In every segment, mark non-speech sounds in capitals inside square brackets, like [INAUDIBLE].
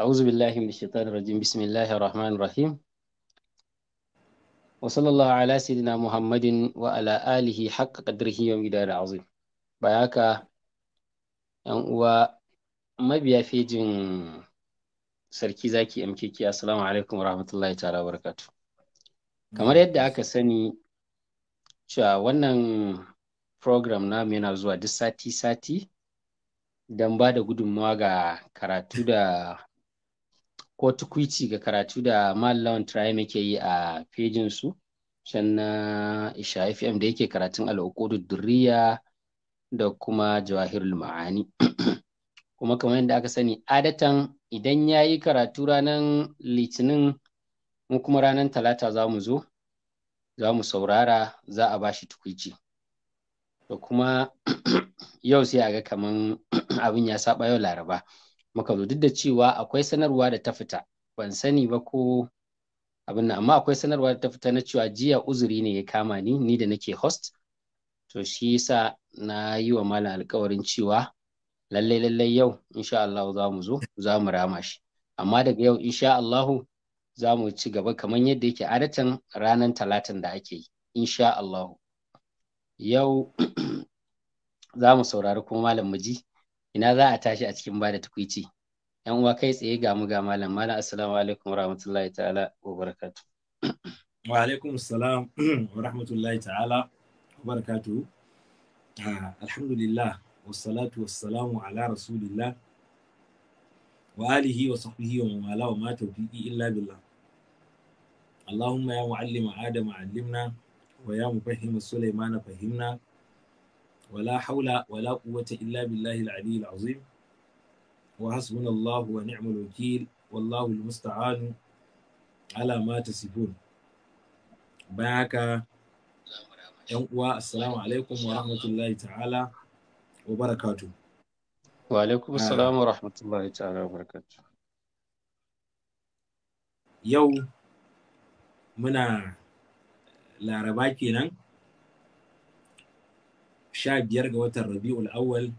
أعوذ بالله من الشيطان الرجيم بسم الله الرحمن الرحيم وصلى الله على سيدنا محمد وعلى آله حق قدره يوم ومقداره العظيم bayaka yan uwa mabiya سركي زاكي أمكيكي السلام عليكم ورحمة الله تعالى وبركاته كما yadda داكا سني شا ونن program namu yana zuwa duk sati-sati don ba da gudunmawa ga karatu da ko tukwici ga karatu da Lawan Traim ke yi a fejin su can na Isha FM da yake karatun al'ukudu durriya da kuma jawahirul ma'ani [CLEARS THROAT] kuma kamar yadda aka sani adatan idan ya yi karatu ranar litinin mu kuma ranar talata za mu zo za mu saurara za a bashi tukwici da kuma [CLEARS THROAT] yau sai a ga kaman [CLEARS THROAT] abin ya saba yau laraba muka duk da cewa akwai sanarwa da ta fita ban sani ba ko abin nan amma akwai sanarwa da ta fita na cewa jiya uzuri ne ya kama ni ni da nake host to shi yasa na yi wa malam alkawarin cewa lalle lalle yau insha Allah za mu zo za mu rama shi amma daga yau insha Allah za mu ci gaba kamar yadda yake adatan ranar talatin da ake yi insha Allah yau [CLEARS THROAT] za mu saurari kuma malam muji ina za a tashi a cikin bada tukwici yan uwa kai tsaye ga mu ga malam malam assalamu alaikum warahmatullahi ta'ala wa barakatu wa alaikum assalam [CLEARS THROAT] wa rahmatullahi ta'ala wa barakatu ah, alhamdulillah wa salatu wassalatu wassalamu ala rasulillah wa alihi wa sahbihi wa mawala wa ma tawfiqi illa billah اللهم allimna. Wa ya علمنا ويا مفهم سليمان فهمنا ولا حول ولا قوة إلا بالله العلي العظيم وحسبنا الله ونعم الوكيل والله المستعان على ما تصفون بياك yan uwa assalamu alaikum wa rahmatullahi ta'ala wa barakatu wa alaikum assalam wa rahmatullahi wa barakatu yau muna laraba kenan sha biyar ga watan rabi'ul awwal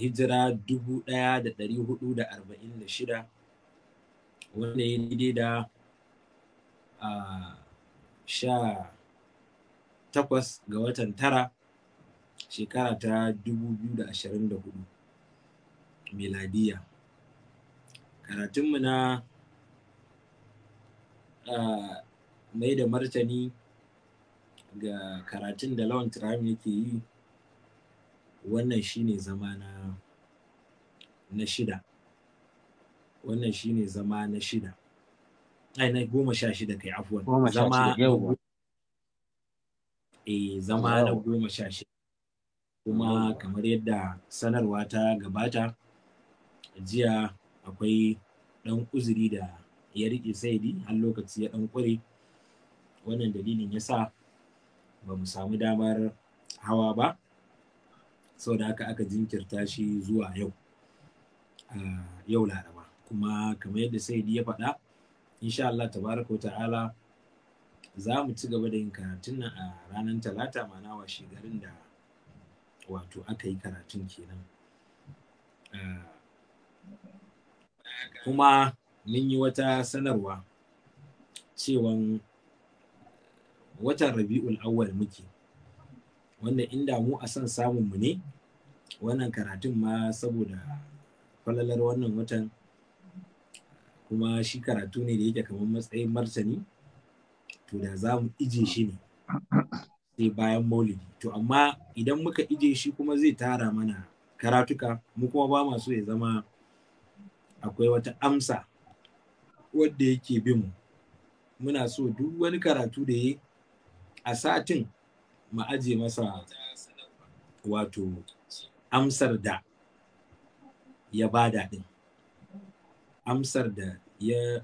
hijira dubu ɗaya da da da ɗari hudu arba'in shida, wanda ya daidai da sha takwas ga watan tara shekara ta dubu biyu da da ashirin hudu miladiya karatunmu na mai da martani ga karatun da lawan turami yake yi wannan shine zama na shida wannan shine zama na shida ai na goma sha shida kai afuwan zama e zama na goma sha shida kuma kamar yadda sanarwa ta gabata jiya akwai dan uzuri da ya riƙe saidi har lokaci ya dan ƙure wannan dalilin ya sa ba mu samu damar hawa ba da haka aka jinkirta shi zuwa yau yau laraba kuma kamar yadda saidi ya faɗa insha Allah tabaraka ta'ala za mu ci gaba da yin karatun nan a ranar talata ma'ana wa shigarin da wato aka yi karatun kenan kuma mun yi wata sanarwa cewan watan rabi'ul awwal muke wannan inda mu a san samun mu ne wannan karatun ma saboda falalar wannan watan kuma shi karatu ne da yake kamar matsayin martani to da za mu ije shi ne sai bayan maulidi to amma idan muka ije shi kuma zai tara mana karatuka mu kuma ba ma so ya zama akwai wata amsa wadda yake bin mu muna so duk wani karatu da ya a satin mu aje masa wato amsar da ya bada din amsar da ya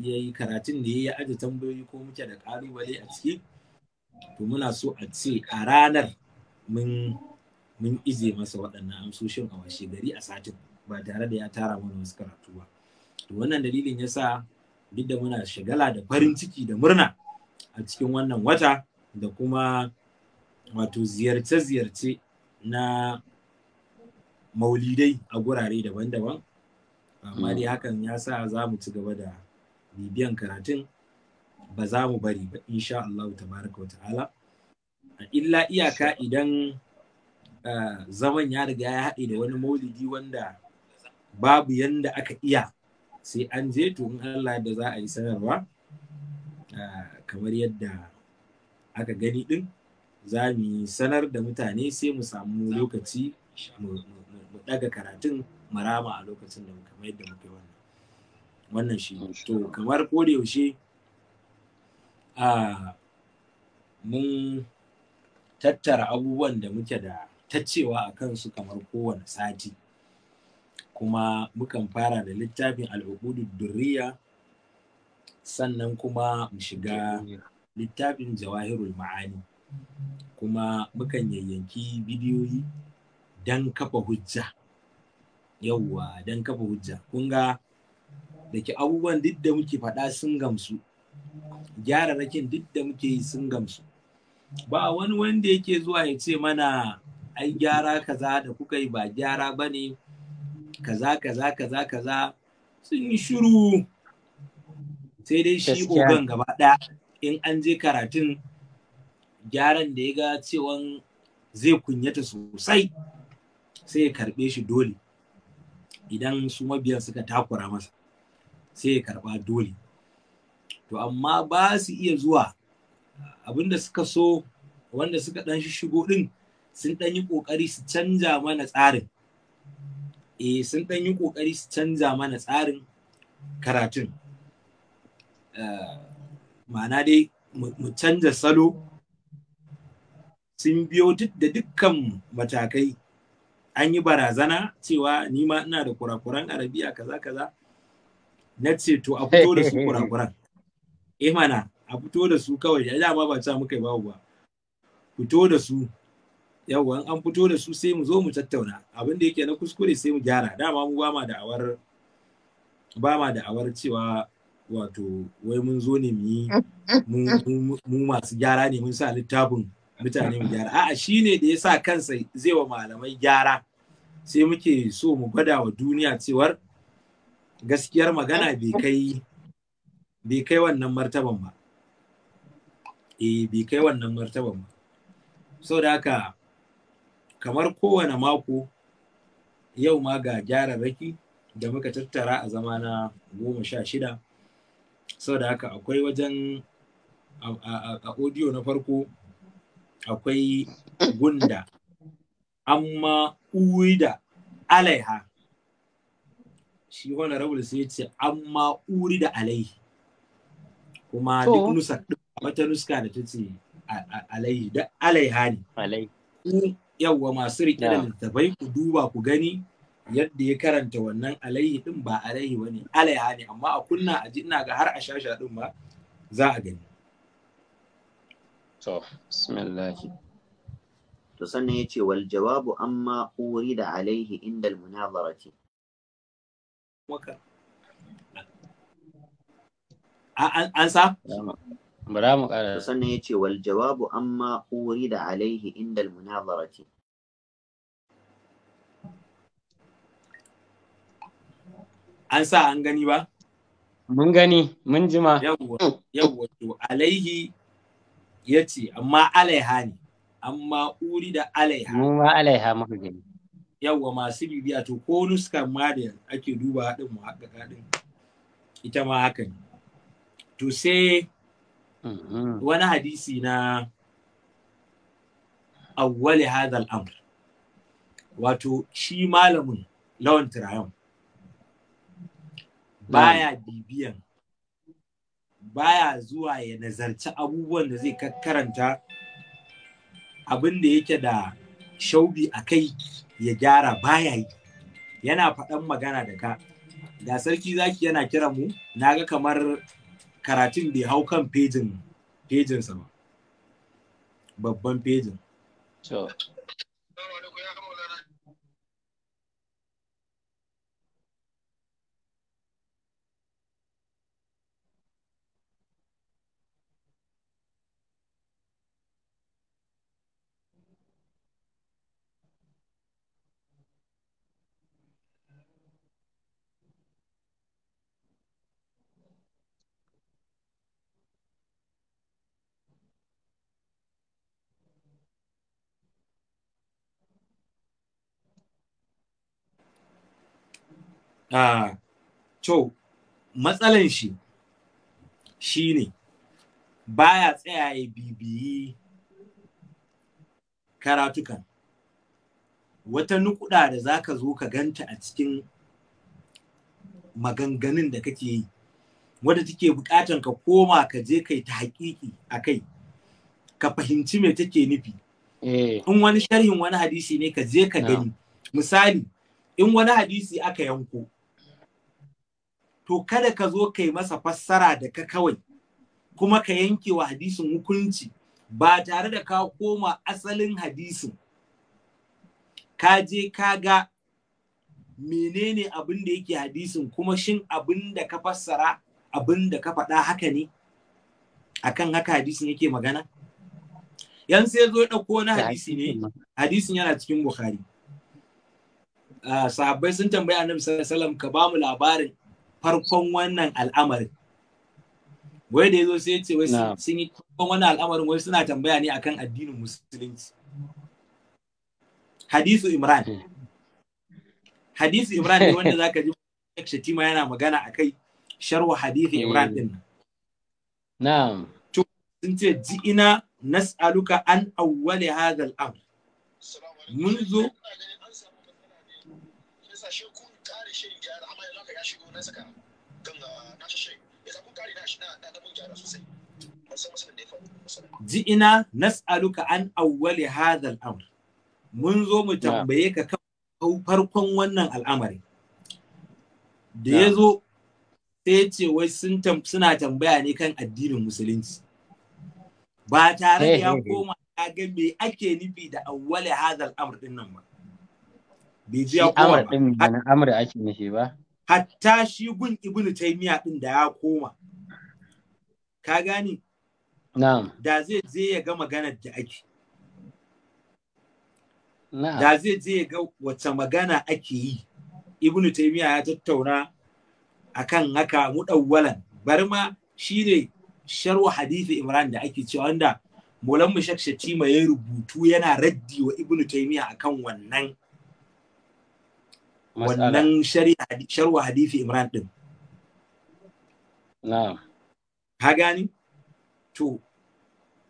yi karatun da ya aje tambayoyi ko muke da ƙalubale a ciki to muna so a ce a ranar mun mun ije masa waɗannan amsoshin a washe gari a satin ba tare da ya tara mana wasu karatu ba to wannan dalilin yasa duk da muna shagala da farin ciki da murna a cikin wannan wata da kuma wato ziyarce-ziyarce na maulidai a gurare daban-daban amma dai mm. hakan ya sa za mu ci gaba da bibiyan karatun ba za mu bari ba insha Allah tabaraka ta'ala illa iyaka idan zaman ya riga ya haɗe da wani maulidi wanda babu yanda aka iya sai an je to in Allah da za a yi sanarwa kamar yadda aka gani ɗin za mu yi sanar da mutane sai mu samu lokaci mu daga karatun marama a lokacin da muka mayar da muka yi wannan wannan shi to kamar koda yaushe a mun tattara abubuwan da muke da tacewa a kansu kamar kowane sati kuma mukan fara da littafin al'ubudu duriya sannan kuma mu shiga littafin jawahirul ma'ani kuma mukan yayyanki bidiyoyi don kafa hujja yauwa don kafa hujja Kunga? ga da ke abubuwan duk da muke faɗa sun gamsu Gyara rakin duk da muke yi sun gamsu ba wani wanda yake zuwa ya ce mana ai gyara kaza da kuka yi ba gyara ba ne kaza kaza kaza kaza sun yi shiru sai dai shi ogan gaba ɗaya in an je karatun gyaran da ya ga cewan zai kunyata sosai sai ya karɓe shi dole idan su mabiyan suka takura masa sai ya karɓa dole to amma ba su iya zuwa abinda suka so wanda suka ɗan shigo ɗin sun ɗan yi ƙoƙari su canja mana tsarin eh sun ɗan yi ƙoƙari su canja mana tsarin karatun eh, ma'ana dai mu canja salo sun biyo duk da dukkan matakai an yi barazana cewa ni ma ina da kurakuran arabiya kaza kaza na ce to a fito da su [LAUGHS] kurakuran eh mana a fito da su kawai ya dama ba ta muka babu ba fito da su yawa an fito da su sai mu zo mu tattauna abin da yake na kuskure sai mu gyara dama mu ba ma da awar ba ma da awar cewa wato wai mun zo ne [LAUGHS] mu mu masu gyara ne mun sa littafin mutane mu gyara a'a shine da yasa kansa zai wa malamai gyara sai muke so mu gwada wa duniya cewar gaskiyar magana bai kai bai kai wannan martaban ba eh bai kai wannan martaban ba saboda haka kamar kowane mako yau ma ga gyararraki da muka tattara a zama na goma sha shida sau da haka akwai wajen a audio na farko akwai gunda amma uida alaiha shi wani rabul sai ce amma uri da alaihi kuma duk nusa wata nuska da ta ce alaihi da alaiha ne yawwa masu rike da littafai ku duba ku gani yadda ya karanta wannan alaihi din ba alaihi wani alaiha ne amma a kunna a ji ina ga har a shasha din ba za a gani to bismillahi to sannan ya ce wal jawabu amma uri da alaihi inda almunazarati an sa bara mu kara sannan ya ce wal jawabu amma uri da alaihi inda ce. an sa an gani ba mun gani mun jima yawwa yawwa alaihi ya ce amma alaiha ne amma uri da alaiha mu ma alaiha masu bibiya to ko nuskan ma da ake duba haɗin mu ɗin ita ma haka ne to sai mm-hmm. wani hadisi na awwali hadal amr wato shi malamin lawan tirayon baya bibiyan baya zuwa ya nazarci abubuwan da zai karanta abin da yake da shaubi a kai ya gyara baya yi yana faɗan magana da ka ga sarki zaki yana kira mu na ga kamar karatun bai hau kan pejin pejinsa ba babban pejin Ah, to matsalan shi shine baya tsaya ya bibiyi karatukan wata nukuda da zaka zo ka ganta a cikin maganganun da kake yi wadda take bukatan ka koma ka je kai ta hakiki akai kai ka fahimci me take nufi eh. in wani sharhin wani hadisi ne ka je ka gani misali in wani hadisi aka yanko to kada ka zo kai masa fassara da ka kawai kuma ka yanke wa hadisin hukunci ba tare da ka koma asalin hadisin ka je ka ga menene abin da yake hadisin kuma shin abin da ka fassara abin da ka faɗa haka ne akan haka hadisin yake magana yan sai zo ɗauko na hadisi ne hadisin yana cikin bukhari ah, sahabbai sun tambayi annabi sallallahu alaihi wasallam ka ba mu labarin farkon wannan al'amarin wai da zo sai ce wai sun yi farkon wannan al'amarin wai suna tambaya ne akan addinin musulunci hadisu imran hmm. hadisu imran ne wanda [LAUGHS] zaka ji shatima yana magana a kai sharwa hadisu hmm. imran din na. to sun ce ji ina nas'aluka an awwali hadha al-amr mun zo na saka kan ah, na shi ya na shi na gyara sosai nas'aluka an awwali hadal al-amr mun zo mu tambaye ka kan farkon wannan al'amari da ya zo sai ce wai suna tambaya ne kan addinin musulunci ba tare da ya koma ya ga me ake nufi da awwali hadal al-amr din nan ba bai ji ya koma ba amr din ba na amr ake nufi ba hatta shi gun ibnu taymiya din da ya koma ka gani, na'am da zai je ya ga maganar da ake na'am da zai je ya ga wace magana ake yi ibnu taymiya ya tattauna akan haka mu dawwalan bari ma shine sharh hadith imran da ake cewa wanda Maulan Mushak Shatima ya rubutu yana raddi wa Ibn taymiya akan wannan wannan sharwa hadifi imran din Ka gani to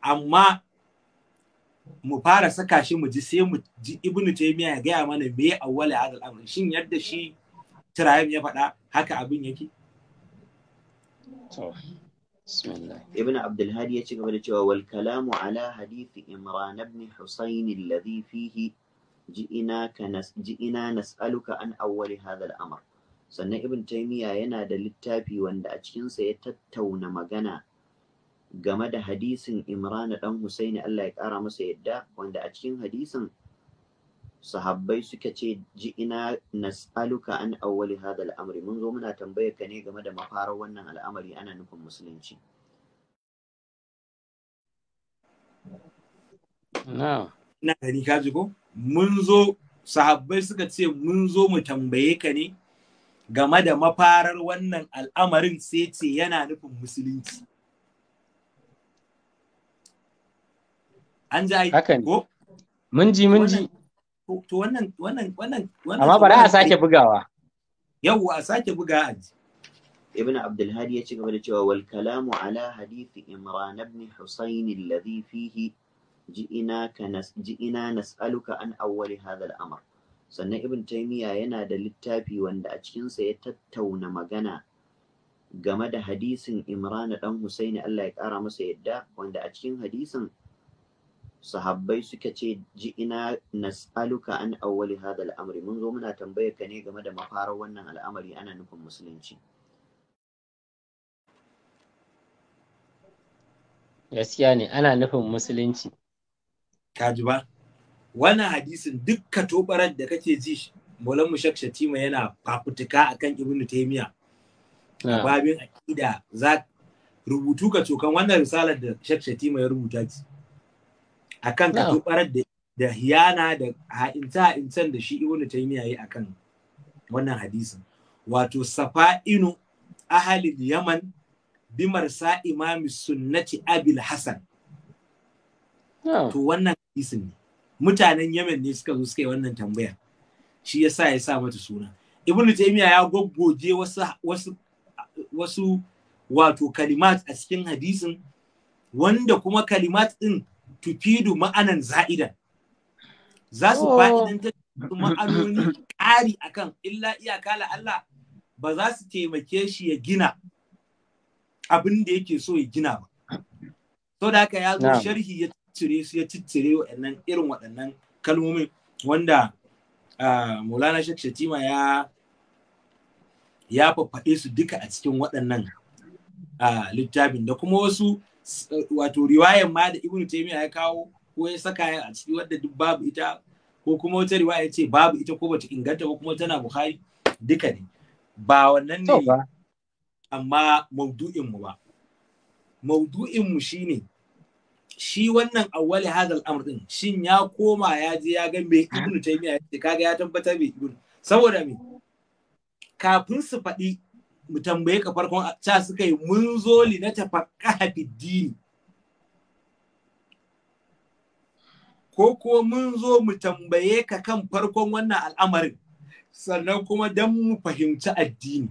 amma mu fara saka shi mu ji sai mu ji ibnu taymiya ya gaya mana me awwala hadal amr shin yadda shi tirayim ya faɗa haka abin yake to ابن عبد الهادي يتشكى بالجواب والكلام على حديث إمران بن حسين الذي فيه ji'ina nas'aluka an awwali hadha al sannan ibn taymiya yana da littafi wanda a cikinsa ya tattauna magana game da hadisin imrana dan husaini Allah ya kara masa yadda wanda a cikin hadisin sahabbai suka ce ji'ina nas'aluka an awwali hadha al mun zo muna tambayar ka ne game da mafarar wannan al'amari ana nufin musulunci na na gani ka ko mun zo sahabbai suka ce mun zo mu tambaye ka ne game da mafarar wannan al'amarin sai ce yana nufin musulunci an ji aiki ko mun ji mun ji to wannan wannan wannan amma bari a sake bugawa yau a sake buga a ji ابن عبد الهادي يقول والكلام على حديث إمران بن حسين الذي فيه ji'ina nas'aluka an awwali hadha al sannan ibn taymiya yana da littafi wanda a cikinsa ya tattauna magana game da hadisin imrana dan husaini Allah ya kara masa yadda wanda a cikin hadisin sahabbai suka ce ji'ina nas'aluka an awwali hadha al'amri mun zo muna tambayar ka ne game da mafarar wannan al'amari ana nufin musulunci gaskiya ne ana nufin musulunci ka ji ba wannan hadisin duk katobarar da kake ji Maulan mushakshati Shatima yana fafutuka akan Ibn Taymiyyah babin aƙida za rubutu ka cokan wannan risalar da Shak Shatima ya rubuta ji. akan tobarar da da hiyana da ha'inta ha'intan da shi Ibn Taymiyyah yi akan wannan hadisin wato safa'inu ahalil Yaman bimar sa imami sunnati Abil Hassan to wannan hadisin ne mutanen Yemen ne suka zo suka yi wannan tambaya shi yasa ya sa mata suna Ibn Taymiyyah ya goggoje wasu wasu wasu wato kalimat a cikin hadisin wanda kuma kalimat din tufidu ma'anan za'ida za su oh. fa'idantar ma'anoni ƙari akan illa iyaka la Allah ba za su taimake shi ya gina abin da yake so ya gina ba. So da haka ya zo sharhi ya ciccire su ya ciccire waɗannan irin waɗannan kalmomin wanda mulana Sheikh Shatima ya ya faffaɗe su duka a cikin waɗannan littafin da kuma wasu wato riwayan ma da ibnu Taymiyyah ya kawo ko ya saka a ciki wadda duk babu ita ko kuma wata riwaya ce babu ita ko bata inganta ba kuma tana Bukhari duka ne ba wannan ne amma maudu'in mu ba maudu'in mu shine shi wannan awwali hada amr din shin ya koma ya je ya ga mai ibnu taymiya yace kaga ya tabbata me ibnu saboda me kafin su faɗi mu tambaye ka farkon ta suka yi mun zo li na tafaqqa dini ko ko mun zo mu tambaye ka kan farkon wannan al'amarin sannan kuma dan mu fahimci addini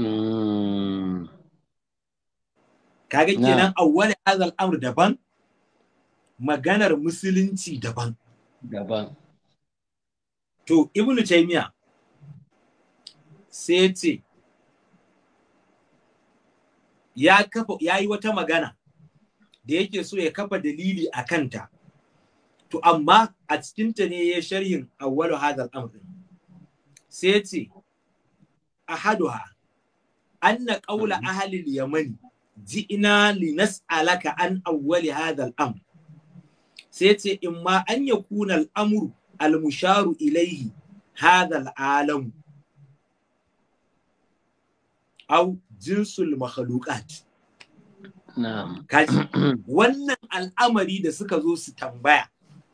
hmm. kaga kenan awwali hadal amr daban maganar musulunci daban daban to Ibn taymiya sai ya ce ya yi wata magana da yake so ya kafa dalili a kanta to amma a cikinta ne ya sharhin awwalu hadal amrin sai ya ce ha, an na ƙaula ahalil yamani ji ina linas alaka an awwali hadal amr sai ce in ma an ya kuna al'amuru al-musharu ilaihi hadal alamu au jinsul makhluqat kaji wannan al'amari da suka zo su tambaya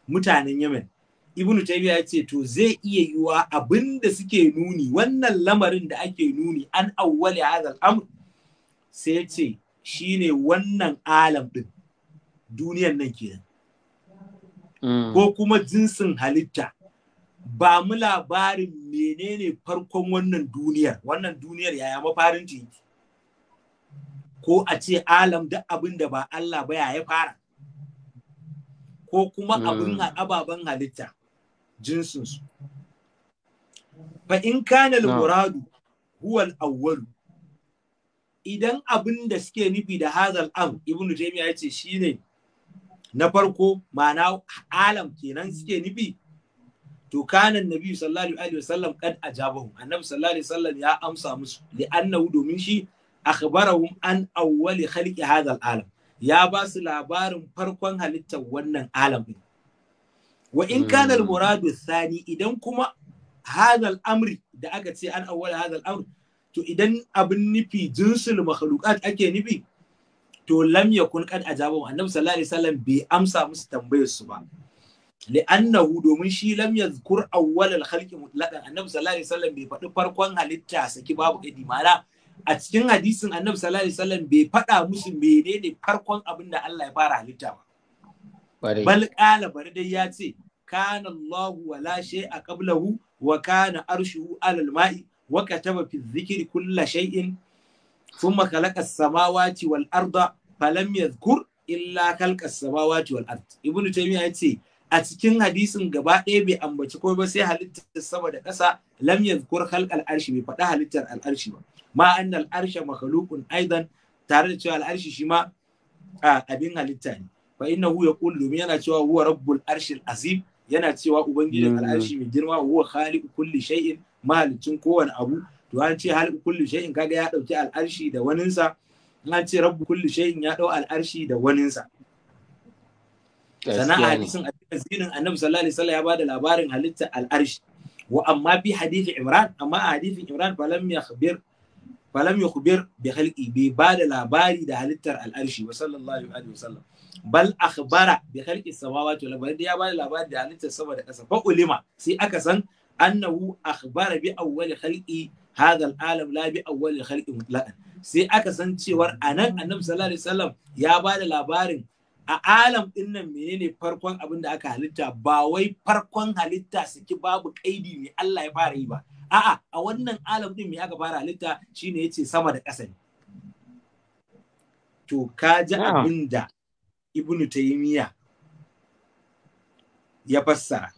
mutanen Yemen Ibn Taymiyyah ya ce to zai iya yiwa da suke nuni wannan lamarin da ake nuni an auwale hadal al’amur, sai ce shi ne wannan alam ɗin duniyan nan kenan Mm. ko kuma jinsin halitta ba mu labarin menene farkon wannan duniyar wannan duniyar yaya mafarin yake ko a ce alam duk abin da ba Allah ba ya fara ko kuma mm. abin ababen halitta jinsinsu fa in kana al-muradu huwa al idan abin da suke nufi da hazal am ibnu jami'a yace shine na farko ma'ana alam kenan suke nufi to kanan nabi sallallahu alaihi wasallam kad ajabahu annabi sallallahu alaihi wasallam ya amsa musu li annahu domin shi akhbarahum an awwali khalqi hadha alam ya ba su labarin farkon halittar wannan alam din wa in kana hmm. al muradu thani idan kuma hadha amri da aka ce an awwala hadha amri to idan abin nufi jinsul makhluqat ake nufi to lam yakun kad ajabu annabi sallallahu alaihi wasallam bai amsa musu tambayar su ba li'annahu domin shi lam yadhkur awwal al-khalqi mutlaqan annabi sallallahu alaihi wasallam bai faɗi farkon halitta saki babu kadi a cikin hadisin annabi sallallahu alaihi wasallam bai faɗa musu menene farkon abin da Allah ya fara halitta ba bal qala bari dai ya ce kana Allah wala a qablahu wa kana arshuhu alal ma'i wa kataba fi dhikri kulla shay'in ثم خلق السماوات samawati falam yadhkur illa khalqas samawati wal ard ibnu taymiya yace a cikin hadisin gaba ɗaya bai ambaci ko ba sai halittar sama da ƙasa lam yadhkur khalqal arshi bai faɗa halittar arshi ba ma anna al'arsha makhluqun aidan tare da cewa al'arshi shi ma abin halitta ne fa ya yaqulu domin yana cewa huwa rabbul arshin azim yana cewa ubangijin al'arshi mai girma huwa khaliqu kulli shay'in mahalicin kowane abu to an ce khaliqu kulli shay'in kaga ya dauki al'arshi da waninsa in ce rabbu kulli shay'in ya dau al'arshi da waninsa sana hadisin azinin annabi sallallahu alaihi wasallam ya bada labarin halitta al'arshi wa amma bi hadisi imran amma a hadisin imran falam yakhbir falam yukhbir bi khalqi bi bada labari da halittar al'arshi wa sallallahu alaihi wasallam bal akhbara bi khalqi samawati wal ardi ya bada labari da halittar sama da ƙasa fa ulima sai aka san annahu akhbara bi awwal khalqi hadha al'alam la bi awwal khalqi mutlaqan sai aka san cewar a nan annabi sallallahu alaihi wasallam ya ba da labarin a alam din nan menene farkon abin da aka halitta ba wai farkon halitta saki babu kaidi mai Allah ya fara yi ba a'a a wannan alam din me aka fara halitta shine yace sama da ƙasa ne to ka ji ah. abin da ibnu taymiya ya fassara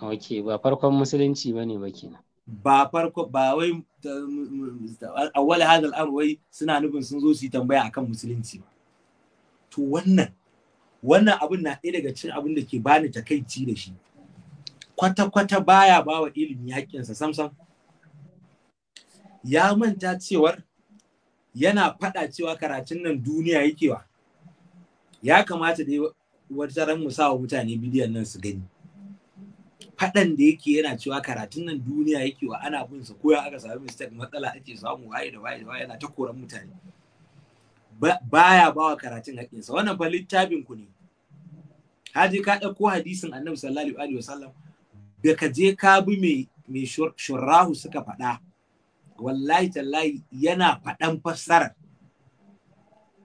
ok ba farkon musulunci ba ne ba kenan ba farko ba wai awwal hadal amr wai suna nufin sun zo su yi tambaya kan musulunci ba to wannan wannan abin na ɗaya daga cin abin da ke bani takaici da shi kwata-kwata baya ba wa ilimi haƙƙinsa samsam ya manta cewar yana faɗa cewa karatun nan duniya yake wa ya kamata dai wata ran mu sa wa mutane bidiyon nan su gani faɗan da yake yana cewa karatun nan duniya yake wa ana bin sa koya aka samu mistake matsala ake samu waye da waye da waye yana ta koran mutane baya bawa karatun sa wannan fa littafin ku ne haji ka ɗauko hadisin annabi sallallahu alaihi wasallam da ka je ka bi me me shurrahu suka faɗa wallahi tallahi yana faɗan fassara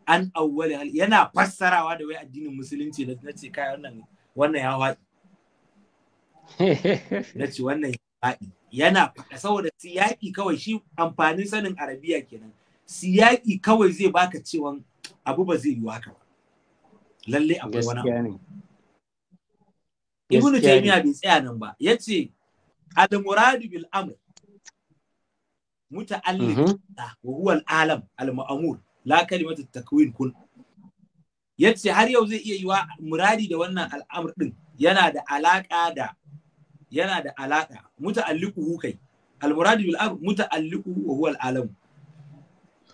an awwali yana fassarawa da wai addinin musulunci na ce kai wannan wannan ya [LAUGHS] na ci wannan faɗi yana faɗa saboda siyaƙi kawai shi amfanin sanin arabiya kenan siyaƙi kawai zai baka cewa abu ba zai yi haka ba lalle akwai wani ibnu taymiya bai tsaya nan ba yace al muradu bil amr muta'alliq mhm. wa huwa al alam al ma'mur la kalimatu takwin kun yace har yau zai iya yiwa muradi da wannan al'amur din yana da alaka da yana da alaka muta'alliquhu kai almuradu bil amr muta'alliquhu wa huwa alalam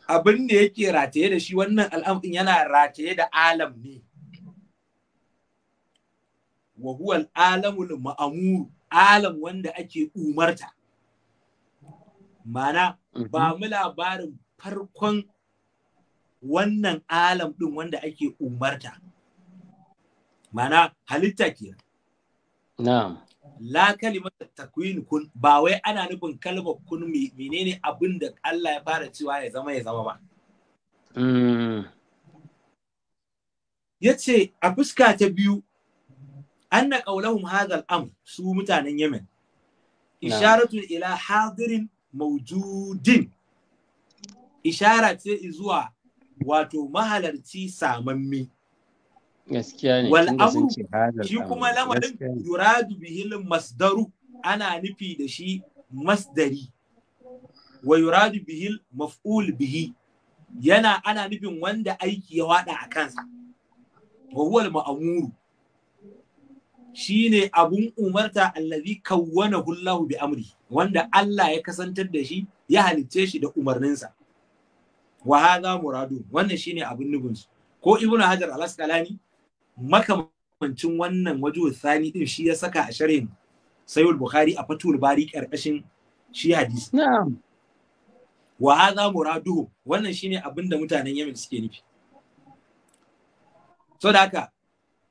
abin da yake rataye da shi wannan al'am din yana rataye da alam ne wa huwa alamul ma'amur alam wanda ake umarta mana mhm. ba mu labarin farkon wannan alam din wanda ake umarta mana halitta ke na'am la kalimar takwin kun ba wai ana nufin kalmar kun menene abin da Allah ya fara cewa ya zama ya zama ba hmm. ya ce a fuska ta biyu an na ƙaunahun hazal am su mutanen yemen isharatun ila hadirin maujudin ishara ce zuwa wato mahalarci samammi gaskiya ne wal amru shi kuma lamarin yuradu bihil masdaru ana nufi da shi masdari wa yuradu bihil maf'ul bihi yana ana nufin wanda aiki ya wada a kansa wa huwa al-ma'muru shine abun umarta allazi kawwana hullahu bi amri wanda Allah ya kasantar da shi ya halicce shi da umarninsa wa hadha muradu wannan shine abun nufinsu. ko ibnu hajar al-asqalani makamancin wannan waje sani din shi ya saka a sharhin sayul bukhari a fatul bari karkashin shi hadisi na'am wa hadha muradu wannan shine abin da mutanen yamin suke nufi so da haka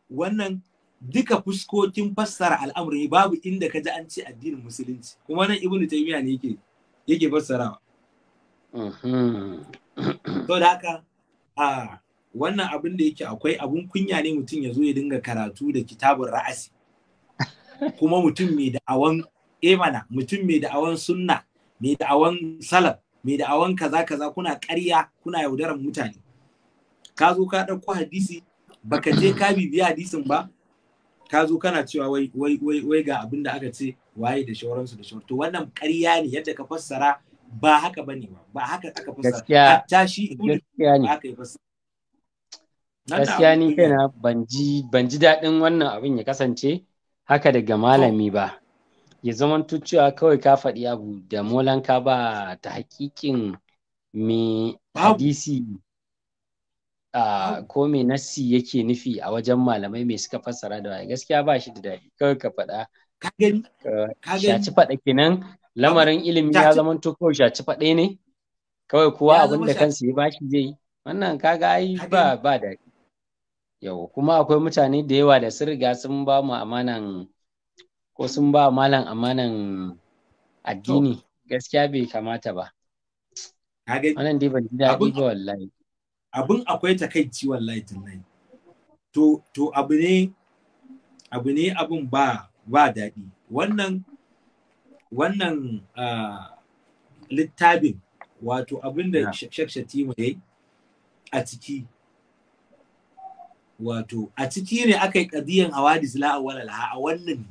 wannan duka fuskokin fassara al'amuri babu inda ka ji an ce addinin musulunci kuma nan ibn taymiya ne yake yake fassarawa mhm. so da haka a wannan abin da yake akwai abun kunya ne mutum ya zo ya dinga karatu da kitabun ra'asi [LAUGHS] kuma mutum mai da'awan emana eh mutum mai da'awan sunna mai da'awan salaf mai da'awan kaza kaza kuna ƙarya kuna yaudaran mutane ka zo ka ɗauko hadisi baka je ka bibiya hadisin ba ka zo kana cewa wai wai wai wai ga abin da aka ce waye da shauransu da shauransu to wannan ƙarya ne yadda ka fassara ba haka bane ba ba haka aka fassara gaskiya shi gaskiya ne fassara gaskiya ni kaina ban ji daɗin wannan abin ya kasance haka daga malami ba ya zama cewa kawai ka faɗi abu da molan ba ta hakikin me hadisi ko me nassi yake nufi a wajen malamai mai suka fassara da waye gaskiya ba shi da daɗi kawai ka faɗa shaci faɗa kenan lamarin ilimi ya zama to kawai shaci faɗa ne kawai kowa abin da kansa ya bashi zai wannan kaga ai ba ba daɗi yau kuma akwai mutane da yawa da sun riga sun ba mu amanan ko sun ba malam amanan addini gaskiya bai kamata ba wannan dai ban ji daɗi ba wallahi abin akwai takaici wallahi tallahi to to abu ne abu ne abin ba ba daɗi wannan wannan ah, littafin wato abin da yeah. mu yayi a ciki wato a ciki ne aka yi ƙadiyan hawadis la awwala laha a wannan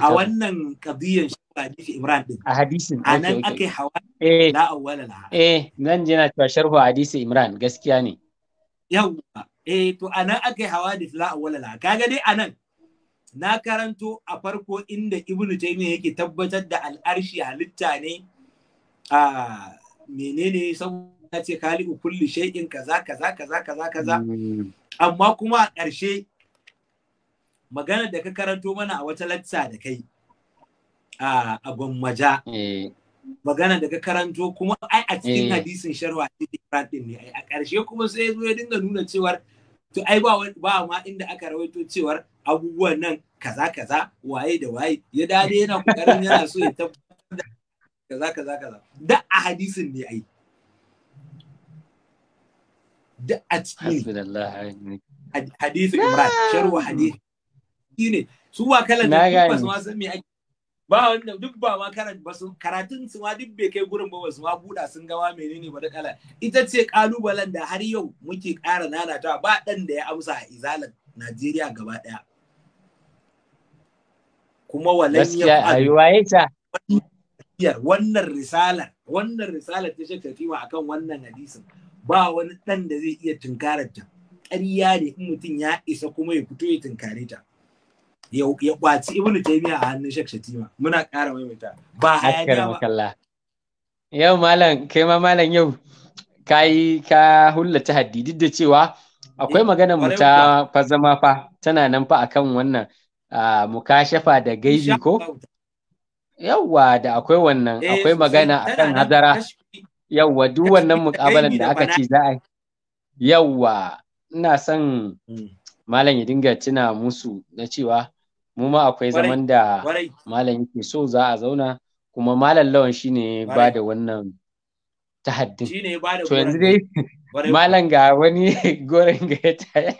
a wannan ƙadiyan shi hadisi Imran din a hadisin a nan aka yi da eh. la awwala laha eh nan jina cewa sharhu hadisi Imran gaskiya ne yawwa eh to a nan aka yi hawadis la awwala laha kaga dai a nan na karanto a farko inda Ibn Taymiyyah yake tabbatar da al'arshi halitta ne a ah, menene saboda ya ce khaliqu kulli shay'in kaza kaza kaza kaza kaza hmm. amma kuma a ƙarshe magana da ka karanto mana a wata latsa da kai a gwammaja eh. magana da ka karanto kuma ai a cikin eh. hadisin sharwa din ne a ƙarshe kuma sai ya zo ya dinga nuna cewar to ai ba ba ma inda aka rawaito cewar abubuwan nan kaza kaza waye da waye ya dade yana kokarin yana so ya tabbatar da kaza kaza kaza da a hadisin ne ai duk a ciki ne imran sharhu hadisi ne su wa kalan da ba su san me ake ba wanda duk ba ma karatu ba su karatun su ma duk bai kai gurin ba su ma buɗa sun gawa menene ba da kala ita ce kalubalen da har yau muke ƙara nanatawa ba ɗan da ya amsa a izalan Najeriya gaba ɗaya kuma walan ya wannan risalar wannan risalar ta shekta akan wannan hadisin ba wani ɗan da zai iya tunkarar ta ƙarya ne in mutum ya isa kuma ya fito ya tunkare ta ya kwaci ibn taymiya a hannun shek shatima muna ƙara maimaita ba hayaniya ba yau malam kai ma malam yau kai ka hullata haddi duk da cewa akwai magana mu ta fa zama fa tana nan fa akan wannan mukashafa da gaibi ko yawwa da akwai wannan eh, akwai magana akan hadara yawwa duk wannan mukabalan da aka ce za a yawwa ina son hmm. malam ya dinga tuna musu na cewa mu ma akwai zaman da malam yake so za a zauna kuma malam lawan shine ba da wannan tahaddin shine to yanzu dai malam ga wani goren [LAUGHS] eh, ga ya taya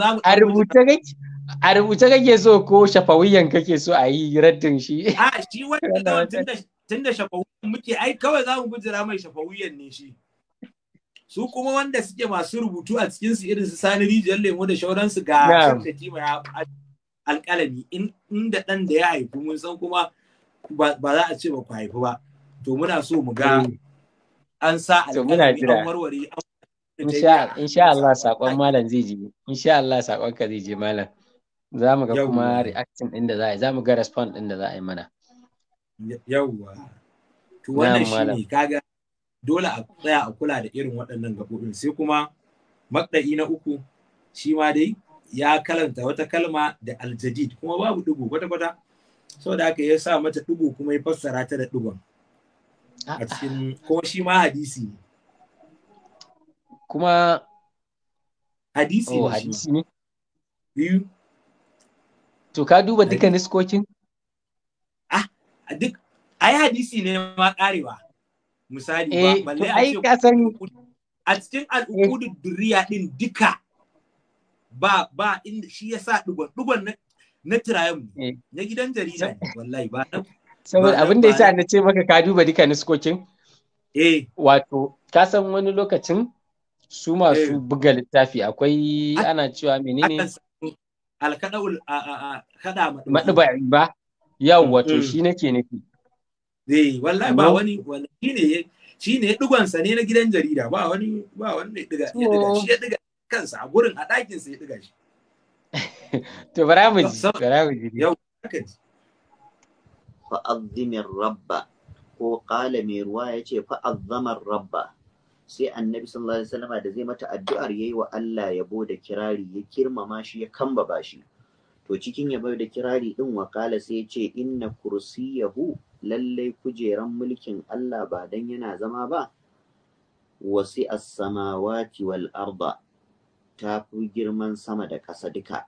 [LAUGHS] a rubuta kake a rubuta kake so ko shafawiyan kake so a yi raddin shi a ah, shi wannan tun da tun da muke ai kawai za mu bujira mai shafawuyan ne shi su kuma wanda suke masu rubutu a cikin su irin su sani rijiyar lemo da shauransu ga da kima alƙalami inda ɗan da ya haifu mun san kuma ba za a ce ba ku haifu ba to muna so mu ga mm. an sa alƙalami an warware sha Allah saƙon malam zai je sha Allah saƙon ka zai je malam za mu ga kuma reaction din da za a yi za mu ga response din da za a yi mana yawwa ah. to wannan shine kaga dole a tsaya a kula da irin waɗannan gaɓoɓin sai kuma maɗa'i na uku shi ma dai ya kalanta wata kalma da aljadid kuma babu ɗigo kwata-kwata saboda haka ya sa mata ɗigo kuma ya fassara ta da ɗigon a ah, ah. cikin kuma shi ma hadisi ne kuma hadisi ne oh, to ka duba duka niskokin A duk ai hadisi ne ma karewa misali ba eh, balle a ce a cikin al'ukudu eh. duriya din duka ba ba inda shi yasa dugon dugon na na tirayen mu eh. na gidan jarida wallahi ba saboda abin da yasa na ce maka ka duba duka nuskokin eh wato ka san wani lokacin su masu buga littafi akwai ana cewa menene alkaɗa maɗubai ba yawwa to mm. shi nake nufi Zai, eh, wallahi ba wani wani ne shi ne ɗugansa ne na gidan jarida ba wani ba wani ne ya ɗiga, shi ya ɗiga kansa a gurin a ɗakinsa ya ɗiga shi [LAUGHS] to bara mu ji bara mu ji yau fa azzimin rabba ko qala mai ruwa ya fa azzamar rabba sai annabi sallallahu alaihi wasallama da zai mata addu'ar yayi wa Allah yabo da kirari ya kirmama shi ya kambaba shi to cikin ya bai da kirari din wakala sai ya ce inna kursiyahu lallai kujeran mulkin Allah ba dan yana zama ba wasi as-samawati wal arda ta fi girman sama da ƙasa duka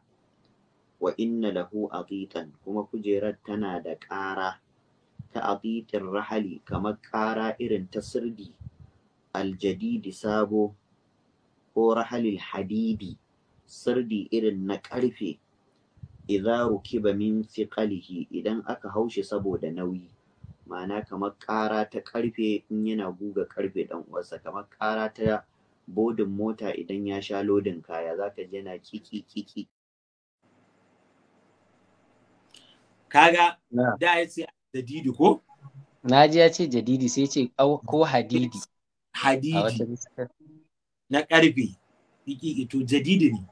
wa inna lahu aqiqan kuma kujerar tana da ƙara ta aqiqir rahali kamar ƙara irin ta sirdi aljadidi sabo ko rahalil hadidi sirdi irin na ƙarfe idza rukiba min thiqalihi idan aka haushi saboda nauyi ma'ana kamar ƙara ta ƙarfe in yana guga ƙarfe ɗan uwarsa kamar ƙara ta bodin mota idan ya sha lodin kaya zaka ji yana kiki kiki kaga da ya ce jadidi ko na ji ya ce jadidi sai ce ko hadidi hadidi na ƙarfe kiki to jadidi ne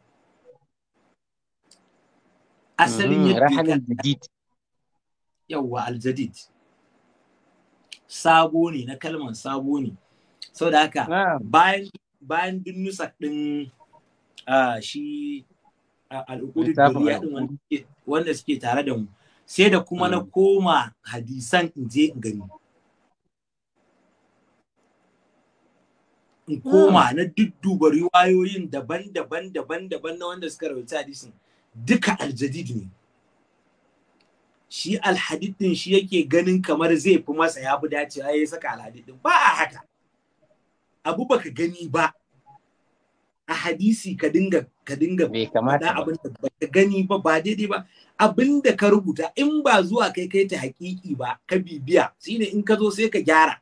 asalin mm, yadda rahalar jadid yawwa aljadid sabo ne na kalman sabo ne saboda haka bayan bayan duk nusa din shi al'ukudin duniya din wanda suke tare da mu sai da kuma na mm. koma hadisan in je in gani in koma mm. na dudduba riwayoyin daban-daban daban-daban na wanda suka rawaita hadisin duka aljadid ne shi alhadid din shi yake ganin kamar zai fi masa ya dace ai ya saka alhadid din ba a haka abu baka gani ba a hadisi ka dinga ka dinga kamata abin da baka gani ba ba daidai ba abin da ka rubuta in ba zuwa kai kai ta haƙiƙi ba ka bibiya shine in ka zo sai ka gyara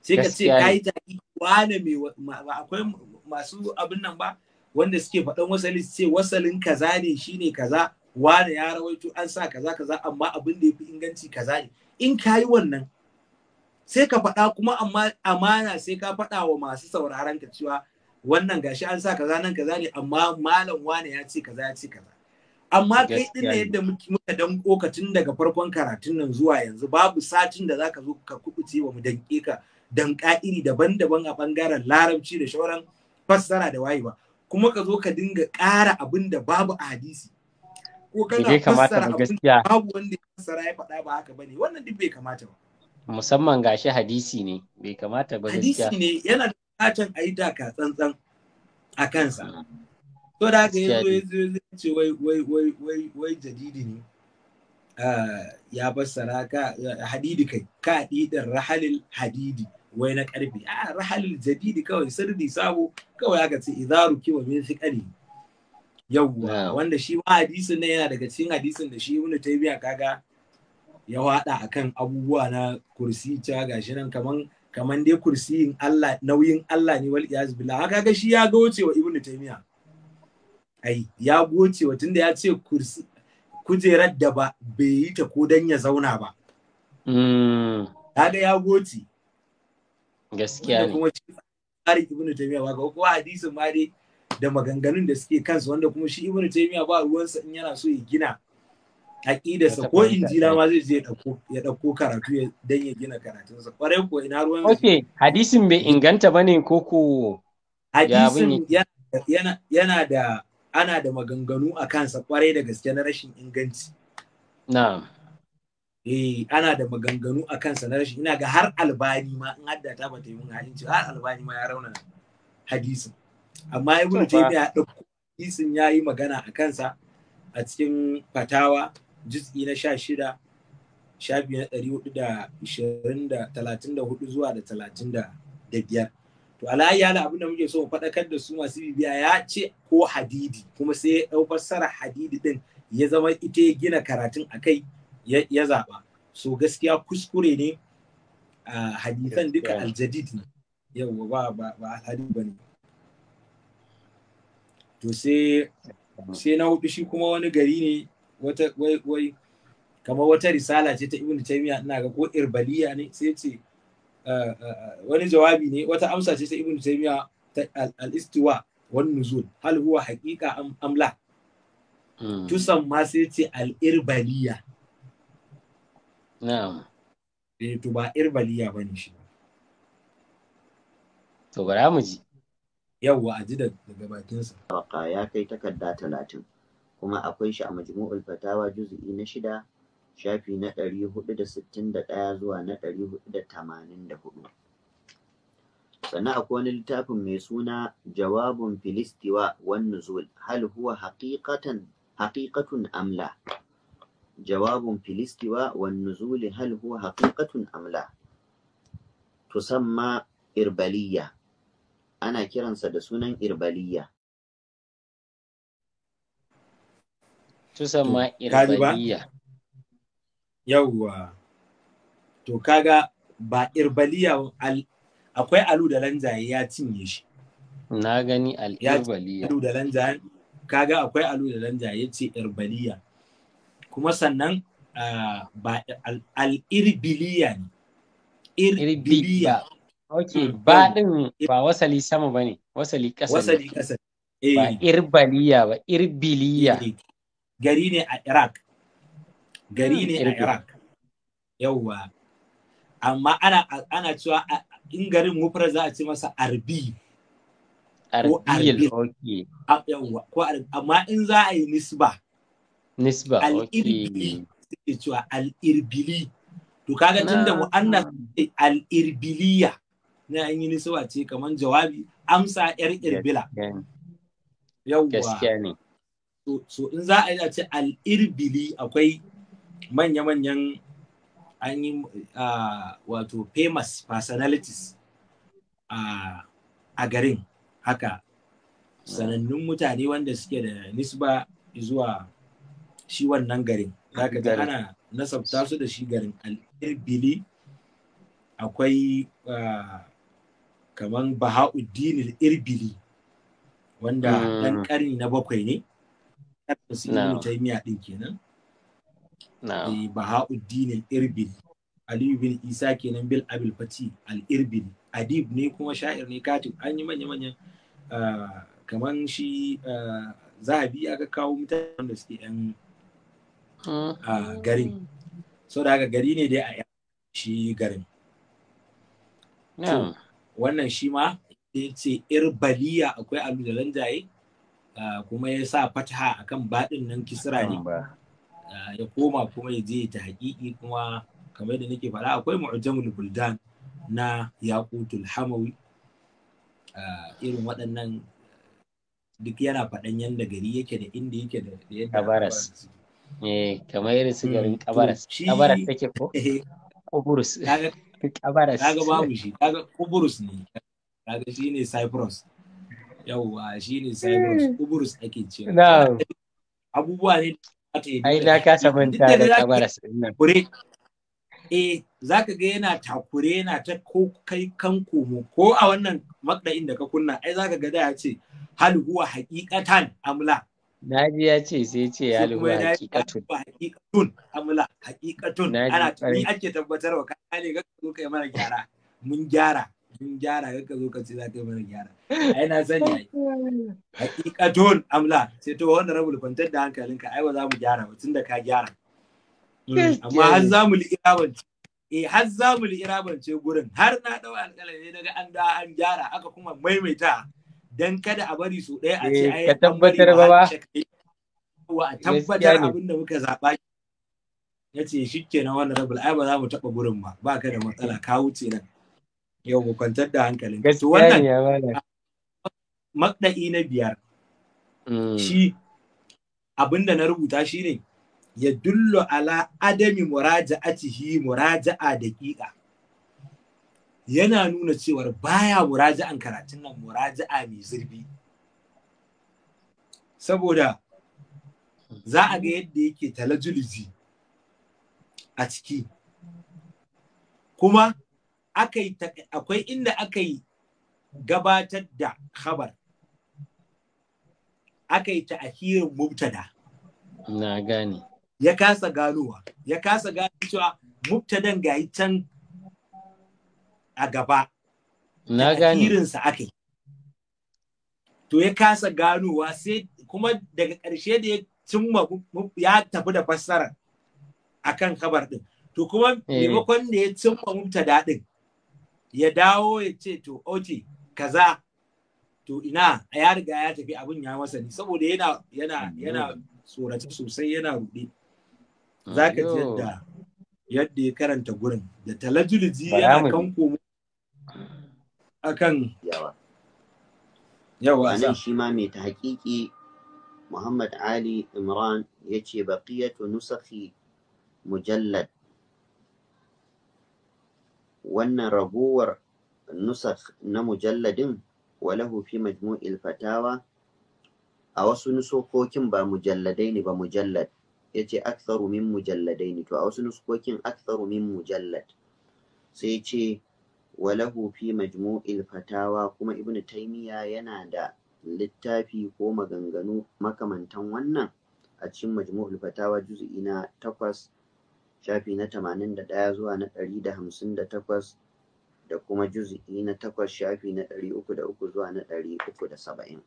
sai ka ce kai ta wane mai akwai masu abin nan ba wanda suke faɗan wasali ce wasalin kaza ne shine kaza wane ya rawaito an sa kaza kaza amma abin da yafi inganci kaza ne in kayi wannan sai ka faɗa kuma amma amana sai ka faɗa wa masu sauraron ka cewa wannan gashi an sa kaza nan kaza ne amma malam wane ya ce kaza ya ce kaza amma kai din da yadda muka dan ka tun daga farkon karatun nan zuwa yanzu babu satin da zaka zo ka kubuce wa mu danke ka dan ka'iri daban-daban a bangaren larabci da shauran fassara da wayewa kuma ka zo ka dinga ƙara abin da babu a hadisi ko kana fassara abin da babu wanda ya fassara ya faɗa ba haka bane wannan duk bai kamata ba musamman gashi hadisi ne bai kamata ba gaskiya hadisi ne yana da buƙatar a yi daka tsantsan a kansa to da haka yanzu yanzu ce wai wai wai wai wai jadidi ne ah, ya fassara ka hadidi kai ka hadidin rahalil hadidi wai na ƙarfi. a rahalil jadidi kawai sirri sabo kawai aka ce idaru kiwa min fiqari yawwa wanda shi ma hadisin nan yana daga cikin hadisin da shi ibn taymiya kaga ya wada akan abubuwa na kursi ta gashi nan kaman kaman dai kursiyin Allah nauyin Allah ne wal iyaz billah haka shi ya goce wa ibn taymiya ai ya goce wa tunda ya ce kursi kujerar da ba bai yi ta ko dan ya zauna ba mm. kaga ya goce gaskiya ne kuma tsari ibnu taymiya ba ko hadisin ma dai da maganganun da suke kansu wanda kuma shi ibnu taymiya ba ruwansa in yana so ya gina sa ko injila ma zai je ya ɗauko karatu don ya gina sa kware ko ina ruwan okay hadisin bai inganta ba ne ko ko hadisin yana da ana da maganganu a kansa kwarai da gaske na rashin inganci na'am Eh, ana da maganganu a kansa na rashin ina ga har albani ma in hadda ta bata yi mun halinci har albani ma ya rauna hadisin amma ibnu taymiya dauko hadisin yayi magana a kansa a cikin fatawa juz'i na 16 shafi na hudu zuwa da 35 to alayyala abin da muke so faɗakar da su masu bibiya ya ce ko hadidi kuma sai ya ɗau fassara hadidi din ya zama ita ya gina karatun akai kai ya zaɓa so gaskiya kuskure ne hadithan duka aljadid ne yawa ba ba alhadid ba ne to sai sai na hudu shi kuma wani gari ne wata wai wai kamar wata risala ce ta ibnu taymiya ina ga ko irbaliya ne sai ce wani jawabi ne wata amsa ce ta ibnu taymiya al-istiwa wan nuzul hal huwa haqiqa am amla hmm. tusan ma sai ce al-irbaliya na'am eh to ba irbaliya ne shi to bara mu ji yawwa a ji daga bakinsa. Waka ya kai takarda talatin, kuma akwai shi a majmu'ul fatawa juzu'i na shida, shafi na ɗari hudu da sittin da ɗaya zuwa na ɗari hudu da tamanin da hudu. Sannan akwai wani littafin mai suna Jawabun Filistiwa wan Nuzul, hal huwa haƙiƙatun amla. جواب في الاستواء والنزول هل هو حقيقة أم لا تسمى إربالية أنا كيران سدسونا إربالية تسمى إربالية to kaga ba irbaliya akwai alu da lanzaye ya cinye shi na gani al irbaliya alu da lanzaye kaga akwai alu da lanzaye ce irbaliya kuma sannan ah, ba al'irbiliya ne irbiliya ok hmm. ba ɗin ba wasali sama ba ne wasali ƙasa wasali ƙasa eh. ba irbaliya ba irbiliya eh. gari ne a iraq gari hmm, ne a iraq yauwa amma ana ana cewa in garin wufar za a ce masa arbi ko arbil amma in za a yi nisba nisba al'irbili suke cewa to kaga tun da mu'annas al'irbiliya na an yi nisba ce kamar jawabi amsa yar irbila yawwa to so in za a yi a ce al'irbili akwai manya-manyan an yi wato famous personalities a garin haka sanannun mutane wanda suke da nisba zuwa shi wannan garin zaka ga ana nasabta su da shi garin al akwai ah, kaman baha'uddin al-irbili wanda hmm. ɗan ƙarni na bakwai ne su yi miya din kenan eh, baha'uddin al-irbili aliyu bin isa kenan bil abil fati al irbil adib ne kuma sha'ir ne katib an yi manya manya ah, kaman shi ah, zahabi aka kawo mutane da suke 'yan a garin so da gari ne dai a yan shi garin wannan shi ma ya ce irbaliya akwai alu da jaye kuma ya sa fataha akan baɗin nan kisra ne ya koma kuma ya je ta haƙiƙi kuma kamar da nake faɗa akwai mu'jamul buldan na yaqutul hamawi irin waɗannan duk yana faɗan yadda gari yake da inda yake da yadda eh kamar irin su garin mm, kabaras kabaras take ko eh, kuburus [LAUGHS] kabaras kaga babu shi kaga kuburus ne kaga ne cyprus yawwa ne cyprus mm. kuburus ake ce abubuwa ne ai na kasa manta da kabaras nan kure eh zaka ga yana takure yana ta ko kai kan komo ko a wannan makda'in da ka kunna ai zaka ga da ya ce hal huwa haqiqatan amla Naji ya ce sai ce ya lura hakikatun. Hakikatun, amula, hakikatun. Ana tuni ake tabbatar wa kai ne ga zo kai mana gyara. Mun gyara, mun gyara ga zo ka ce za ka yi mana gyara. Ai na san yayi. Hakikatun, amula. Sai to wanda rabul kwantar da hankalinka ai ba za mu gyara ba da ka gyara. Mm, amma har za mu liƙirabanci. Eh har za mu liƙirabance gurin har na ɗau alƙalami daga an da an gyara aka kuma maimaita. dan kada a bari su ɗaya a ce eh, ai ka tabbatar ba ba a tabbatar abin da muka zaɓa ya ce shi na wannan rabu ai ba za mu taɓa gurin ba ba ka da matsala ka wuce nan yau mu kwantar da hankalin to wannan maɗa'i na biyar mm. shi abin da na rubuta shi ne ya dullo ala adami muraja'atihi muraja'a daƙiƙa yana nuna cewar baya muraja'an karatun nan muraja'a mai zurbi saboda za a ga yadda yake talajuliji a ciki kuma akwai inda aka gabatar da khabar aka yi ta'ahirin mubtada na gane ya kasa ganowa ya kasa gane cewa mubtadan yi can a gaba na gani irinsa aka yi to ya kasa ganowa sai kuma daga ƙarshe da ya cimma ya tafi da fassara akan kabar din to kuma eh. maimakon da ya cimma mubtada din ya dawo ya ce to oke kaza to ina ya riga ya tafi abin ya masa ne saboda yana yana mm-hmm. yana tsorace sosai yana ruɗe za ka ji yadda yadda ya karanta gurin da talajuliji yana kan komo akan yawa yawa anan shi ma mai ta hakiki Muhammad Ali Imran ya ce baqiyatu nusakhi mujallad wannan ragowar nusakh na mujalladin walahu fi majmu'il fatawa a wasu nusokokin ba mujalladai ne ba mujallad ya ce aktharu min mujalladai ne to a wasu nusokokin aktharu min mujallad sai ce walahu fi majmu'il fatawa kuma Ibn taymiya yana da littafi ko maganganu makamantan wannan a cikin majmu'ul fatawa juz'i na takwas shafi na tamanin da ɗaya zuwa na ɗari da hamsin da takwas da kuma juz'i na takwas shafi na ɗari uku da uku zuwa na ɗari uku da saba'in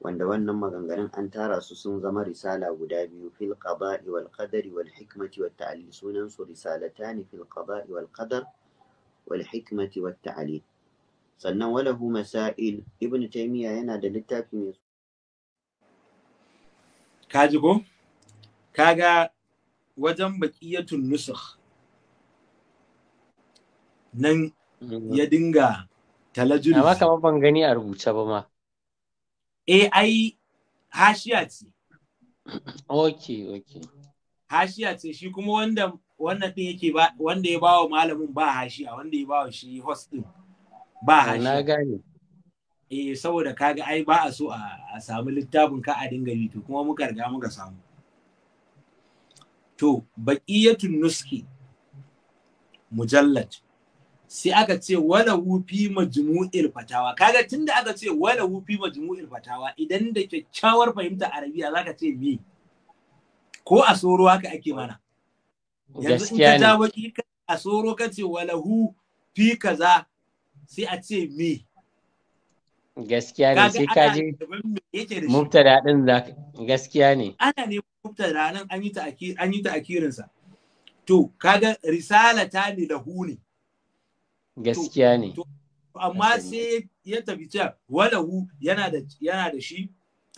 wanda wannan maganganun an tara su sun zama risala guda biyu fil qada'i wal qadari wal hikmati wat ta'lil sunan su risalatani fil qada'i wal qadar والحكمة والتعليم sannan walahu masail ibn taymiya yana da littafi mai kaji ko kaga wajen baqiyatun nusukh nan ya dinga talajul amma kamar ban gani a rubuce ba ma eh ai hashiya ce okay okay ce shi kuma wanda wannan din yake wanda ya bawa malamin ba hashi a wanda ya bawa shi host din ba ah, hashi na gane eh saboda kaga ai ba a so a samu littafin ka a dinga to kuma muka riga muka samu to baqiyatun nuski mujallad sai aka ce wala wufi majmu'il fatawa kaga tunda aka ce wala wufi majmu'il fatawa idan da kyakkyawar fahimta arabiya zaka ce me ko a soro haka ake mana yanzu in ka ja baki a tsoro ka ce walahu fi kaza sai a ce me gaskiya ne sai ka je mubtada din za gaskiya ne ana ne mubtada nan an yi ta an yi ta sa to kaga risala ta ne lahu ne gaskiya ne amma sai ya tafi ta walahu yana da yana da shi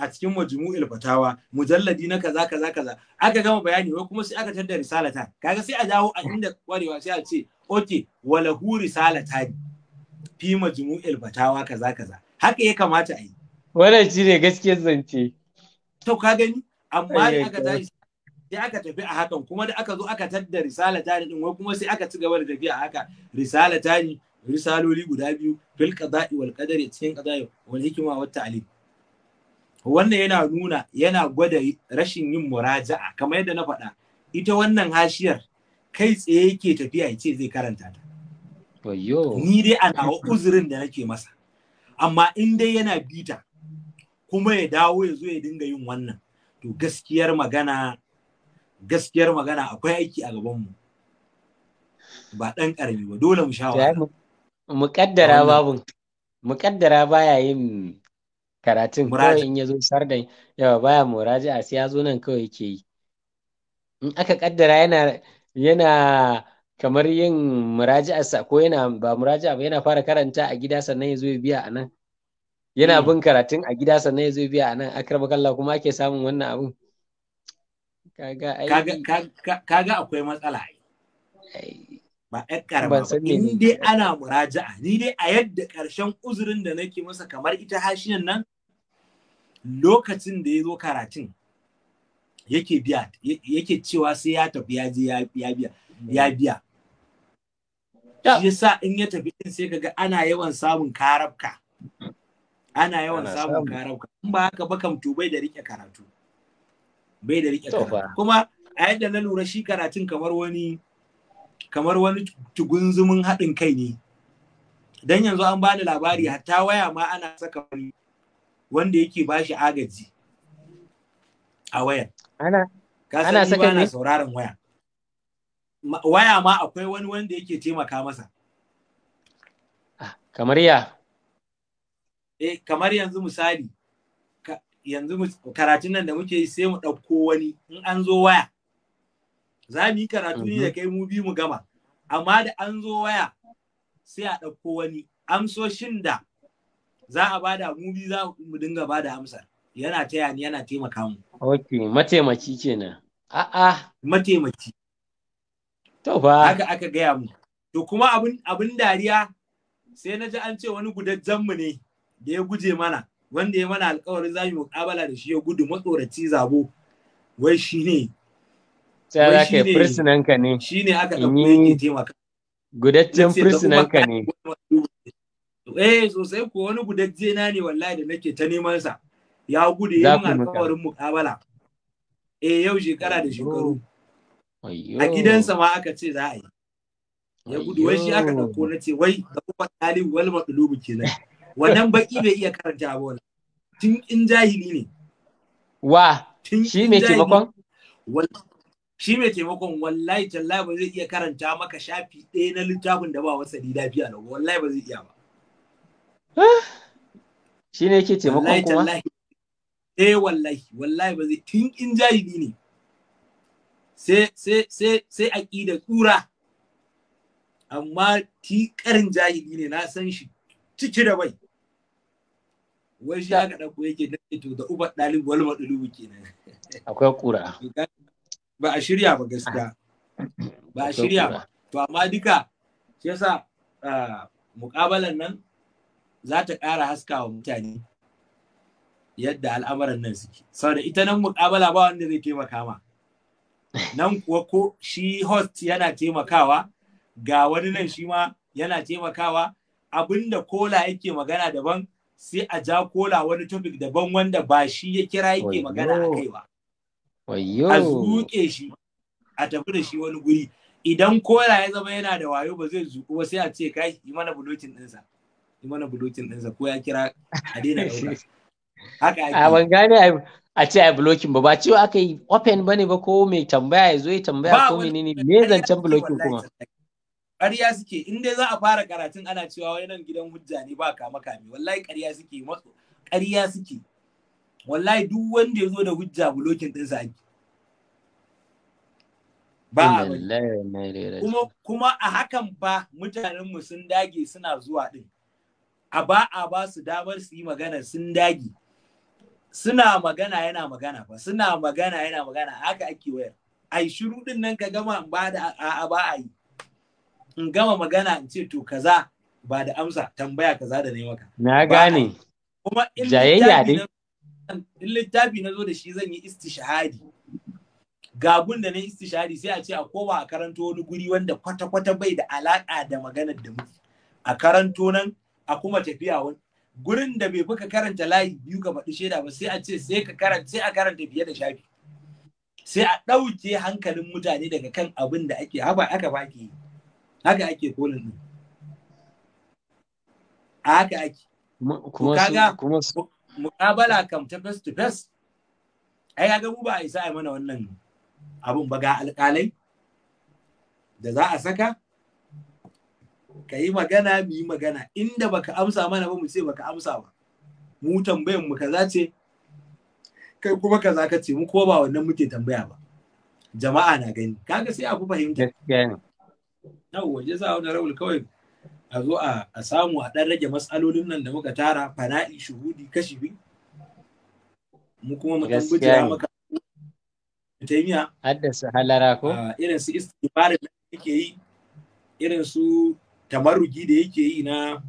a cikin majmu'il fatawa mujalladi na kaza kaza kaza aka gama bayani wai kuma sai aka tada risalata kaga sai a dawo a inda kwarewa sai a ce okay hu risalata fi majmu'il fatawa kaza kaza haka ya kamata a yi wannan shine gaskiyar zance to ka gani amma da aka tashi sai aka tafi a hakan kuma da aka zo aka tada risala ne din wai kuma sai aka ci gaba da tafiya a haka risala ne risaloli guda biyu fil qada'i wal qadari cikin qada'i wal hikma wat ta'lim wannan yana nuna yana gwada rashin yin muraja'a kamar yadda na faɗa ita wannan hashiyar kai tsaye yake tafiya ya ce zai karanta ta ni dai a nawa uzurin da nake masa amma in dai yana bita kuma ya dawo ya zo ya dinga yin wannan to gaskiyar magana gaskiyar magana akwai aiki a gabanmu ba ɗan ƙarami ba dole mu sha shawara muƙaddara mu muƙaddara baya yin karatun kawai in ya zo sardan yawa baya muraji a ya zo nan kawai yake yi in aka kaddara yana yana kamar yin muraji'arsa ko yana ba muraji'a ba yana fara karanta a gida sannan ya zo biya a nan yana hmm. bin karatun a gida sannan ya zo biya a nan akar kalla kuma ake samun wannan abun kaga kaga akwai matsala ba ɗan karama ba in dai ana muraja'a ni dai a yadda ƙarshen uzurin da nake masa kamar ita hashiyan nan lokacin da ya zo karatun yake biya yake cewa sai ya tafi ya je ya biya ya hmm. biya shi yasa in ya tafi din sai kaga ana yawan samun karabka ana yawan samun karabka in ba haka ba kam to bai da rike karatu bai da rike karatu kuma a yadda na lura shi karatun kamar wani kamar wani tugunzumin haɗin kai ne dan yanzu an bani labari hatta waya ma ana saka wani wanda yake ba shi agaji a wayar. Ana, ana ba na sauraron waya. Waya ma akwai wani wanda yake taimaka masa. Ah, kamar ya? Eh, kamar yanzu misali, yanzu karatun nan da muke yi sai mu ɗauko wani in an zo waya. Za mu yi karatu ne da mhm. kai mu bi mu gama, amma da an zo waya sai a ɗauko wani amsoshin da za a bada mu bi za mu dinga bada amsar yana taya ni yana taimaka mu ok mataimaki kenan a'a mataimaki to fa haka aka gaya mu to kuma abin abin dariya sai na ji an ce wani gudajjen mu ne da ya guje mana wanda ya mana alkawarin zamu mukabala da shi ya gudu matsoraci zabo wai shine sai za ka yi fursunanka ne shi ne aka ɗauko yake taimaka gudaccen fursunanka ne eh sosai ko wani gudajje na ne wallahi da nake ta neman sa ya gudu yin alƙawarin muƙabala eh yau shekara da shekaru a gidansa ma aka ce za a yi ya gudu wai shi aka ɗauko na ce wai da kuma ɗalibu wal madlubu kenan wannan baki bai iya karanta ba wani tun in jahili ne wa shi mai taimakon shi mai taimakon wallahi tallahi ba zai iya karanta maka shafi ɗaya na littafin da ba wasa lafiya na wallahi ba zai iya ba Shi ne yake taimakon kuma? Eh wallahi, wallahi ba zai tun in jahili ne. Sai sai sai sai ƙura, Amma ti ƙarin jahili ne na san shi ciki da bai. Wai shi aka kuwa yake da to da uba dalib wal ke kenan. Akwai ƙura. [LAUGHS] Ba a shirya ba gaskiya. Ba a shirya ba. To amma duka shi yasa ah, muƙabalan nan za ta ƙara haska wa mutane yadda al'amuran nan suke saboda ita nan muƙabala ba wanda zai taimaka ma nan kuwa ko shi host yana taimakawa ga wani nan shi ma yana taimakawa abinda kola yake magana daban sai a ja kola wani topic daban wanda ba shi ya kira yake magana a kai ba a zuƙe shi a tafi da shi wani guri idan kola ya zama yana da wayo ba zai zuƙu ba sai a ce kai yi mana bulocin ɗinsa mana blocking ɗinsa ko ya kira a daina [LAUGHS] ɗauka. A ban gane a ce a blocking ba ba cewa aka yi open bane ba ko mai tambaya ya zo ya tambaya ko menene me zancen blocking kuma. Ƙarya suke in dai za a fara karatun ana cewa wani nan gidan hujja ne ba kama kame wallahi ƙarya suke matso ƙarya suke wallahi duk wanda ya zo da hujja blocking ɗinsa ake. ba kuma kuma a hakan ba mutanenmu sun dage suna zuwa ɗin. a ba a ba su damar su yi magana sun dagi suna magana yana magana fa suna magana yana magana haka ake wayar ai shiru din nan ka gama ba da a ba a yi in gama magana in ce to kaza ba da amsa tambaya kaza da ne maka na gane kuma in littafi na zo da shi zan yi istishahadi gabun da na istishahadi sai a ce a koma a karanto wani guri wanda kwata-kwata bai da alaƙa da maganar da muke a karanto nan a kuma tafiya wani gurin da bai fi ka karanta layi biyu ga faɗi shaida ba sai a ce sai ka karanta sai a karanta fiye da shafi sai a ɗauke hankalin mutane daga kan abin da ake haka aka baki haka ake kolin din haka ake kaga muƙabala kam ta face to face ai kaga mu ba a isa a mana wannan abin ba ga alƙalai da za a saka ka yi magana mu yi magana inda baka amsa mana ba mu ce baka amsa ba mu tambayan mu kaza ce kai kuma kaza ka ce mu ko ba wannan muke tambaya ba jama'a na gani kaga sai a fahimta na waje sa wani raul kawai a zo a samu a ɗan rage matsalolin nan da muka tara fana'i shuhudi kashi bi mu kuma mu ɗan maka taimiya haddasa halara ko ah, irin su istighfarin da kake yi irin su tabarruki da yake yi na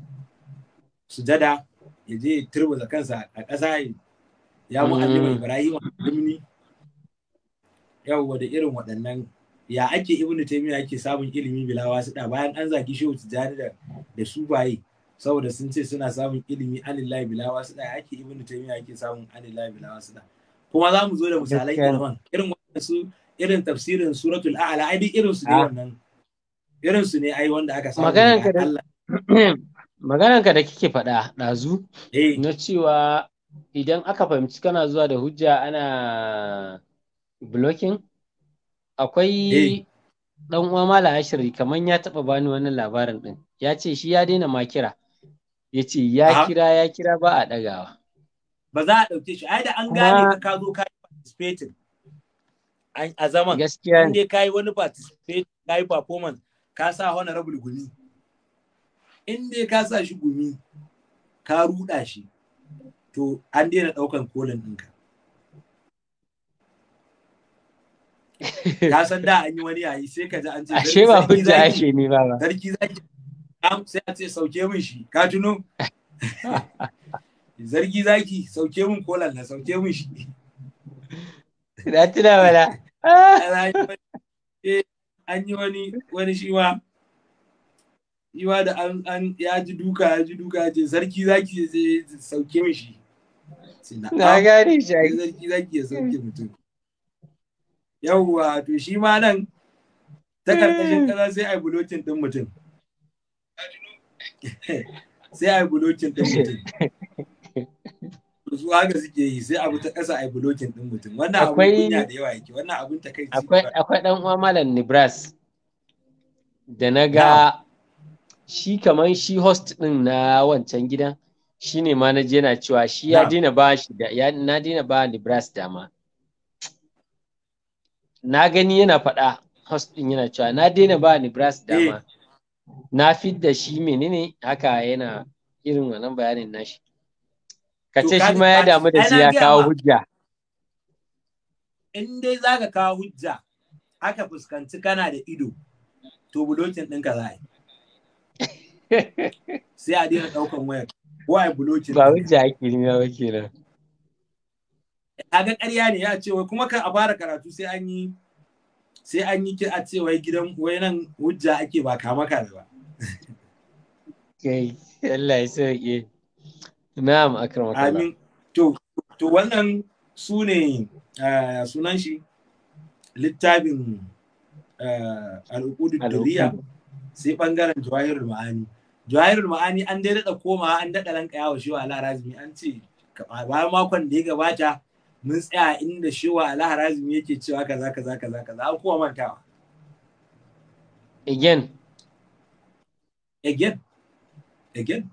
sujada ya je turbuza kansa a ƙasa ya mu'allima mm. Ibrahim Al-Dimni yau da irin waɗannan ya ake Ibn Taymiyyah yake samun ilimi bilawa su da bayan an zaki Shehu Tijjani da da subaye saboda sun ce suna samun ilimi alillahi bilawa su da ake Ibn Taymiyyah yake samun alillahi bilawa su da kuma za mu zo da misalai da irin wannan su irin tafsirin suratul a'la ai duk irin su da ah. wannan irinsu ne ai wanda aka samu maganan da [CLEARS THROAT] da kike faɗa ɗazu eh. na cewa idan aka fahimci kana zuwa da hujja ana blocking akwai dan eh. uwa mala ashiri kamar ya taba bani wannan labarin din ya ce shi ya daina makira, ya ce ya kira ya kira ba a ɗagawa ba za a ɗauke shi ai da an gane ka zo ka yi participating a zaman gaskiya inda ka yi wani participating ka yi performance ka sa honorable gumi in dai ka sa shi gumi ka ruɗa shi to an daina ɗaukan kolin ɗinka ka san da an yi wani yayi sai ka ji an ce ashe ba hujja ashe ni ba ba sarki zaki am sai a ce sauke min shi ka tuno zargi [LAUGHS] zaki sauke min kolan na sauke min shi na tuna wala [LAUGHS] an yi wani wani shi ma yi da an an ya ji duka ya ji duka ya ce sarki zaki je sauke min shi na gane shi sarki zaki ya sauke mutum yawwa to shi ma nan ta karkashin kaza sai a yi bulokin din mutum [LAUGHS] sai a yi bulokin din mutum [LAUGHS] su haka suke yi sai abu ta kasa din mutum wannan abu kunya da yawa yake wannan abun ta kai akwai dan uwa malam Nibras da na ga shi kaman shi host din na wancan gidan shine ma na je na cewa shi ya dina ba shi da na dina ba Nibras dama na gani yana faɗa host din yana cewa na daina ba Nibras eh. dama na fidda shi menene haka yana irin wannan bayanin nashi ka ce shi ma ya damu da shi ya kawo hujja in dai za ka kawo hujja aka fuskanci kana da ido to bulokin ɗinka za a yi [LAUGHS] sai a daina ɗaukan wayar ko a yi bulokin ba hujja ake ne ba ke a ga ƙarya ne ya ce wai kuma kan a fara karatu sai an yi sai an yi a ce wai gidan wai nan hujja ake ba kama kare ba kai Allah ya sauke na'am akram amin to to wannan su ne sunan shi littafin al'ukudu duriya sai bangaren jawahirul ma'ani jawahirul ma'ani an dai daɗa komawa an daɗa ranka yawa shi wa alharazmi an ce bayan makon da ya gabata mun tsaya inda shi wa alharazmi yake cewa kaza kaza kaza kaza an kuma mantawa again again again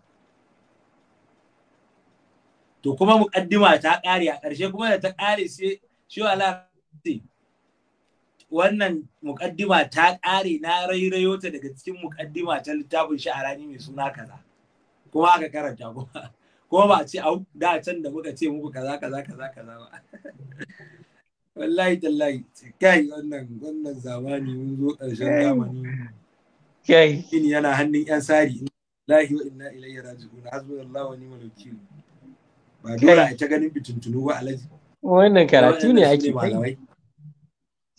to kuma muƙaddima ta ƙare a ƙarshe kuma da ta ƙare sai shi wala wannan muƙaddima ta ƙare na rairayo ta daga cikin muƙaddima ta littafin sha'arani mai suna kaza kuma aka karanta kuma kuma ba a ce a da can da muka ce muku kaza kaza kaza kaza ba [LAUGHS] wallahi tallahi kai wannan wannan zamani mun zo ƙarshen zamani kai yana hannun yan sari lahi wa inna ilayhi raji'un hasbunallahu wa ni'mal wakeel ba dole a ta ganin bituntunu ba alaji wannan karatu ne ake malamai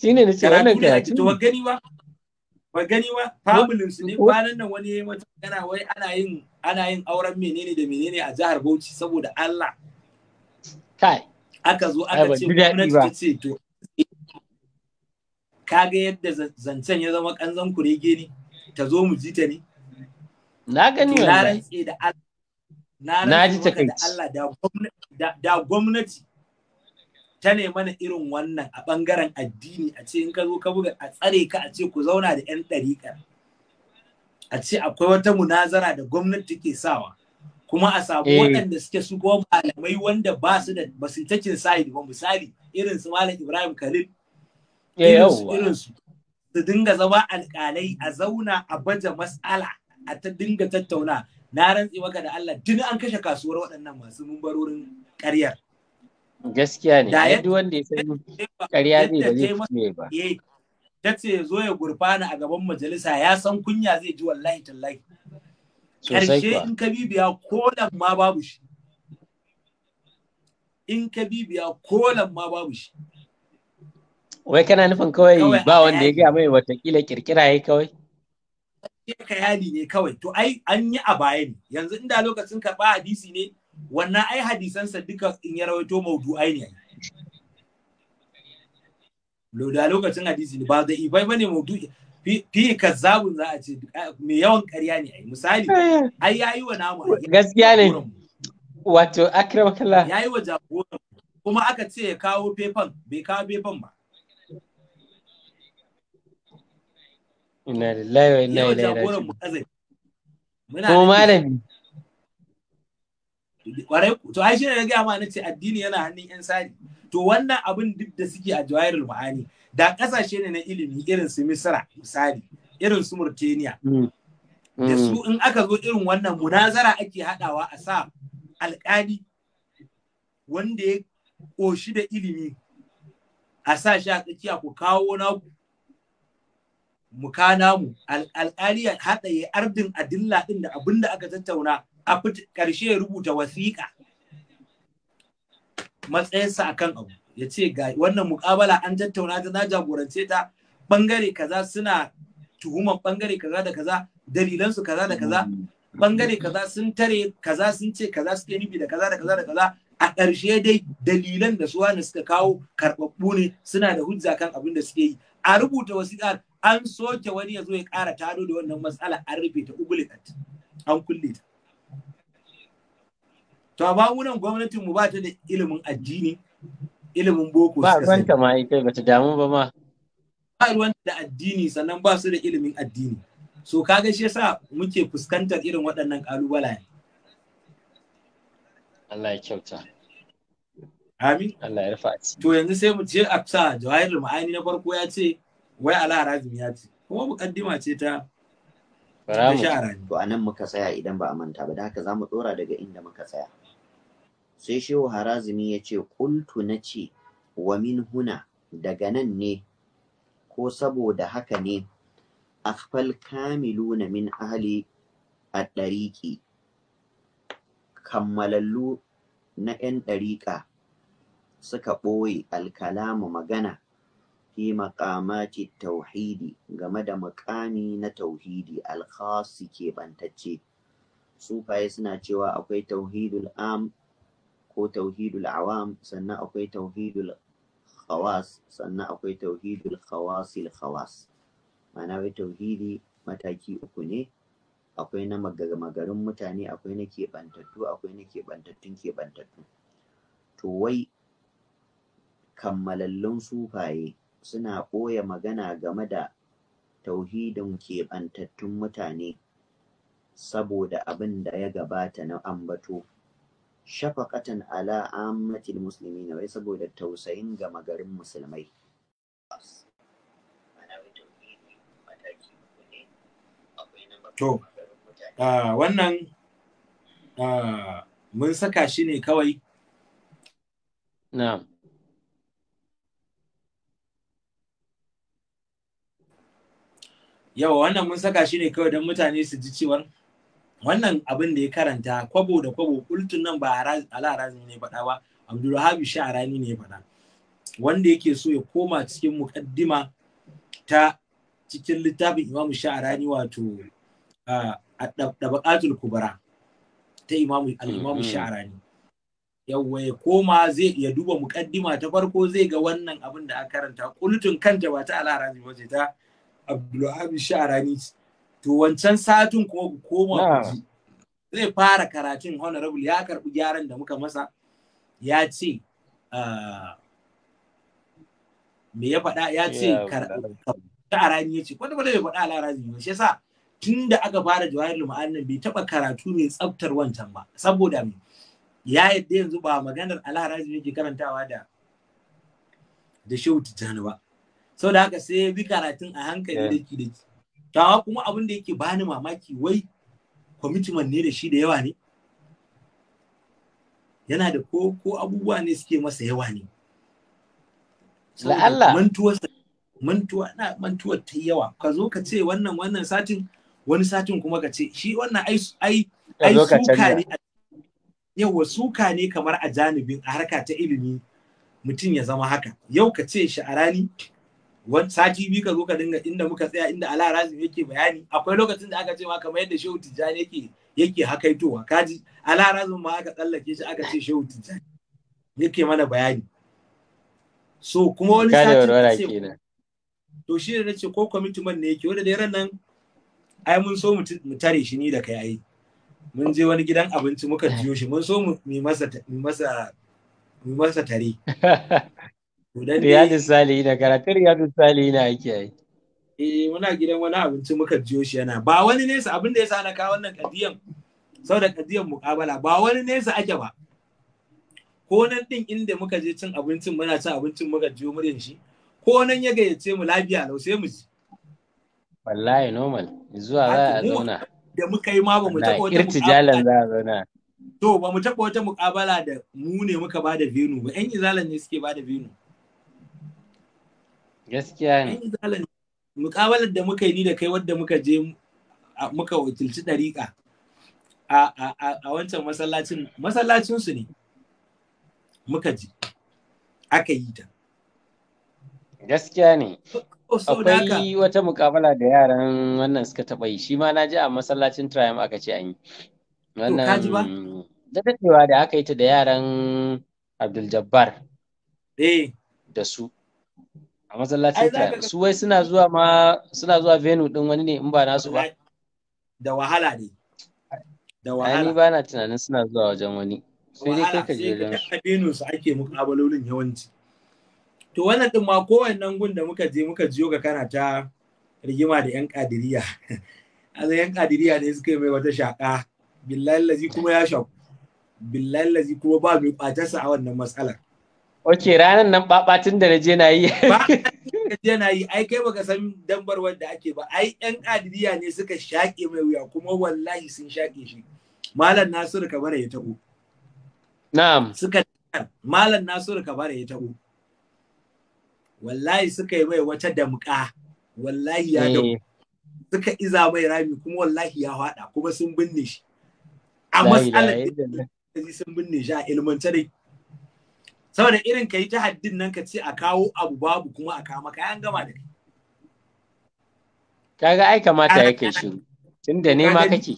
shine ne ce wannan karatu to gani ba ba gani ba Fabulin su ne kwanan nan wani yayi wata magana wai ana yin ana yin auren menene da menene a jihar Bauchi saboda Allah kai aka zo aka ce gwamnati ta ce to kaga yadda zancen ya zama kanzan kurege ne ta zo mu ji ta ne na gani wannan na rantse da Allah na ji da Allah da gwamnati ta ne mana irin wannan a bangaren addini a ce in ka zo ka buga a tsare ka a ce ku zauna da yan ɗariƙar a ce akwai wata munazara da gwamnati ke sawa kuma a samu eh. waɗanda suke su kuma malamai wanda ba su da ba su takin ba misali irin su malam Ibrahim Khalil eh, irin su su dinga zama alƙalai a zauna a baje mas'ala a ta dinga tattauna na rantsi maka da Allah tuni an kashe kasuwar waɗannan masu mumbarorin ƙaryar gaskiya ne da yadda wanda ya san ƙarya ne ba zai ba ta ce zo ya gurfana a gaban majalisa ya san kunya zai ji wallahi tallahi ƙarshe in ka bibiya kolan ma babu shi in ka bibiya kolan ma babu shi wai kana nufin kawai ba wanda ya gaya mai watakila kirkira ya kawai khayali ne kawai to ai an yi a baya ne yanzu inda lokacin karɓa hadisi ne wannan ai hadisansa duka in ya rawaito ai ne da lokacin hadisi ne ba da ibai bane maudu'i fi kazzabun za a ce me yawan ƙarya ne ai misali ai yayi wa namu gaskiya ne wato akrama yayi wa jagoran kuma aka ce ya kawo fefan bai kawo fefan ba Ina lillahi wa inna ilaihi raji'un. Kuma malami. ku. To ai shi ne gaya ma ce addini yana hannun yan sari. To wannan abin duk da suke a Jawahirul Ma'ani da ƙasashe ne na ilimi irin su Misra misali irin su Murtaniya. Mm. Da su mm. in aka zo irin wannan munazara ake haɗawa a sa alƙali wanda ya ƙoshi da ilimi a sa shi a tsakiya ku kawo naku mukana mu alƙali ya haɗa ya ardin adilla ɗin da abinda aka tattauna a ƙarshe ya rubuta wasiƙa matsayinsa akan abu ya ce ga wannan muƙabala an tattauna ta na jagorance ta ɓangare kaza suna tuhuman ɓangare kaza da kaza dalilansu kaza da kaza ɓangare kaza sun tare kaza sun ce kaza suke nufi da kaza da kaza da kaza a ƙarshe dai dalilan da su wani suka kawo karɓaɓɓu ne suna da hujja kan abin da suke yi a rubuta wasiƙar an soke wani ya zo ya ƙara tado da wannan matsala an rufe ta ugulikat an kulle ta to amma wunan gwamnatin mu ba ta da ilimin addini ilimin boko ba ta ma kai ba ta damu ba ma ba ruwan da addini sannan ba su da ilimin addini so kaga shi yasa muke fuskantar irin waɗannan ƙalubalaye Allah ya kyauta Amin. Allah ya rufa To yanzu sai mu je a sa jawahirul ma'ani na farko ya ce wai ala harazim ya ce kuma mukaddima ce ta to a nan muka tsaya idan ba a manta ba da haka za mu ɗora daga inda muka tsaya sai shehu harazimi ya ce kultu na ce wa min huna daga nan ne ko saboda haka ne akfal kamilu na min ahali a ɗariƙi kammalallu na ‘yan ɗariƙa suka ɓoye alkalamu magana fi maqamati tauhidi game da makami na tauhidi alkhasi ke bantacce sufaye suna cewa akwai tauhidul am ko tauhidul awam sannan akwai tauhidul khawas sannan akwai tauhidul khawasil khawas ma'ana wai tauhidi mataki uku ne akwai na magarin mutane akwai na keɓantattu akwai na keɓantattun keɓantattu to wai kammalallun sufaye suna ɓoye magana game da tauhidin keɓantattun mutane saboda abin da ya gabata na ambato shafaqatan ala ammatil muslimina wai saboda tausayin gama garin musulmai to wannan mun saka shi ne kawai yawa wannan mun saka shi ne kawai don mutane su ji cewar wannan abin da ya karanta kwabo da kwabo kultun nan ba alharazmi ne faɗa ba abdulrahabi sha'arani ne faɗa wanda yake so ya koma cikin mukaddima ta cikin littafin imamu sha'arani wato ɗabaƙatul kubra ta imamu al-imamu mm-hmm. sha'arani yawwa ya koma zai ya duba mukaddima ta farko zai ga wannan abin da aka karanta kultun kanta ba ta alarazi ba ta Abdullahi Sharani to wancan satin kuma koma zai fara karatun honorable ya karbi gyaran da muka masa ya ce ah, me ya faɗa ya ce Sharani ya ce kwata kwata bai faɗa alara ba shi yasa tun da aka fara jawahirul ma'anin bai taba karatu mai tsaftar wancan ba saboda me ya yadda yanzu ba maganar alharazi yake karantawa da da shehu tijjani ba sau da haka sai bi karatun a hankali da ke da ke tawa kuma abin da yake bani mamaki wai commitment ne da shi da yawa ne yana da ko ko abubuwa ne suke masa yawa ne la'alla ta mantuwa na mantuwa ta yawa ka zo ka ce wannan wannan satin wani satin kuma ka ce shi wannan ai ai ai suka ne yawa suka ne kamar a janibin a harka ta ilimi mutum ya zama haka yau ka ce shi a rani wani sati biyu ka zo ka dinga inda muka tsaya inda ala yake bayani akwai lokacin da aka ce ma kamar yadda shehu tijjani yake yake hakaitowa kaji ala ma aka tsallake shi aka ce shehu tijjani yake mana bayani so kuma wani sati da to shi ne nace ko commitment ne yake wanda da ran nan ai mun so mu tare shi ni da kai ai mun je wani gidan abinci muka [LAUGHS] jiyo shi mun so mu masa mu masa mu masa tare [LAUGHS] Riyadu Salihi da karatun Riyadu Salihi na ake yi. Eh muna gidan wani abinci muka jiyo shi yana ba wani nesa abin da ya sa na kawo wannan kadiyan sau da kadiyan mukabala ba wani nesa ake ba. Ko nan din inda muka je cin abincin muna cin abincin muka jiyo muryan shi ko nan ya gayyace mu lafiya lau sai mu ji. Wallahi normal zuwa za a zauna. Da muka yi ma ba mu taɓa wata mukabala. za a zauna. To ba mu taɓa wata mukabala da mu ne muka ba da venu ba 'yan izalan ne suke ba da venu. gaskiya ne mukawalar da muka yi ni da kai wadda muka je muka wakilci ɗariƙa a wancan masallacin masallacinsu ne muka ji aka yi ta gaskiya ne akwai wata mukamala da yaran wannan suka taɓa yi shi ma na ji a masallacin triumph aka ce an yi wannan da da aka yi ta da yaran abdul jabbar eh. da su a masallacin ta su wai suna zuwa ma suna zuwa venue din wani ne in ba nasu ba da wahala ne da wahala ni ba na tunanin suna zuwa wajen wani sai dai kai ka je wajen su venue su ake mukabalolin yawanci to wannan din ma kowannen gun da muka je muka jiyo ga kana ta rigima da yan kadiriya azan [LAUGHS] yan kadiriya ne suka yi mai wata shaka billahi lazi kuma ya shaku billahi lazi kuma ba mai kwatarsa a wannan matsalar Ok, ranar nan babatun da na je na yi. je na yi, ai kai baka san dambar wanda ake ba, ai ƴan adiriya ne suka shaƙe mai wuya kuma wallahi sun shaƙe shi. Malam Nasiru Kabara ya taɓo. Na'am. Suka Malam Nasiru Kabara ya taɓo. Wallahi suka yi mai wata damƙa, wallahi ya damu. Eh. Suka iza mai rami kuma wallahi ya faɗa kuma sun binne shi. A matsalar sun binne shi a ilmantare. saboda irin ka yi tahaddin nan ka ce a kawo abu babu kuma a kama ka, 'yan gama da kai kaga ai kamata ya kai shiru tunda ne ma kake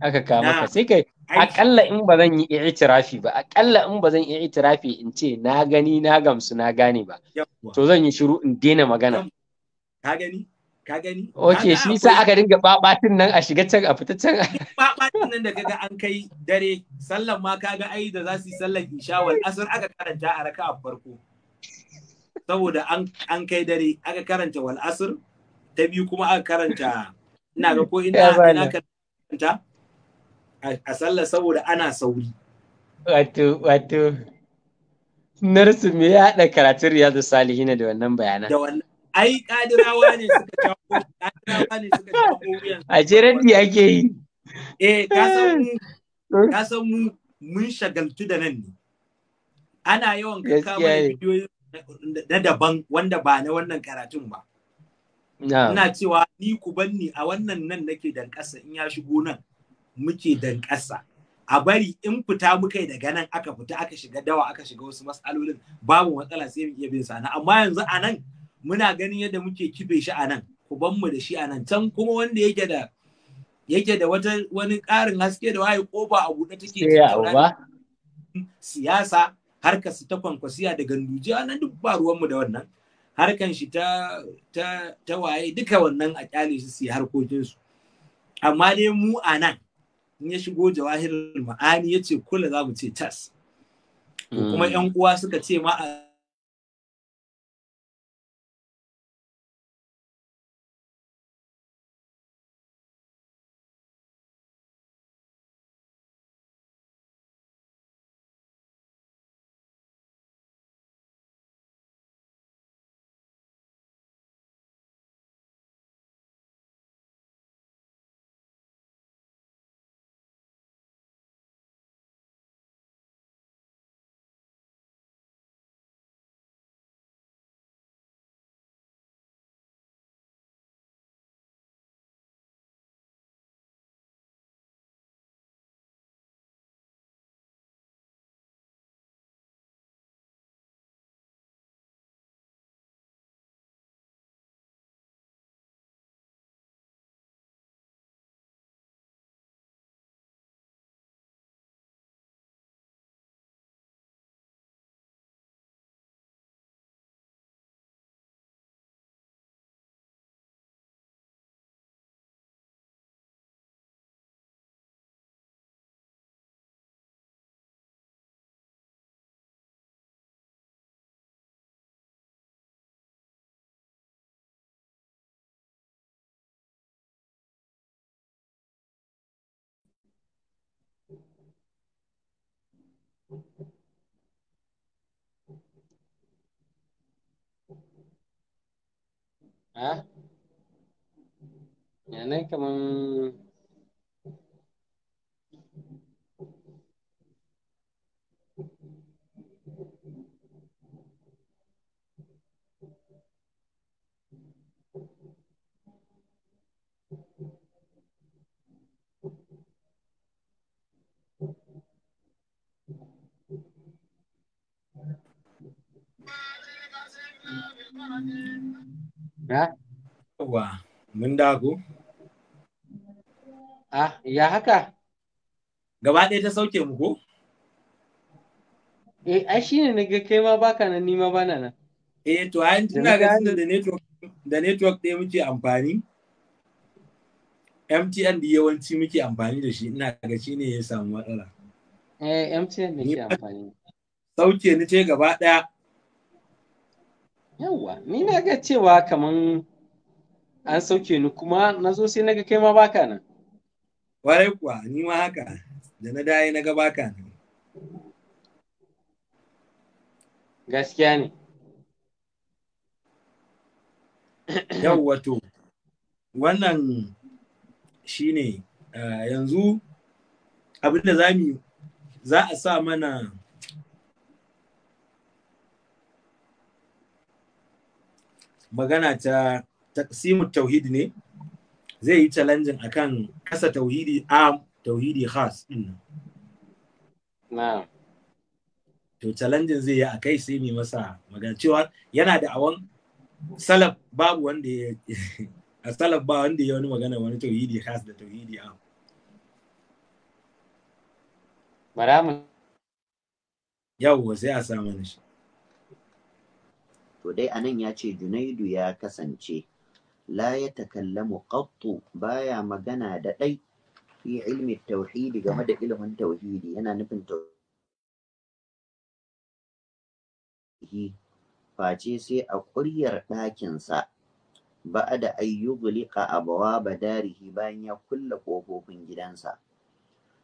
aka kama ka sai kai akalla in ba zan yi i'tirafi ba akalla in ba zan yi i'tirafi in ce na gani na gamsu na gane ba to zan yi shiru in daina magana ka gani ka gani ok shi sa aka dinga babatin nan a shiga can a fita can babatin [LAUGHS] nan da kaga an kai dare sallan ma kaga ai da za su yi sallan isha wal asr aka karanta a raka'a farko saboda an an kai dare aka karanta wal asr ta biyu kuma aka karanta ina ga ko ina ina karanta a sallar saboda ana sauri wato wato Nursu me ya haɗa karatun Riyadu Salihina da wannan bayanan? Da wannan ai kadirawa ne suka jawo kadirawa ne suka jawo a jiran da yake yi eh ka san eh. ka san mu mun shagaltu da nan ne ana yawan ka kawo bidiyoyi na daban wanda ba na wannan karatun ba ina cewa ni ku banni a wannan nan nake dan kasa in ya shigo nan muke dan kasa a bari in fita muka daga nan aka fita aka shiga dawa aka shiga wasu matsalolin babu matsala sai mu iya bin sana amma yanzu a nan muna ganin yadda muke kife shi a nan ku ban mu da shi a nan can kuma wanda yake da yake da wata wani ƙarin haske da waye kofa a buɗe take siyasa harkar su ta kwankwasiya da ganduje nan duk ba ruwanmu da wannan harkan shi ta ta ta waye duka wannan a kyale shi su yi harkokinsu amma dai mu a nan in ya shigo jawahirul ma'ani ya ce kula za mu ce tas kuma yan mm. uwa suka ce ma a hả nhà dạ, nói cảm ơn Ya? Wa, mun dago. Ah, ya haka? Gaba ɗaya ta sauke mu ko? Eh, ai shi ne ga kai ma baka nan nima bana nan. Eh, to an tuna ga da network da network ɗaya muke amfani. MTN da yawanci muke amfani da shi ina ga shi ne ya samu matsala. Eh, MTN ne ke amfani. Sauke ni ce gaba ɗaya Yawwa, ni na ga cewa kaman an sauke ni kuma na zo sai naga kai ma baka nan. Warai kuwa, ni ma haka, da na dai na ga baka nan. Gaskiya ne. Yawwa to, wannan shi ne eh, yanzu abin da za a sa mana magana ta taqsimu tauhid ne zai yi challenge akan kasa tauhidi am tauhidi khas din nan to challenge zai yi a kai sai mai masa magana cewa yana da awon salaf babu wanda ya [LAUGHS] a salaf ba wanda ya wani magana wani tauhidi khas da tauhidi am Maramu. mu yawwa sai a samu shi to dai anan ya ce junaidu ya kasance la ya takallamu qattu baya magana da ɗai fi ilmi tauhidi game da ilmin tauhidi yana nufin tauhidi face sai a ƙuryar ɗakinsa ba da ayyughliqa abawa badarihi bayan ya kulle ƙofofin gidansa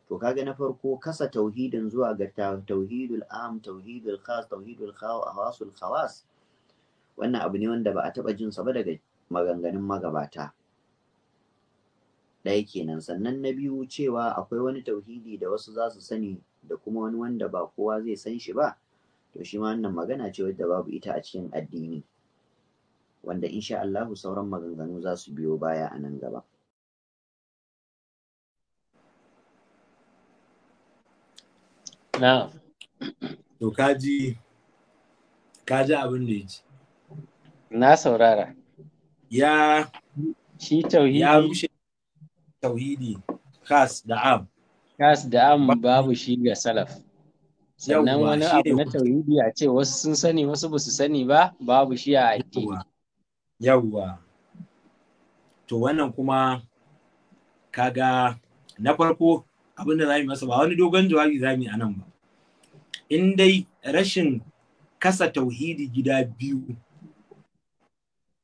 to kaga na farko kasa tauhidin zuwa ga tauhidul am tauhidul khas tauhidul khawasul khawas wannan abu ne wanda ba a taɓa sa ba daga maganganun magabata ɗaya kenan sannan na biyu cewa akwai wani tauhidi da wasu za su sani da kuma wani wanda ba kowa zai san shi ba to shi ma wannan magana ce wadda babu ita a cikin addini wanda insha Allahu sauran maganganu za su biyo baya a nan gaba to kaji kaji abin da ya na saurara ya shi tauhidi ya rushe tauhidi kas da am kas da am babu shi ga salaf sannan wani abu na tauhidi a ce wasu sun sani wasu ba su sani ba babu shi a addini yawwa to wannan kuma kaga na farko abin da za mu masa ba wani dogon jawabi za mu yi a nan ba in dai rashin kasa tauhidi gida biyu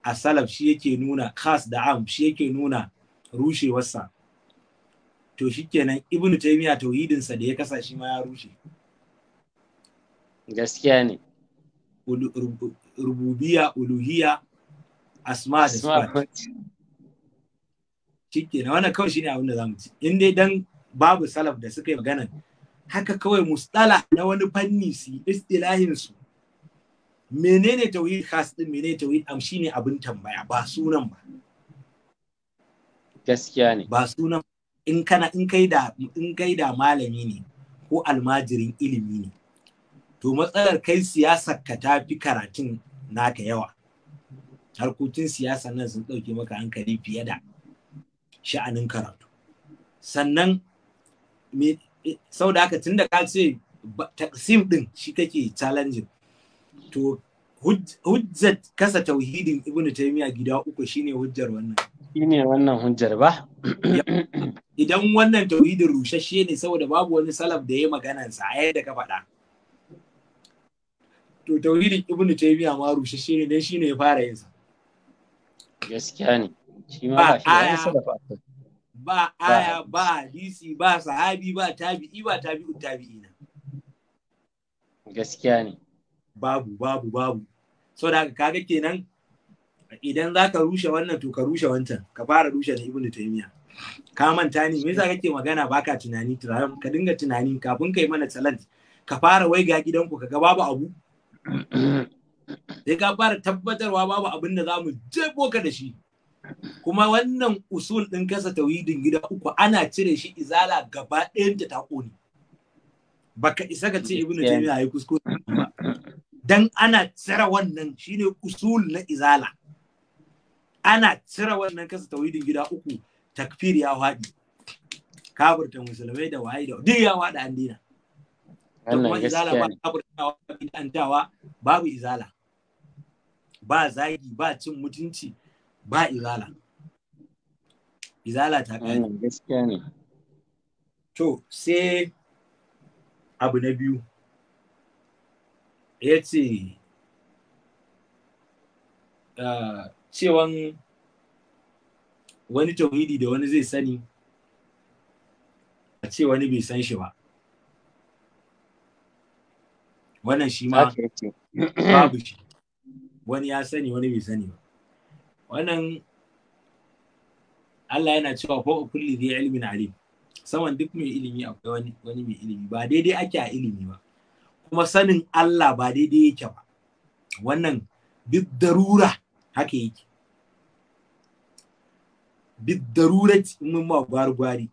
a salaf shi yake nuna khas da am shi yake nuna rushewarsa to shi kenan ibnu taymiya tauhidinsa da ya kasa shi ma ya rushe gaskiya ne rububiya uluhiya asma da sifat kenan wannan kawai shine abin da zamu ci in dai dan babu salaf da suka yi magana haka kawai mustala na wani fanni su istilahin su menene tauhid khas din menene tauhid am shine abin tambaya ba sunan ba gaskiya ne ba sunan in kana in kai da in kai da malami ne ko almajirin ilimi ne to matsalar kai siyasa ka ta fi karatun naka yawa harkokin siyasa nan sun dauke maka hankali fiye da sha'anin karatu sannan eh, sau da haka tun da ka ce taksim din shi kake challenging to hujjar kasa tauhidin ibn taymiya gida uku shine hujjar wannan shine wannan hujjar ba idan wannan tauhidin rushashe ne saboda babu wani salaf da ya magana, sa a yadda ka faɗa to tauhidin ibn taymiya ma rushashe ne dan shine ya fara yin sa gaskiya ne shi ma ba shi salaf ba aya ba hadisi ba sahabi ba tabi'i ba tabi'u tabi'ina gaskiya ne babu babu babu so da kaga kenan idan za ka rushe wannan to ka rushe wancan ka fara rushe na ibnu taymiya ka manta ni me yasa kake magana baka tunani ka dinga tunani kafin kai mana challenge ka fara wai ga gidanku ka ga babu abu sai ka fara tabbatarwa babu abin da zamu jebo ka da shi kuma wannan usul din kasa tauhidin gida uku ana cire shi izala gaba ɗayan ta ta ne baka isa ka ce ibnu taymiya yayi kuskure dan ana cire wannan shine usul na izala ana cire wannan kasa tauhidin gida uku takfir ya haɗi ta musulmai da waye da duk ya wadi an dina kuma izala ba kafirtawa ba bid'antawa babu izala ba zagi ba cin mutunci ba izala izala ta kai gaskiya ne to sai abu na biyu ya ce ah, cewan wani tauhidi da wani zai sani a ce wani bai san shi ba wannan shi ma babu shi wani ya sani wani bai sani ba wannan Allah yana cewa ko kulli zai ilimin alim saman duk mai ilimi akwai wani mai ilimi ba daidai ake a ilimi ba kuma sanin Allah ba daidai yake ba wannan bid darura haka yake bid darura mun ma gwargwari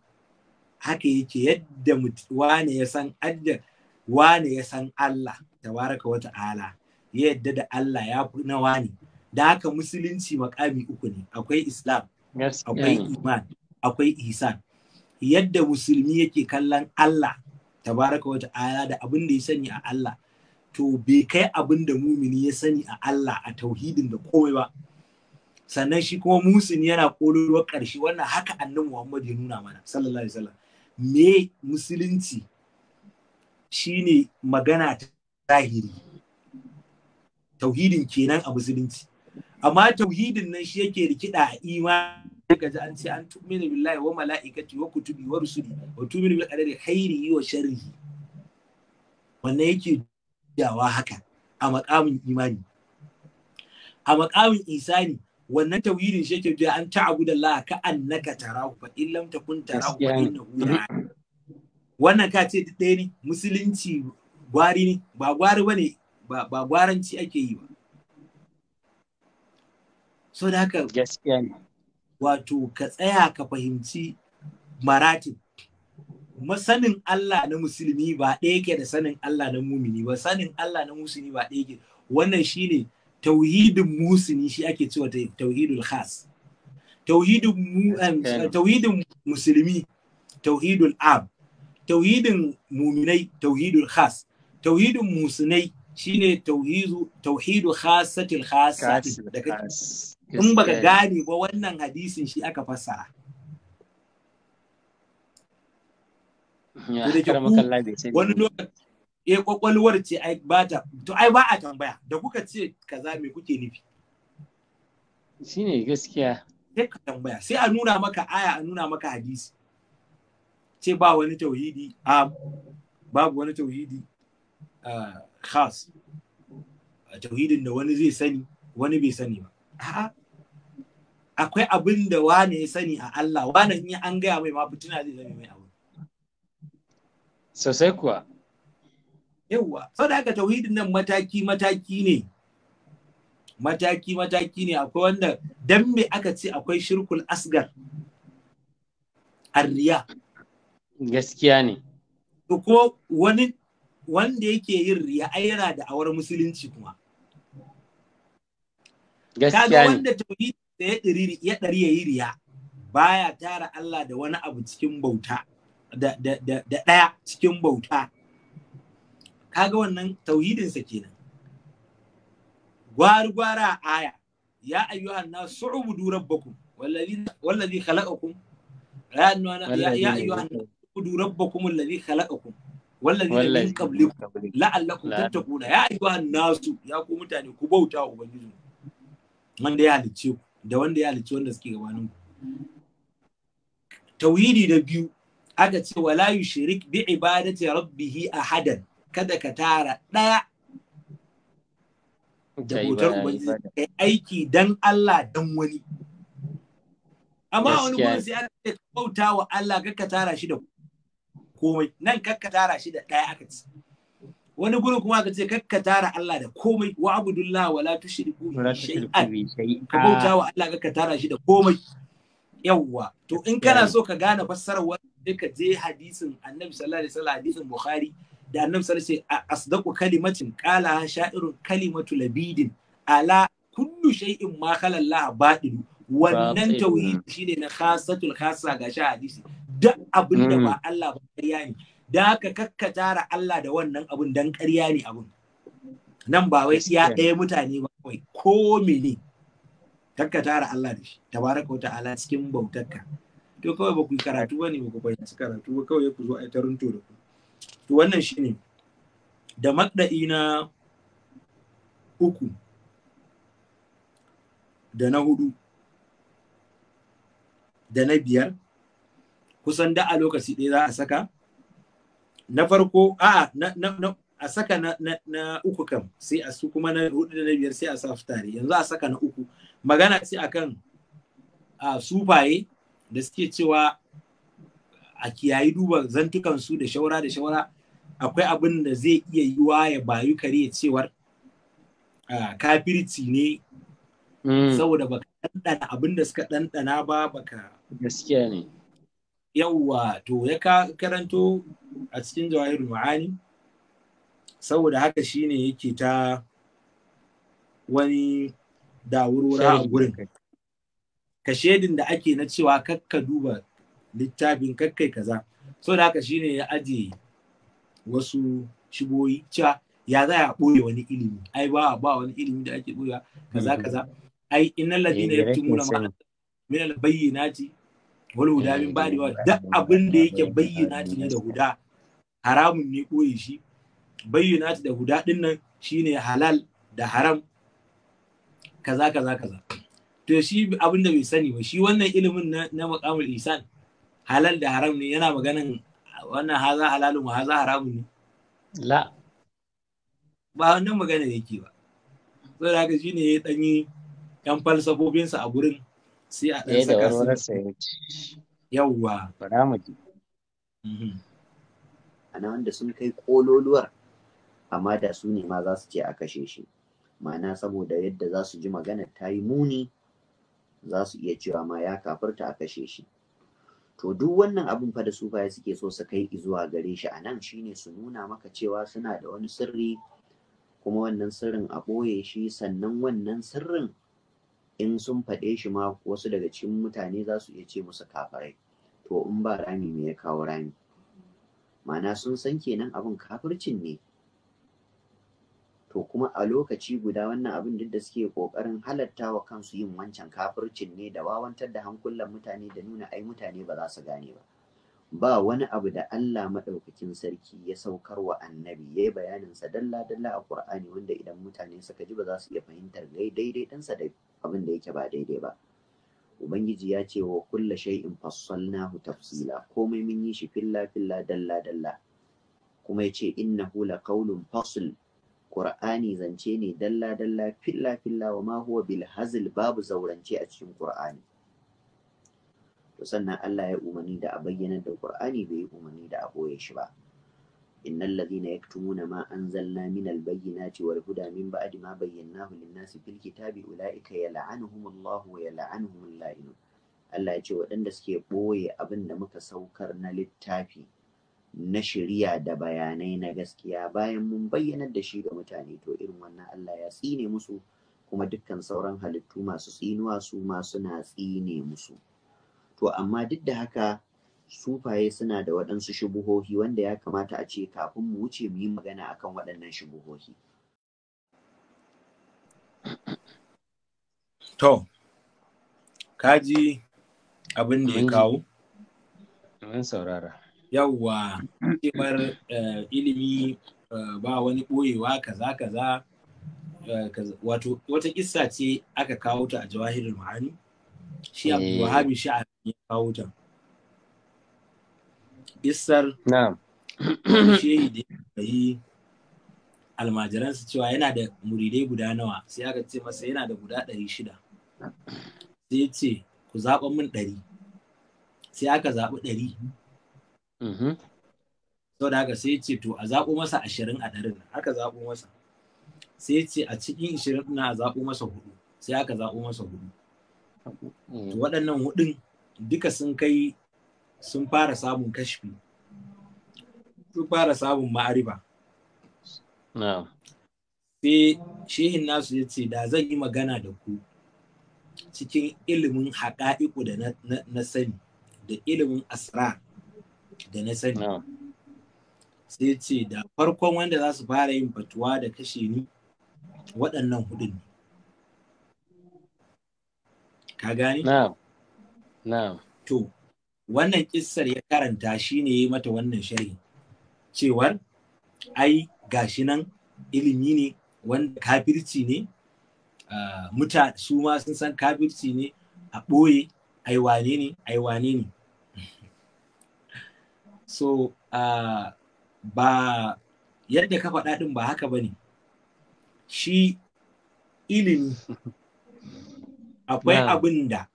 haka yake yadda wane ya san adda wane ya san Allah tabaraka wata ala ya yadda da Allah ya fi na wani da haka musulunci makami uku ne akwai islam akwai iman akwai ihsan yadda musulmi yake kallon Allah tabaraka wata aya da abin da ya sani a Allah to bai kai abin da mumini ya sani a Allah a tauhidin da komai ba sannan shi kuma musin yana kololuwar ƙarshe wannan haka annan Muhammad ya nuna mana sallallahu alaihi wasallam me musulunci shine magana ta zahiri tauhidin kenan a musulunci amma tauhidin nan shi yake rikida a imani ka an ce an tumini billahi wa mala'ikati wa kutubi wa rusuli wa tumini bil qadari khairi wa sharri wannan yake jawa haka a makamin imani a makamin isani wannan tawhidin shi yake jiya an ta'budu Allah ka annaka tarahu fa in lam takun tarahu fa innahu yaraka wannan ka ce ɗaya ne musulunci gwari ne ba gwari bane ba ba gwaranci ake yi ba so da haka gaskiya ne wato ka tsaya ka fahimci maratin masanin Allah na musulmi ba ɗaya yake da sanin Allah na mumini ba sanin Allah na musulmi ba ɗaya yake wannan shi ne tauhidin musulmi shi ake cewa tauhidul khas tauhidin tauhidin musulmi tauhidul ab tauhidin muminai tauhidul khas tauhidin musulmai shi ne tauhidu khasatil khasati in baka gane ba wannan hadisin shi aka fasa wani lokaci e kwakwalwar ce ai ba ta to ai ba a tambaya da kuka ce kaza me kuke nufi shine gaskiya sai ka tambaya sai a nuna maka aya a nuna maka hadisi ce ba wani tauhidi a babu wani tauhidi khas tauhidin da wani zai sani wani bai sani ba akwai abin da wane ya sani a Allah wane in an gaya mai ma fitina zai zama mai abu sosai kuwa so da aka tauhidin nan mataki mataki ne mataki mataki ne akwai wanda dan me aka ce akwai shirkul asgar arriya gaskiya ne ko wani wanda yake yin riya ai yana da awar musulunci kuma gaskiya ne wanda tauhidi ya ɗari ya yi riya baya tara Allah da wani abu cikin bauta da ɗaya cikin bauta kaga wannan tauhidinsa kenan gwar gwara a aya ya ayyuhan na su'ubudu rabbakum wallazi khalaqakum ya ayyuhan na su'ubudu rabbakum wallazi khalaqakum wallazi min qablikum la'allakum tattaquna ya ayyuhan nasu ya ku mutane ku bauta ubangiji wanda ya halicce ku da wanda ya halicci wanda suke gabanin tauhidi da biyu aka ce wala yushrik bi ibadati rabbih ahadan kada ka tara daya da bautar ubangiji aiki dan Allah dan wani amma wani gurin sai aka ce bauta wa Allah ka tara shi da komai nan ka tara shi da daya aka ce wani gurin kuma ka ce kakka tara Allah da komai wa abudullah wa la tushriku shay'an ka bauta wa Allah kakka tara shi da komai yawwa to in kana so ka gane fassarar wanda ka je hadisin Annabi sallallahu alaihi wasallam hadisin Bukhari da Annabi sallallahu alaihi wasallam asdaqu kalimatin qala sha'irun kalimatu labidin ala kullu shay'in ma khala Allah badilu wannan tauhidi shine na khasatul khassa ga shi hadisi duk abin da hmm. ba Allah ba ya da haka kakka tara Allah da wannan abun dan ƙarya ne abun nan ba wai iya ɗaya mutane ba kawai ko mene kakka tara Allah da shi tabaraka wa ta'ala cikin bautarka to kawai ba ku yi karatu ba ne ba ku fahimci karatu ba kawai ku zo a yi tarunto da ku to wannan shine da maɗa'i na uku da na hudu da na biyar kusan da a lokaci ɗaya za a saka na farko a a saka na, uku kam sai a su kuma na hudu da na biyar sai a sa tare yanzu a saka na uku magana ce akan a sufaye da suke cewa a kiyayi duba zantukan su da shawara da shawara akwai abin da zai iya yiwa ya bayu kare cewar kafirci ne mm. saboda baka ɗanɗana abin da suka ɗanɗana ba baka gaskiya ne yawwa to ya karanto a cikin jawahirul ma'ani saboda haka shine yake ta wani dawurwura a gurin ka shedin da ake na cewa kakka duba littafin kakkai kaza saboda haka shine ya ajiye wasu shigoyi cewa ya za a ɓoye wani ilimi ai ba ba wani ilimi da ake ɓoya kaza kaza ai inna ladina yaktumuna ma min al bayyinati wani guda min ba da duk abin da yake bayyana ne da guda haramun ne koyi shi bayyana da guda din nan shine halal da haram kaza kaza kaza to shi abin da bai sani ba shi wannan ilimin na, na maqamul ihsan halal da haram ne yana maganan wannan haza halalu wa haza haramun ne la ba wannan magana yake ba saboda haka shine ya danyi yan falsafofinsa a gurin sai a ɗan eh, saka su yawwa bara mhm. ana wanda sun kai kololuwar amma da su ne ma za su ce a kashe shi ma'ana saboda yadda za su ji magana ta yi muni za su iya cewa ma ya kafarta a kashe shi to duk wannan abin fa da su fa suke so su kai zuwa gare shi a nan shine su nuna maka cewa suna da wani sirri kuma wannan sirrin a ɓoye shi sannan wannan sirrin in sun faɗe shi ma wasu daga cikin mutane za su iya ce musu kafirai to in ba rami me ya kawo rami ma'ana sun san kenan abin kafircin ne to kuma a lokaci guda wannan abin duk da suke kokarin halatta wa kansu yin wancan kafircin ne da wawantar da hankulan mutane da nuna ai mutane ba za su gane ba ba wani abu da Allah maɗaukakin sarki ya saukar wa annabi ya yi bayaninsa dalla-dalla a ƙur'ani wanda idan mutane suka ji ba za su iya fahimtar daidai ɗansa da abin da yake ba daidai ba ubangiji ya ce wa kulla shay'in fassalnahu tafsila komai mun yi shi filla filla dalla dalla kuma ya ce innahu laqawlun fasl qur'ani zance ne dalla dalla filla filla wa ma huwa bil hazl babu zaurance a cikin qur'ani to sannan Allah ya umarni da a bayyana da qur'ani bai umarni da a boye shi ba innal ladhina yaktumuna ma anzalna minal bayyinati wal huda min ba'di ma bayyanahu lin-nasi fil kitabi ulaika yal'anuhumullahu wa yal'anuhumul la'inun Allah ya ce waɗanda suke ɓoye abin da muka saukar na littafi na shirya da bayanai na gaskiya bayan mun bayyanar da shi ga mutane to irin wannan Allah ya tsine musu kuma dukkan sauran halittu masu tsinuwa su ma suna tsine musu to amma duk da haka sufaye suna da waɗansu shubuhohi wanda ya kamata a ce kafin mu wuce mu yi magana akan waɗannan shubuhohi. To, kaji abin da ya kawo? Mun saurara. Yawwa, cewar eh, ilimi eh, ba wani ɓoyewa kaza eh, kaza wato wata kissa ce aka kawo ta a jawahirin ma'ani shi abu wahabi sha'ar ya kawo ta isar [COUGHS] shehidi da yi almajiransu cewa yana da muridai guda nawa sai aka ce masa yana da guda ɗari shida sai ce ku zaɓa min ɗari sai aka zaɓi ɗari mhm. sau da haka sai ce to a zaɓo masa ashirin a ɗarin aka zaɓo masa sai ce a cikin ashirin na a zaɓo masa hudu sai aka zaɓo masa hudu mm. waɗannan hudun duka sun kai sun fara samun kashfi sun fara samun ma'ariba sai shehin nasu ya ce da zan yi magana da ku cikin ilimin haƙa'iku da na sani da ilimin asra da na sani sai ce da farkon wanda za su fara yin fatuwa da kashe ni waɗannan hudun ne ka gane? to wannan kissar ya karanta shi ne ya yi mata wannan sharhi cewar ai gashi nan ilimi ne wanda kafirci ne ah, muta su ma sun san kafirci ne a ɓoye aiwane ne aiwane ne [LAUGHS] so uh, ba yadda ka faɗa ɗin ba haka ba ne shi ilimi akwai abin da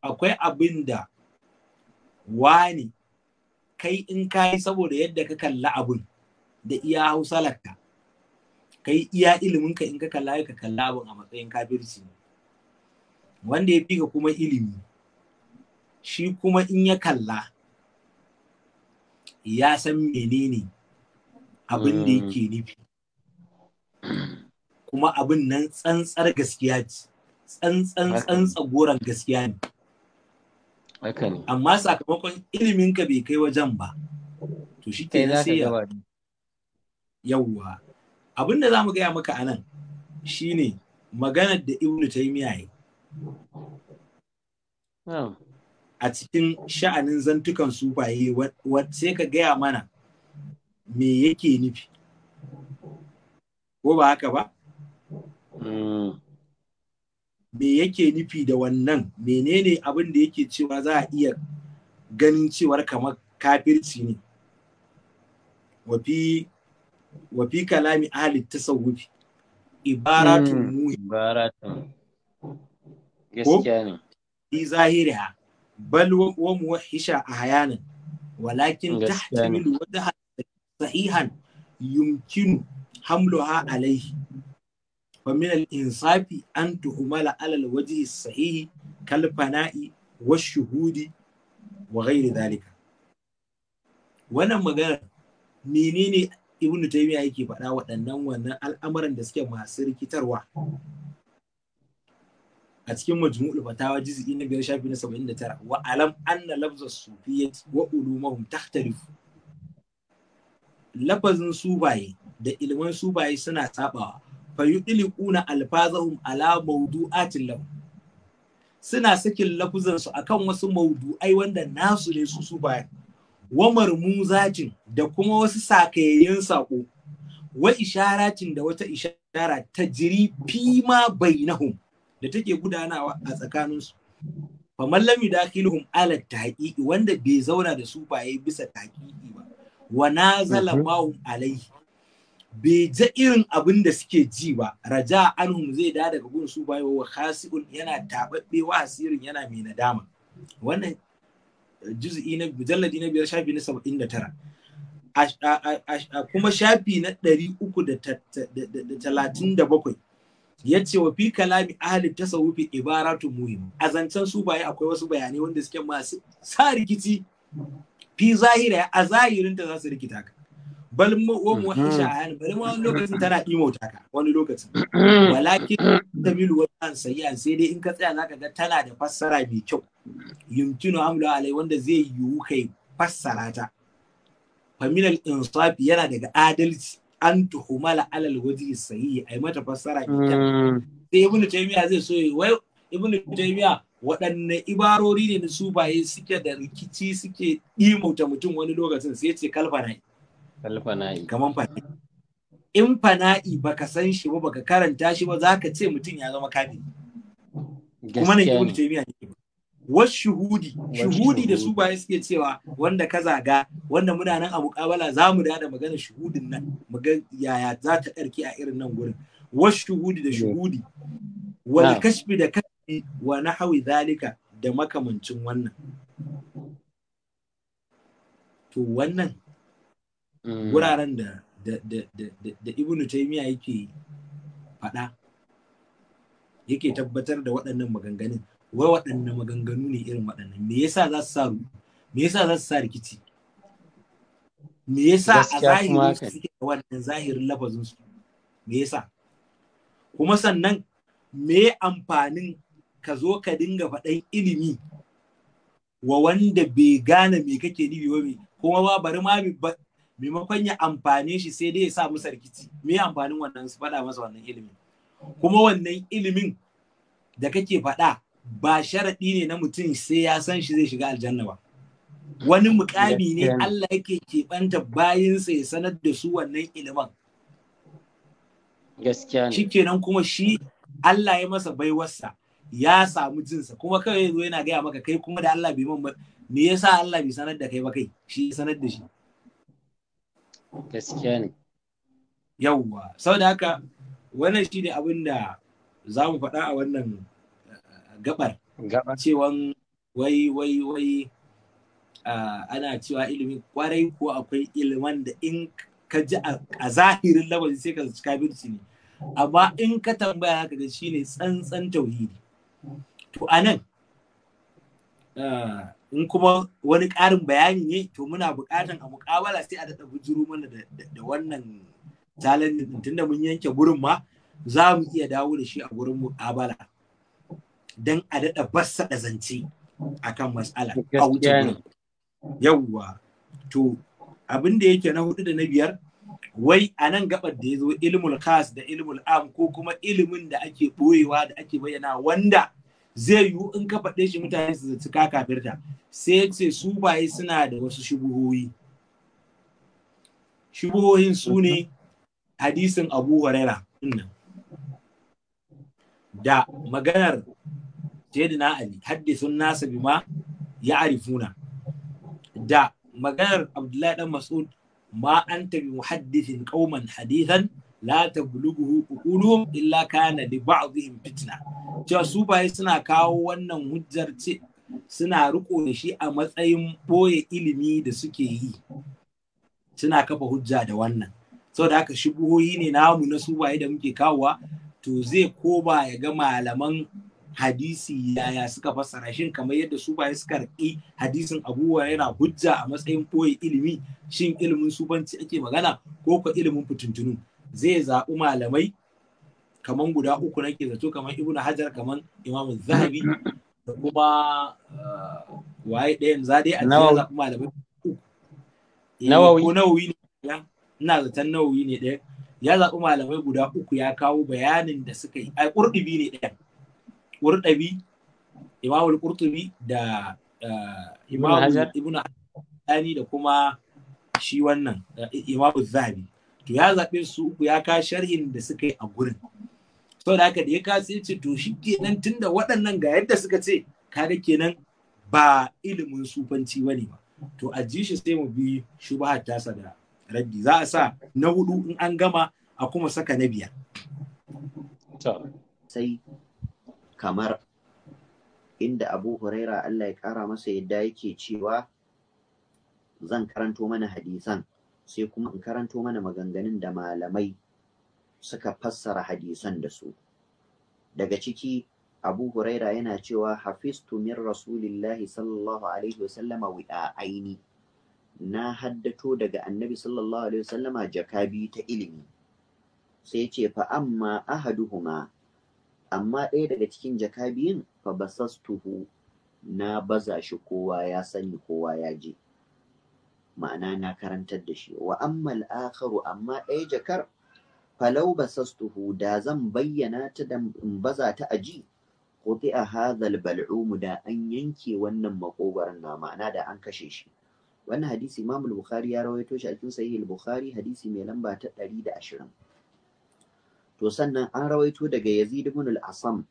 akwai abin da wani kai in kayi saboda yadda ka kalla abun da iya hausalarka kai iya ilimin ka in ka kalla ka kalla abun a matsayin kafirci wanda ya fi ka kuma ilimi shi kuma in ya kalla ya san menene abin da yake mm. nufi kuma abin nan tsantsar gaskiya ce tsantsan tsantsa goron gaskiya ne amma sakamakon ilimin ka bai kai wajen ba to shi ke sai ya yawwa abin da za mu gaya maka anan shine maganar da ibnu taymiya yi a cikin sha'anin zantukan sufaye sai ka gaya mana me yake nufi ko ba haka ba? Mm. me yake nufi da wannan menene abin da yake cewa za a iya ganin cewar kamar kafirci ne wafi wafi kalami ahli tasawufi ibaratun hmm, muhi ibaratun gaskiya ne fi ha bal wa muwahisha ahyanan walakin tahtamilu wajhan sahihan yumkinu hamluha alaihi fa min al-insafi an tuhumala alal wajhi sahihi kal fana'i shuhudi wa wannan magana menene ibnu taymiya yake faɗa waɗannan wannan al'amuran da suke masu rikitarwa a cikin majmu'ul fatawa juz'i na biyar shafi na 79 wa alam anna lafza sufiyyat wa ulumuhum tahtarifu lafazin subaye da ilman subaye suna sabawa fa na alfazahum ala mawdu'atin lahu suna sakin lafuzansu akan wasu maudu'ai wanda nasu ne su su bayan wa marmuzacin da kuma wasu sakayayyen sako wa isharacin da wata ishara ta jiri fima bainahum da take gudanawa a tsakaninsu fa mallami dakilhum ala tahqiqi wanda bai zauna da su baye bisa tahqiqi ba wa nazala ba'um mhm. alaihi bai ja irin abin da suke ji ba raja anhum zai da daga gun su bai wa khasiun yana tababbe wa hasirin yana mai nadama wannan juz'i na mujalladi na biyar shafi na 79 kuma shafi na 337 yace wa fi kalami ahli tasawufi ibaratu muhim a zancen su baye akwai wasu bayanai wanda suke masu sa rikici fi zahira a zahirin ta za su rikita ka bal mu wa sha'an bal ma wani lokacin tana wani lokacin walakin tamilu wa an sai dai in ka tsaya zaka ga tana da fassara mai kyau yumkinu amlu alai wanda zai yiwu kai fassara ta faminal insafi yana daga adalci an tuhumala alal waji sayi ai mata fassara mai kyau mhm. sai ibnu taymiya zai so wai ibnu taymiya waɗanne ibarori ne na subaye suke da rikici suke imauta mutum wani lokacin sai ce kalfa na Alfana'i. Kaman fana'i. In fana'i baka san shi ba baka karanta shi ba zaka ce mutum ya zama kafiri. Kuma na Ibn Taymiyyah ne. Wasu shuhudi, shuhudi da su ya suke cewa wanda ka zaga, wanda muna nan a muƙabala za mu da magana shuhudin nan, mu ga yaya za ta ɗarki a irin nan gurin. Wasu shuhudi da shuhudi, wani kashfi da kashfi wa hawi zalika da makamancin wannan. To wannan Mm. wuraren da da ibnu taymiya yake faɗa yake tabbatar da waɗannan maganganun wai waɗannan maganganu ne irin waɗannan me yasa za su sa me yasa za su sa rikici me yasa a zahirin su suke da wannan zahirin lafazin su me yasa kuma sannan me amfanin ka zo ka dinga faɗan ilimi wa wanda bai gane me kake nufi ba me kuma ba bari ma maimakon ya amfane shi sai dai ya sa masa rikici me amfanin wannan su faɗa masa wannan ilimin kuma wannan ilimin da kake faɗa ba sharaɗi ne na mutum sai ya san shi zai shiga aljanna ba wani mukami ne Allah yake keɓanta bayinsa ya sanar da su wannan ilimin gaskiya ne shikenan kuma shi Allah ya masa baiwarsa ya samu jinsa kuma kawai yanzu yana gaya maka kai kuma da Allah bai man me yasa Allah bai sanar da kai ba kai shi sanar da shi gaskiya ne yawwa sau da haka wannan shi ne abin da za mu faɗa a wannan eh, gabar cewan wai wai wai eh, ana cewa ilimin kwarai ko akwai iliman da in ka ji a zahirin labarin sai ka zaci kabirci ne amma in ka tambaya haka da shi ne, tsantsan tauhidi to anan eh, in kuma wani ƙarin bayani ne to muna buƙatan a muƙabala sai a daɗa bujuru mana da wannan challenge din tunda mun yanke gurin ma za mu iya dawo da shi a gurin muƙabala don a daɗa basa da zance kan matsala a wuce ne, yawwa to abin da yake na hudu da na biyar wai a nan gabar da ya zo ilmul khas da ilmul am ko kuma ilimin da ake boyewa da ake bayyana wanda zai yiwu in ka faɗe shi mutane su zaci ka kafirta sai ya ce su baye suna da wasu shubuhoyi shubuhoyin su ne hadisin abu huraira nan da maganar jaidina ali haddisun nasa bima ya arifuna da maganar abdullahi dan mas'ud ma an bi muhaddithin qauman hadithan la tablughu uquluhum illa kana li ba'dihim fitna cewa su baye suna kawo wannan hujjar ce suna riko da shi a matsayin boye ilimi da suke yi suna kafa hujja da wannan saboda haka shubuhoyi ne namu na su baye da muke kawowa to zai ba ya ga malaman hadisi yaya suka fassara shin kamar yadda su baye suka riƙe hadisin abubuwa yana hujja a matsayin ɓoye ilimi shin ilimin subanci ake magana ko ko ilimin fitintunu zai zaɓi malamai kaman guda uku ke zato kaman ibnu hajar kaman imam zahabi da kuma eh, waye ɗayan za dai a cikin zaɓi malamai eh, nawawi ko nawawi ne ina zaton nawawi ne ɗaya ya zaɓi malamai guda uku ya kawo bayanin da suka yi ai ƙurɗubi ne ɗaya ƙurɗubi imam ƙurɗubi da eh, imam ibnu hajar da kuma shi wannan imam zahabi to ya zaɓe su uku ya ka sharhin da suka yi a gurin Sau da haka da ya ka ce to shi kenan da waɗannan ga yadda suka ce kada kenan ba ilimin sufanci ba ne ba to a ji shi sai mu bi ta tasa da rabi za a sa na hudu in an gama a kuma saka na biyar sai kamar inda abu huraira Allah ya kara masa yadda yake cewa zan karanto mana hadisan sai kuma in karanto mana maganganun da malamai suka fassara hadisan da su daga ciki abu huraira yana cewa hafistu min rasulillahi sallallahu alaihi wasallama wi'a aini na haddato daga annabi sallallahu alaihi wasallama jakabi ta ilimi sai ce fa amma ahaduhuma amma ɗaya daga cikin jaka biyun fa basastuhu na baza shi kowa ya sani kowa ya je ma'ana na karantar da shi wa ammal akharu amma ɗaya jakar falau basastuhu da zan bayyana ta da in baza ta aji a hadal bal'umu da an yanke wannan makogaran na ma'ana da an kashe shi wannan hadisi Imam al-Bukhari ya rawaito shi a cikin Sahih al-Bukhari hadisi mai lamba ta 120 to sannan an rawaito daga Yazid ibn al-Asam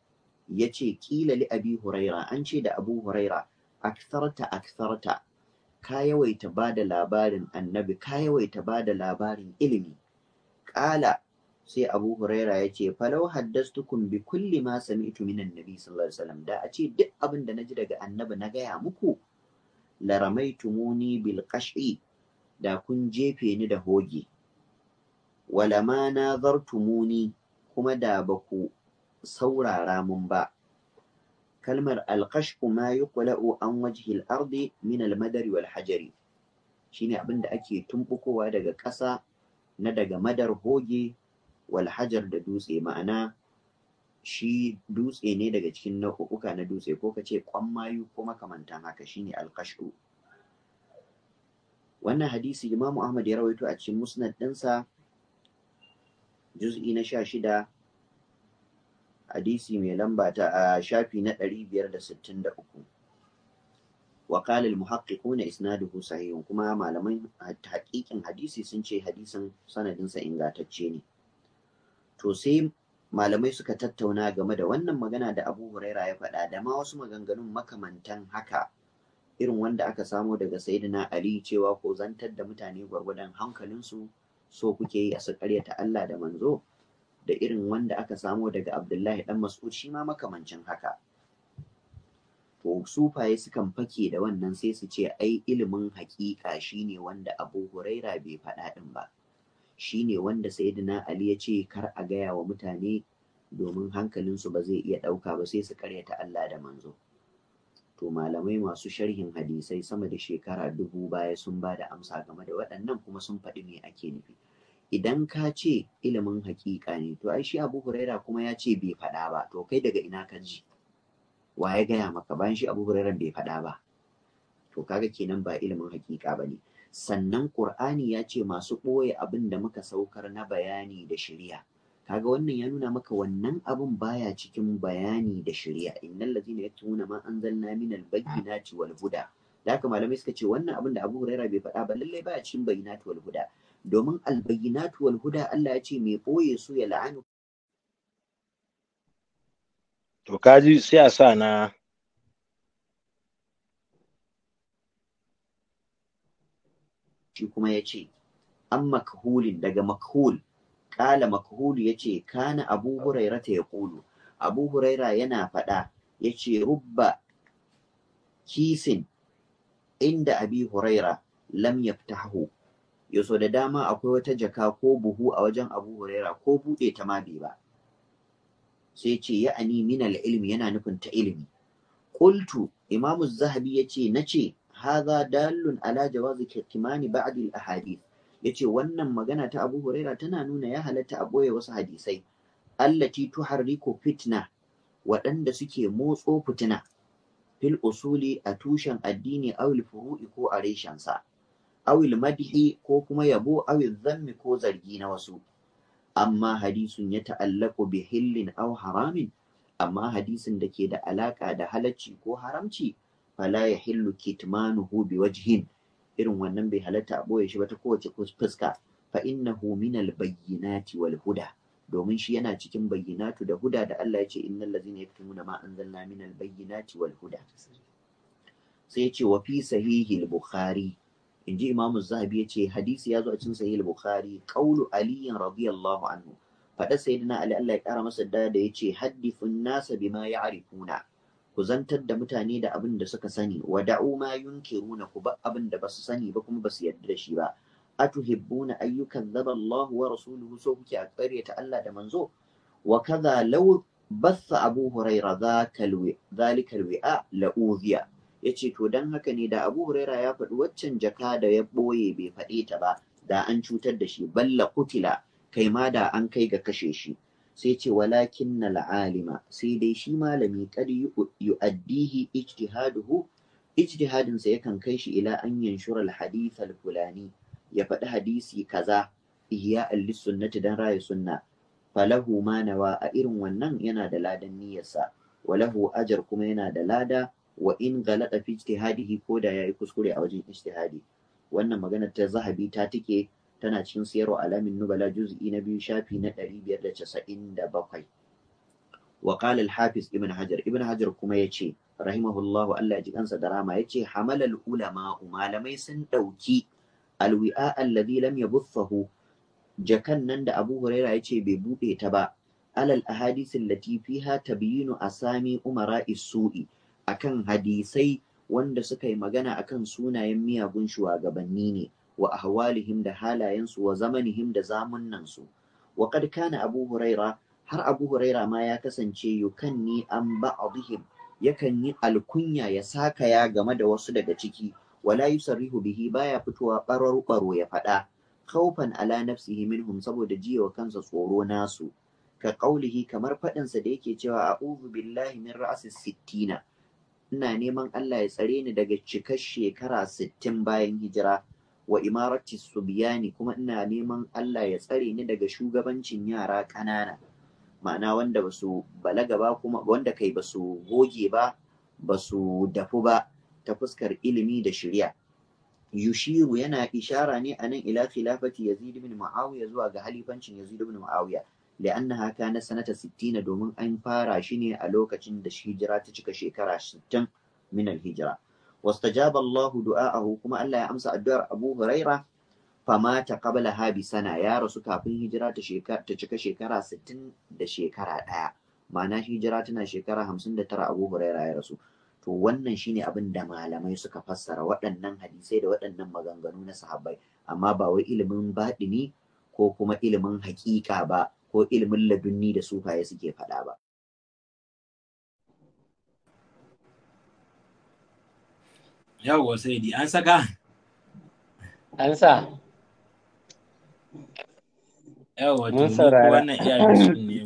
yace kila li Abi Huraira an ce da Abu Huraira aktharta aktharta ka yawaita ba da labarin annabi ka yawaita ba da labarin ilimi ƙala sai abu huraira ya ce falau haddastukum bi kulli ma sami'tu minan nabi sallallahu alaihi wasallam da a ce duk abin da ji daga annabi na gaya muku Laramai, tumuni, bil da kun jefe ni da hoge wala ma nazartumuni kuma da baku saurara mun ba kalmar alƙashku ma kula'u an wajihil ardi min almadari wal hajari shine abin da ake tumbukowa daga ƙasa na daga madar hoge wal hajar da dutse ma'ana shi dutse ne daga cikin nau'uka na dutse ko ka ce ƙwan mayu, ko makamantan haka Shi ne alkashu wannan hadisi imamu ahmad ya rawaito a cikin musnad ɗinsa juz'i na sha shida hadisi mai lamba ta a shafi na ɗari biyar da 563 wa qala al isna isnaduhu sahihun kuma malaman hakikin hadisi sun ce hadisin sanadinsa ingantacce ne to sai malamai suka tattauna game da wannan magana da Abu Huraira ya faɗa da ma wasu maganganun makamantan haka irin wanda aka samo daga Sayyidina Ali cewa ko zantar da mutane gwargwadon hankalinsu so kuke yi a su ta Allah da manzo da irin wanda aka samo daga Abdullahi dan Mas'ud shi ma makamancin haka. To sufaye sukan fake da wannan sai su ce ai ilimin haƙiƙa shine wanda Abu Huraira bai faɗa ɗin ba. Shine wanda Sayyidina Ali ya ce kar a gaya wa mutane domin hankalinsu ba zai iya ɗauka ba sai su karyata Allah da manzo. to malamai masu sharhin hadisai sama da shekara dubu baya sun ba da amsa game da waɗannan kuma sun faɗi me ake nufi idan ka ce ilimin hakika ne to ai shi abu huraira kuma ya ce bai faɗa ba to kai daga ina ka ji wa ya gaya maka bayan shi abu huraira bai faɗa ba to kaga kenan ba ilimin hakika ba ne sannan qur'ani ya ce masu ɓoye abin da muka saukar na bayani da shirya kaga wannan ya nuna maka wannan abin baya cikin bayani da shirya innal ladina yatuna ma anzalna minal bayyinati wal huda da haka malamai suka ce wannan abin da Abu Huraira bai faɗa ba lallai baya cikin bayyinati wal domin albayyinatu wal huda Allah ya ce mai ɓoye su ya la'anu to kaji sai a sa na shi kuma ya ce an makhulin daga makhul Ƙala makhul ya ce kana abu huraira ta ya kulu abu huraira yana faɗa ya ce rubba kisin inda abi huraira lam yaftahu ya so da dama akwai wata jaka ko buhu a wajen abu huraira ko buɗe ta ma bai ba sai ce ya'ani min ilmi yana nufin ta ilimi qultu imamu zahabi yace nace hadha dalun ala jawazi kitmani ba'd al ahadith yace wannan magana ta abu huraira tana nuna ya halatta a boye wasu hadisai allati tuharriku fitna waɗanda suke motso fitina fil usuli a tushen addini awil furu'i ko a reshensa awil madhi ko kuma yabo awil zammi ko zargi na wasu amma hadisin ya ta'allaku bi hillin aw haramin amma hadisin da ke da alaka da halacci ko haramci fala ya hillu kitmanuhu bi wajhin irin wannan bai halatta a boye shi ba ta kowace fuska fa innahu min al bayyinati wal huda domin shi yana cikin bayyinatu da huda da Allah ya ce innal ladzina yaktumuna ma anzalna min al bayyinati wal huda sai ya ce wa fi sahihi al bukhari in ji imamu zahabi ya ce hadisi ya zo a cikin sahih bukhari qawlu aliyin radiyallahu anhu faɗa sayyidina ali Allah ya kara masa da ya ce haddifun nasa bima ya ya'rifuna ku zantar da mutane da abin da suka sani wa da'u ma yunkiruna ku ba abin da basu sani ba kuma basu yarda da shi ba atuhibbuna ayyukan zaba Allah wa rasuluhu so kuke a ta Allah da manzo wa kaza law basa abu huraira zalika alwi'a la'uziya ya ce to don haka ne da abu huraira ya faɗi waccan jaka da ya ɓoye bai faɗe ta ba da an cutar da shi balla kutila kai ma da an kai ga kashe shi sai ce walakin na la'alima sai dai shi malami kad addihi ijtihaduhu ijtihadinsa yakan kai shi ila an yanshura al fulani ya faɗi hadisi kaza iya al-sunnati dan rayu sunna falahu ma nawa a irin wannan yana da ladan niyyarsa walahu ajar kuma yana da lada wa in galata fi ijtihadihi ko da yayi kuskure a wajen ijtihadi wannan magana ta zahabi ta tike tana cikin siyarwa alamin nubala juz'i na biyu shafi na 597 wa qala al-hafiz ibn hajar ibn hajar kuma yace rahimahullah Allah ya ji kansa da rama yace hamalal ulama malamai sun dauki alwi'a alladhi lam yabuffahu jakan nan da Abu Huraira yace bai bude ta ba alal ahadith allati fiha tabyinu asami umara'i su'i akan hadisai wanda suka yi magana akan sunayen miyagun shugabanni ne wa ahwalihim da halayensu wa zamanihim da zamunnansu wa kad kana abu huraira har abu huraira ma ya kasance yukanni an ba'dihim yakan yi alkunya ya saka ya game da wasu daga ciki wala yusarrihu bihi baya fitowa barar baro ya faɗa khaufan ala nafsihi minhum saboda wa kansa tsoro nasu ka kaulihi kamar faɗinsa da yake cewa a'udhu billahi min ra'asi sittina ina neman Allah ya tsare ni daga cikar shekara sittin bayan hijira wa imarati subiyani kuma ina neman Allah ya tsare ni daga shugabancin yara ƙanana ma'ana wanda basu balaga ba kuma wanda kai basu goge ba basu dafu ba ta fuskar ilimi da shirya yushiru yana ishara ne a nan ila khilafati yazid bin muawiya zuwa ga halifancin yazid bin muawiya haka na sanata 60 domin an fara shi ne a lokacin da hijira ta cika shekara 60 hijira. al-hijra wastajaba du'a a hukuma Allah ya amsa addu'ar Abu Huraira famata kabala habi sana ya rasu kafin hijira ta cika shekara 60 da shekara daya ma'ana hijira tana shekara 59 Abu Huraira ya rasu to wannan shine abin da malamai suka fassara waɗannan hadisai da waɗannan maganganu na sahabbai amma ba wai ilimin baɗini ko kuma ilimin haƙiƙa ba ko ilimin ladunni da sufaye suke faɗa ba. Yawwa sai di an saka? An sa. Yawwa mun saurara. Wannan ne.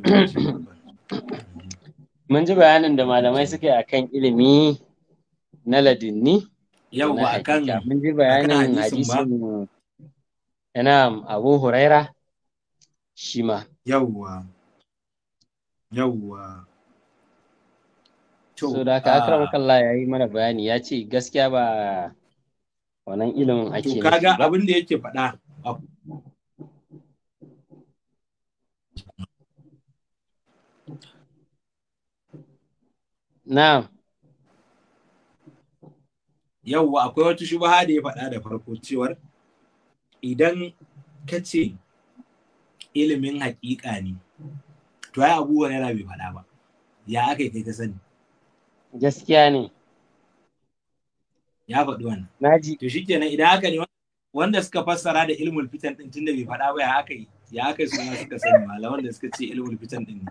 Mun ji bayanin da malamai suke akan ilimi na ladunni. Yawwa akan. Mun ji bayanin hadisin eh, Na'am Abu Huraira. shi ma yawwa yawwa so da ka ah, akram kallah ya yi mana bayani ya ce gaskiya ba wannan ilimin ake to kaga abin da yake faɗa na'am yawwa akwai wata shubaha da ya faɗa da farko cewar idan ka ce ilimin haƙiƙa ne to ai Abu yana bai faɗa ba ya aka kai ka sani gaskiya ne ya faɗi wannan naji to shikenan idan haka ne wanda suka fassara da ilmul fitan din tunda bai faɗa ba ya aka yi ya aka yi suna suka sani malaman da suka ce ilmul fitan din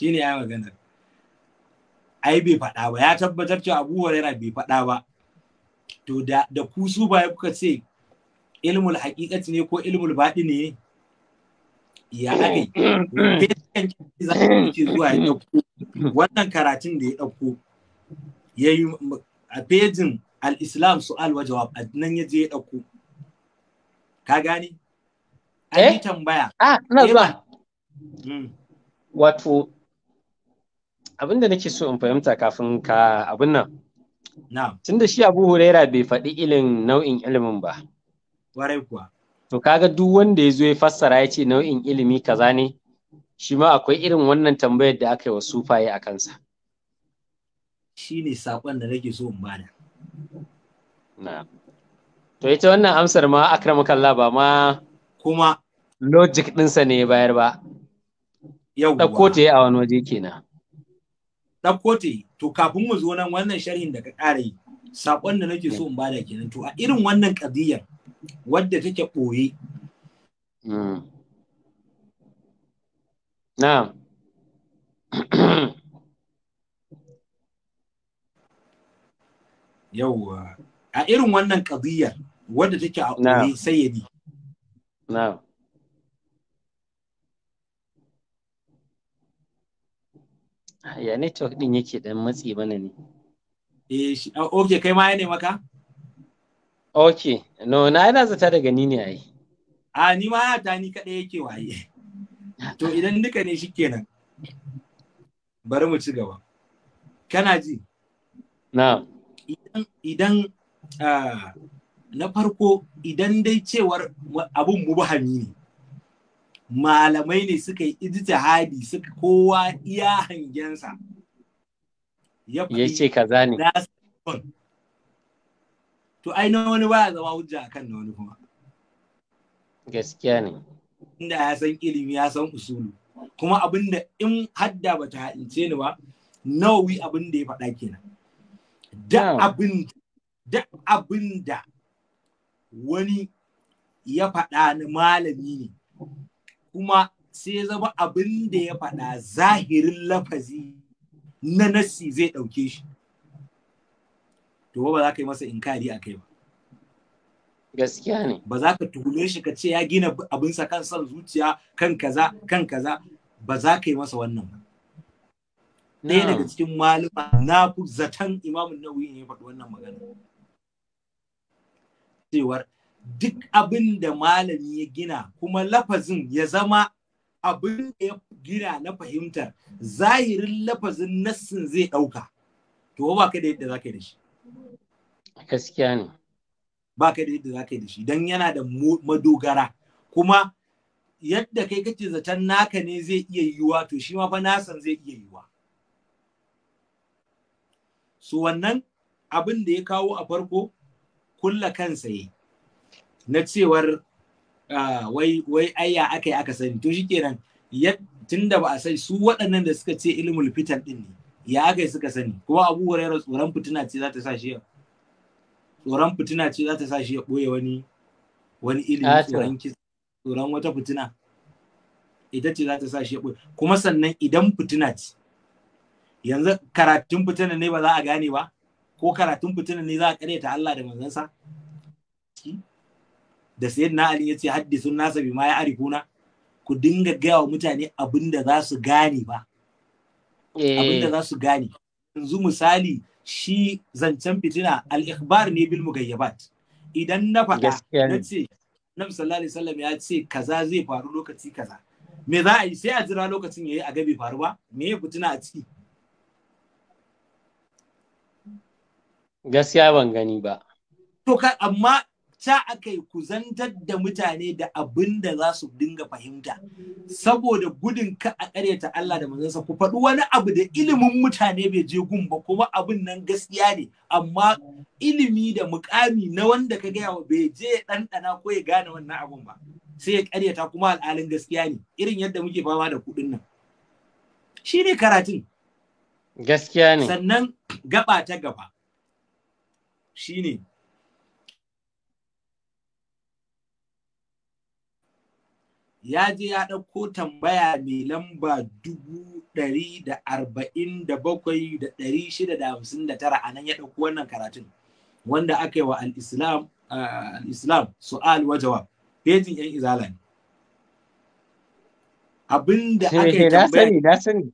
ne [LAUGHS] ya magana ai bai faɗa ba ya tabbatar cewa Abu yana bai faɗa ba to da da ku su ba kuka ce ilmul haƙiƙaci ne ko ilmul baɗi ne ya ake za ke zuwa ya ɗauko wannan karatun da ya ɗauko ya yi a fejin al-islam su'al wa jawab a nan ya je ya ɗauko ka gane an yi eh? tambaya a ah, ina zuwa hmm. wato abin da nake so in fahimta kafin ka abin nan tunda shi abu huraira bai faɗi ilin nau'in ilimin ba ƙwarai kuwa to kaga duk wanda ya zo ya fassara ya ce nau'in ilimi kaza ne shi ma akwai irin wannan tambayar da aka yi wa sufaye a kansa shi ne saƙon da nake so in bada na to ita wannan amsar ma kalla ba ma kuma logic ɗinsa ne ya bayar ba yau ɗauko ta yi a wani waje kenan ɗauko ta yi to kafin mu zo nan wannan sharhin da ka ƙara yi saƙon da nake so in bada kenan to a irin wannan ƙadiyar wadda take ɓoye. Hmm. Na. [COUGHS] Yawwa, a irin wannan ƙaziyar wadda take a ɓoye sai Na bi. Na'am. Ah, ya network ɗin yake ɗan matsi mana ne. Eh, ah, ok, kai ma ya ne maka? Ok, no, na yana zata daga ni ne ai. A ni ma ta ni kaɗai yake waye. To idan duka ne shi kenan. Bari mu ci gaba. Kana ji? Na. Idan, na farko idan dai cewar abun mubahami ne. Malamai ne suka yi hadi suka kowa iya hangensa. Ya ce kaza ne. to ai na wani baya zama hujja kan na wani kuma gaskiya ne inda ya san ilimi ya san usulu kuma abinda in hadda ba ta haɗince ni ba nawawi abin da ya faɗa kenan da abin da abin da wani ya faɗa na malami ne kuma sai zama abin da ya faɗa zahirin lafazi na nassi zai ɗauke shi to ba za ka yi masa inkari a kai ba gaskiya ne ba za ka tuhume shi ka ce ya gina abinsa kan son zuciya kan kaza kan kaza ba za ka yi masa wannan ba ɗaya daga cikin malama na fi zaton imamun nauyi ne faɗi wannan magana cewar duk abin da malami ya gina kuma lafazin ya zama abin da ya gina na fahimtar zahirin lafazin nassin zai ɗauka to ba ka da yadda za ka yi da shi Gaskiya ne. Ba ka da yadda za ka yi da shi, don yana da madogara. Kuma yadda kai kake zaton naka ne zai iya yiwuwa, to shi ma fa nasan zai iya yiwuwa. Su wannan abin da ya kawo a farko, kulla kansa yi. Na cewar wai aya aka yi aka sani, to shi kenan tun da ba a sai su waɗannan da suka ce ilimul fitan ɗin ne, ya aka yi suka sani, kuma abu tsoron fitina ce za ta sa shi yau. tsoron fitina ce za ta sa shi ya ɓoye wani wani ilimi ah, tsoron tsoron wata fitina ita ce za ta sa shi ya ɓoye kuma sannan idan fitina ce yanzu karatun fitina ne ba za a gane ba ko karatun fitina ne za a karyata Allah da manzansa da na Ali ya ce sun nasa bi ma ya arifuna ku dinga gaya wa mutane abin da za su gane ba abin da eh. za su gane yanzu misali shi zancen fitina al ne bil mugayyabat idan na faɗa na ce na sallallahu alaihi wasallam ya ce kaza zai faru lokaci kaza me za a yi sai a jira lokacin yayi a gabi bai faru ba me ya fitina a ciki gaskiya ban gani ba to amma Ta aka yi kuzantar da mutane da abin da za su dinga fahimta saboda gudun ka a ƙaryata Allah da manzansa ku faɗi wani abu da ilimin mutane bai je gun ba kuma abin nan gaskiya ne amma ilimi da mukami na wanda ka gaya bai je ya ɗanɗana ko ya gane wannan abun ba sai ya ƙaryata kuma al'alin gaskiya ne irin yadda muke fama da kuɗin nan shi ne karatun gaskiya ne sannan gaba ta gaba shi ne ya je ya ɗauko tambaya mai lamba dubu ɗari da arba'in da bakwai da ɗari shida da hamsin da tara a nan ya ɗauko wannan karatun wanda aka yi wa al-islam al-islam su'al wa jawab pejin yan izala ne abinda aka yi tambaya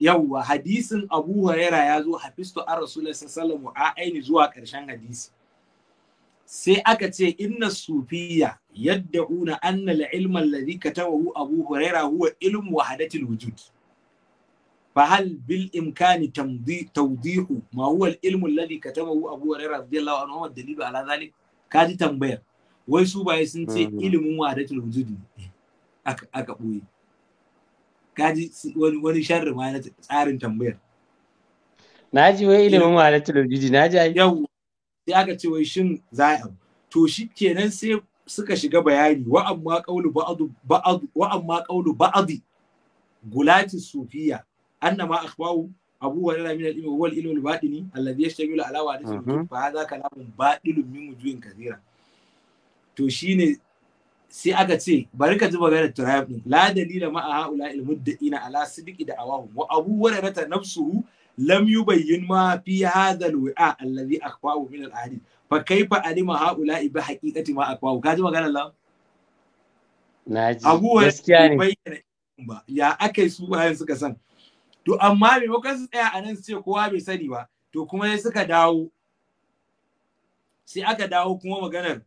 yawwa hadisin abu huraira ya zo hafistu an rasulullah sallallahu a aini zuwa ƙarshen hadisi sai aka ce inna sufiya yadda una anna al-ilma alladhi katabahu abu huraira huwa ilmu wahadatil wujud فهل بالامكان توضيح ما هو العلم الذي كتبه ابو هريره رضي الله عنه والدليل على ذلك ji tambayar wai su baye sun ce hmm. ilimin wahdatul wujud aka aka boye kaji wani wani sharri ma na tsarin tambayar naji wai ilimin wahdatul wujud naji ai yau sai aka ce wai shin za to shi kenan sai suka shiga bayani wa amma Ba'adi, gulati sufiya annama akhbahu abu wa min al-ilmi huwa al-ilmu alladhi yashtamilu ala wa ka mhm. fa hadha kalamun batilun min wujuhin kathira to shine sai aka ce bari ka ji maganar turayab din la dalila ma haula muddaina ala sidiki da awahum wa abu wa rata nafsuhu lam yubayyin ma fi hadha alwi'a alladhi akhfahu min alahadith fa kaifa alima haula bi haqiqati ma akhfahu kaji magana la naji abu gaskiya ne ba ya akai su bayan suka san to amma maimakon su tsaya a nan su kowa bai sani ba to kuma sai aka dawo kuma maganar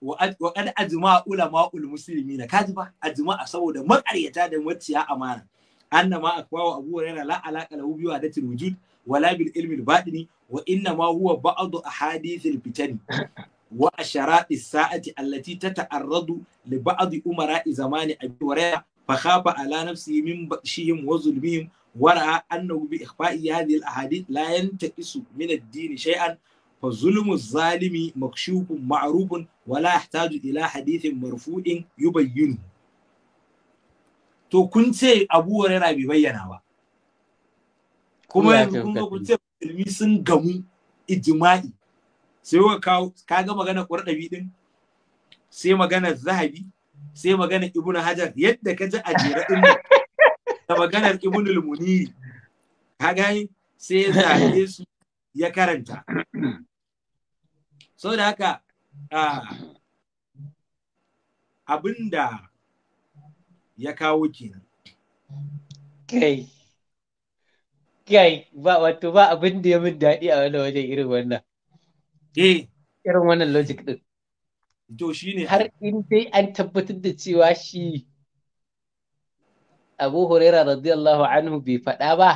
wa kad ajma ulama ul muslimina kaji ba ajma saboda makaryata da maciya amana anna ma akwawa abu hurairah la alaqa lahu bi wujud wala bil ilmin al wa inna ma huwa ba'd ahadith al-fitani wa asharat as ta allati tata'arradu li ba'd umara zamani abi hurairah fa khafa ala nafsihi min bashihim wa zulmihim wa ra'a annahu bi ikhfa'i hadhihi al-ahadith la yantaqisu min ad-din shay'an fa zulmu az-zalimi makshufun ma'rufun wa la ila hadith marfu'in yubayyinuhu to kun ce Abu yana bai bayyana ba kuma yanzu kun ga kun ce musulmi sun gamu ijma'i sai ka kawo ga magana Qurdabi din sai magana Zahabi sai magana ibnu Hajar yadda ka ji a jere din da maganar ibnu al-Muniri ga sai ya su ya karanta saboda ah, da haka abinda. ya kawo kenan kai kai ba wato ba abin da ya min daɗi a wani wajen irin wannan eh irin wannan logic ɗin. to ne. har in dai an tabbatar da cewa shi Abu Huraira radiyallahu anhu bai faɗa ba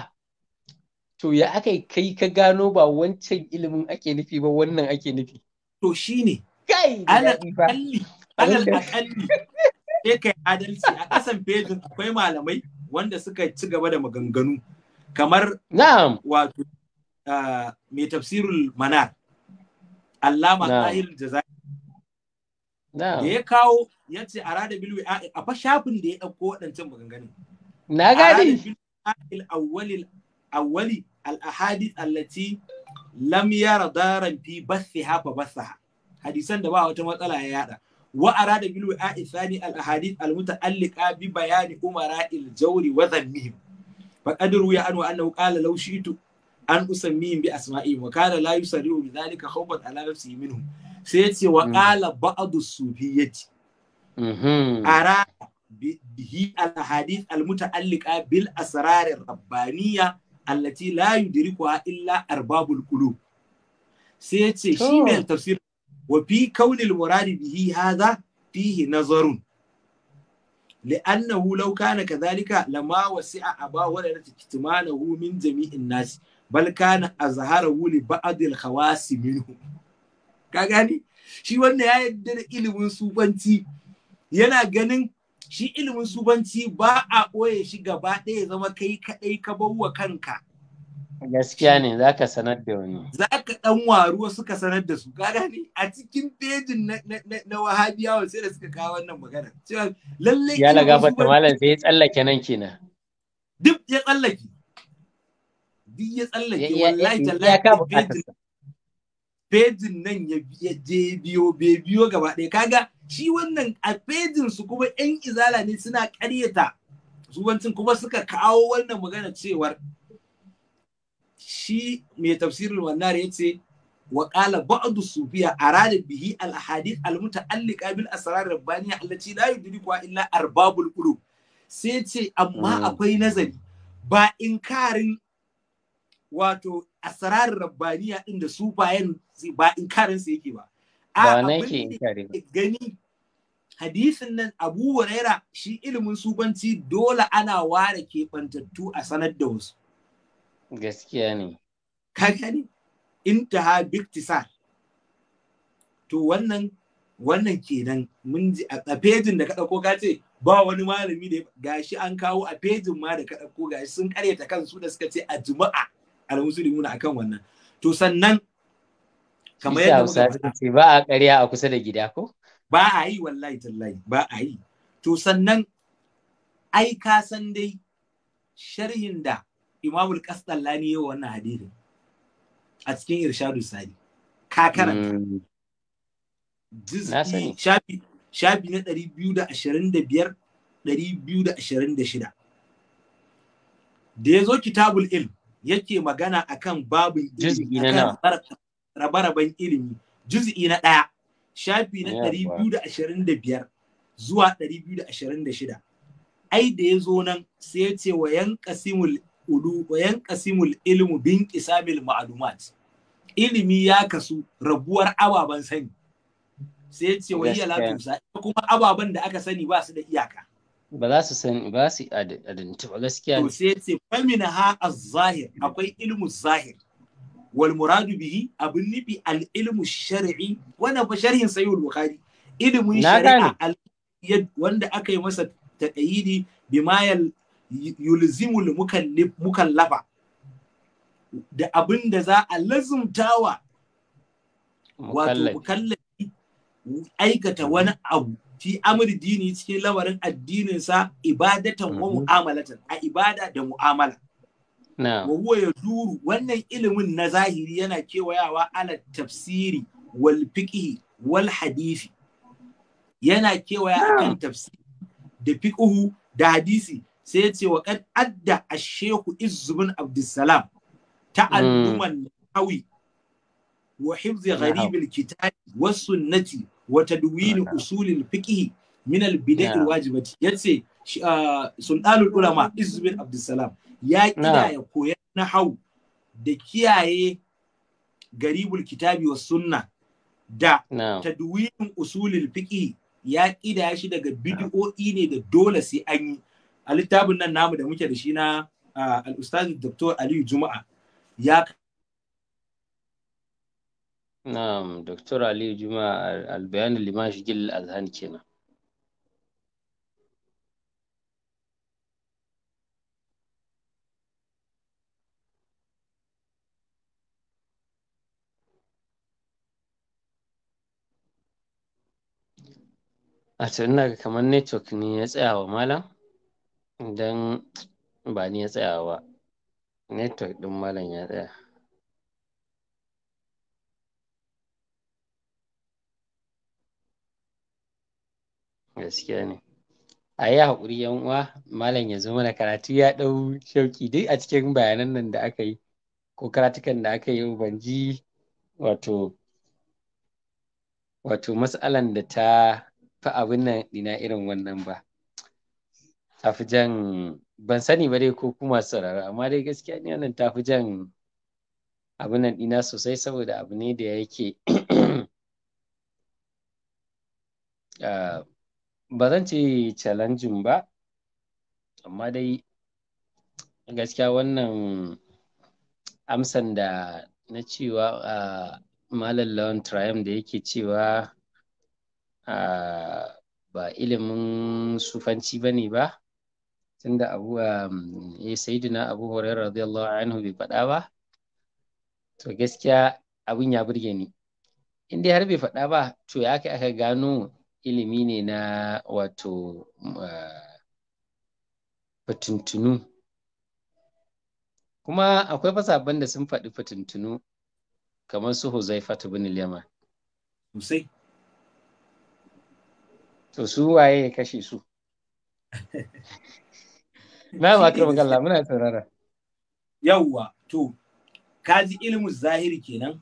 to ya aka kai ka gano ba wancan ilimin ake nufi ba wannan ake nufi to ne. kai ana ƙalli, ana ƙalli. sai kai adalci a kasan fejin akwai malamai wanda suka ci gaba da maganganu kamar na'am wato mai tafsirul manar allama tahir jazai da ya kawo ya ce a rada bilwi a fa shafin da ya ɗauko waɗancan maganganun na gadi awwali al ahadith allati lam yara daran fi bassiha hafa bassaha hadisan da ba wata matsala ya yada wa da bil wa'ithani al ahadith al muta'alliqa bi bayani umara al jawri wa dhammihim faqad ruya anhu annahu qala law shi'tu an usammihim bi asma'ihim wa kana la yusarrihu bi dhalika khawfan ala nafsihi minhum sai yace wa hmm. qala ba'du sufiyyati mhm. arada bihi al ahadith al muta'alliqa bil asrar al rabbaniyya allati la yudrikuha illa arbabul qulub sai yace shi mai tafsir wa fi kaunil muradi bihi hadha fihi nazarun لأنه لو كان كذلك لما وسع أباه ولا اكتماله من جميع الناس بل كان أظهره لبعض الخواص منهم kagani shi wanda ya yadda da ilimin sufanci yana ganin shi ilimin sufanci ba a ɓoye shi gaba ɗaya zama kai kaɗai ka bar wa kanka Gaskiya ne za ka sanar da wani. Za ka ɗan wasu suka sanar da su. Ka gani a cikin fejin na wahabiyawa sai da suka kawo wannan magana. lalle Ya laga fata malam sai ya tsallake nan kenan. Duk ya tsallake. Duk ya tsallake wallahi tallahi pejin nan ya je biyo bai biyo gaba ɗaya kaga shi wannan a pejin su kuma yan izala ne suna ƙaryata zuwancin kuma suka kawo wannan magana cewar shi mai tafsirin wannan ya ce wa qala ba'du sufiya arada bihi al ahadith al muta'alliqa bil asrar rabbaniya allati la yudriku illa arbabul qulub sai ce amma hmm. akwai nazari ba inkarin wato asrar rabbaniya din da sufayen ba inkarin sa yake ba a gani hadisin nan abu huraira shi ilimin sufanci dole ana ware keɓantattu a sanar da wasu gaskiya ne ka ta ha biktisar to wannan wannan kenan mun ji a fejin da ka ɗauko ka ce ba wani malami da gashi an kawo a fejin ma da ka ɗauko gashi sun karyata kansu da suka ce a juma'a al-musulmuna akan wannan to sannan kamar yadda muka ce ba a karya a kusa da gida ko ba a yi wallahi tallahi ba a yi to sannan ai ka san dai sharhin da imamul ne yau wannan hadisin a cikin irshadu sani ka karanta hmm. shafi shafi na 225 226 da ya zo kitabul ilm yake magana akan babin ilimi akan rabe-raben ilimi juz'i na ɗaya shafi na 225 zuwa 226 ai da ya zo nan sai ya ce wa yan kasimul hudu wa yanqasimul ilmu bin qisamil ma'lumat ilimi ya kasu rabuwar ababen sani sai ce wa iya latusa kuma ababen da aka sani ba su da iyaka ba za su san ba su adadinta ba gaskiya to sai ce famina ha az-zahir akwai ilmu zahir wal muradu bihi abin nufi al ilmu shar'i wannan fa sharhin sayyid bukhari ilmun shari'a wanda aka yi masa taqayidi bimayal yulzimul mukallafa da abin da za a lazumtawa wato mukallafi aikata wani abu fi amri dini cikin lamarin addininsa ibadatan wa mhm. mu'amalatan a ibada da mu'amala wa ya duru wannan ilimin na zahiri yana kewayawa ala tafsiri wal fiqhi wal hadisi yana kewaya akan tafsiri da fiqhu da hadisi sai ya ce wa kad adda ashehu izzubin abdussalam ta'alluman hmm. hawi wa hifzi gharibil kitabi was sunnati wa tadwin usulil fiqh min al bid'ah wajibati yace ah, sultanul ulama Izubin abdussalam ya kira ya koya na hau da kiyaye garibul kitabi was sunna da tadwin usulil fiqh ya kida shi daga bid'o'i ne da dole sai an yi a littafin nan namu da muke da shi na al Dr. Aliyu Juma'a ya Na'am, Dr. Aliyu Juma'a al-bayan liman shigil al-azhan kenan. a na ga kamar network ne ya tsaya wa malam Idan ba ni ya tsaya ba, network din malam ya tsaya. Gaskiya ne. A yi haƙuri yan uwa, malam ya zo mana karatu ya ɗau shauƙi dai a cikin bayanan nan da aka yi, ko karatukan da aka yi ban ji wato wato matsalan da ta fi abin nan ɗina irin wannan ba. tafijan ban sani ba dai ko kuma sarara amma dai gaskiya ne wannan tafijan jan abin nan ɗina sosai saboda abu ne da yake [CLEARS THROAT] ah, ba zan ce challenging ba amma dai gaskiya wannan amsan da na cewa ah, malam lawan triumph da yake cewa ah, ba ilimin sufanci ba ne ba tunda abu ya um, eh, sayidina abu hurairah radiyallahu anhu bai faɗa ba to gaskiya abin ya burge ni inda har bai faɗa ba to ya kai aka gano ilimi ne na wato uh, fatuntunu kuma akwai fasabban da sun faɗi fatuntunu kamar su huzaifatu bin liyama Musai to su waye ya kashe su [LAUGHS] na ma karɓar kalla muna saurara yawwa to kaji ilimin zahiri kenan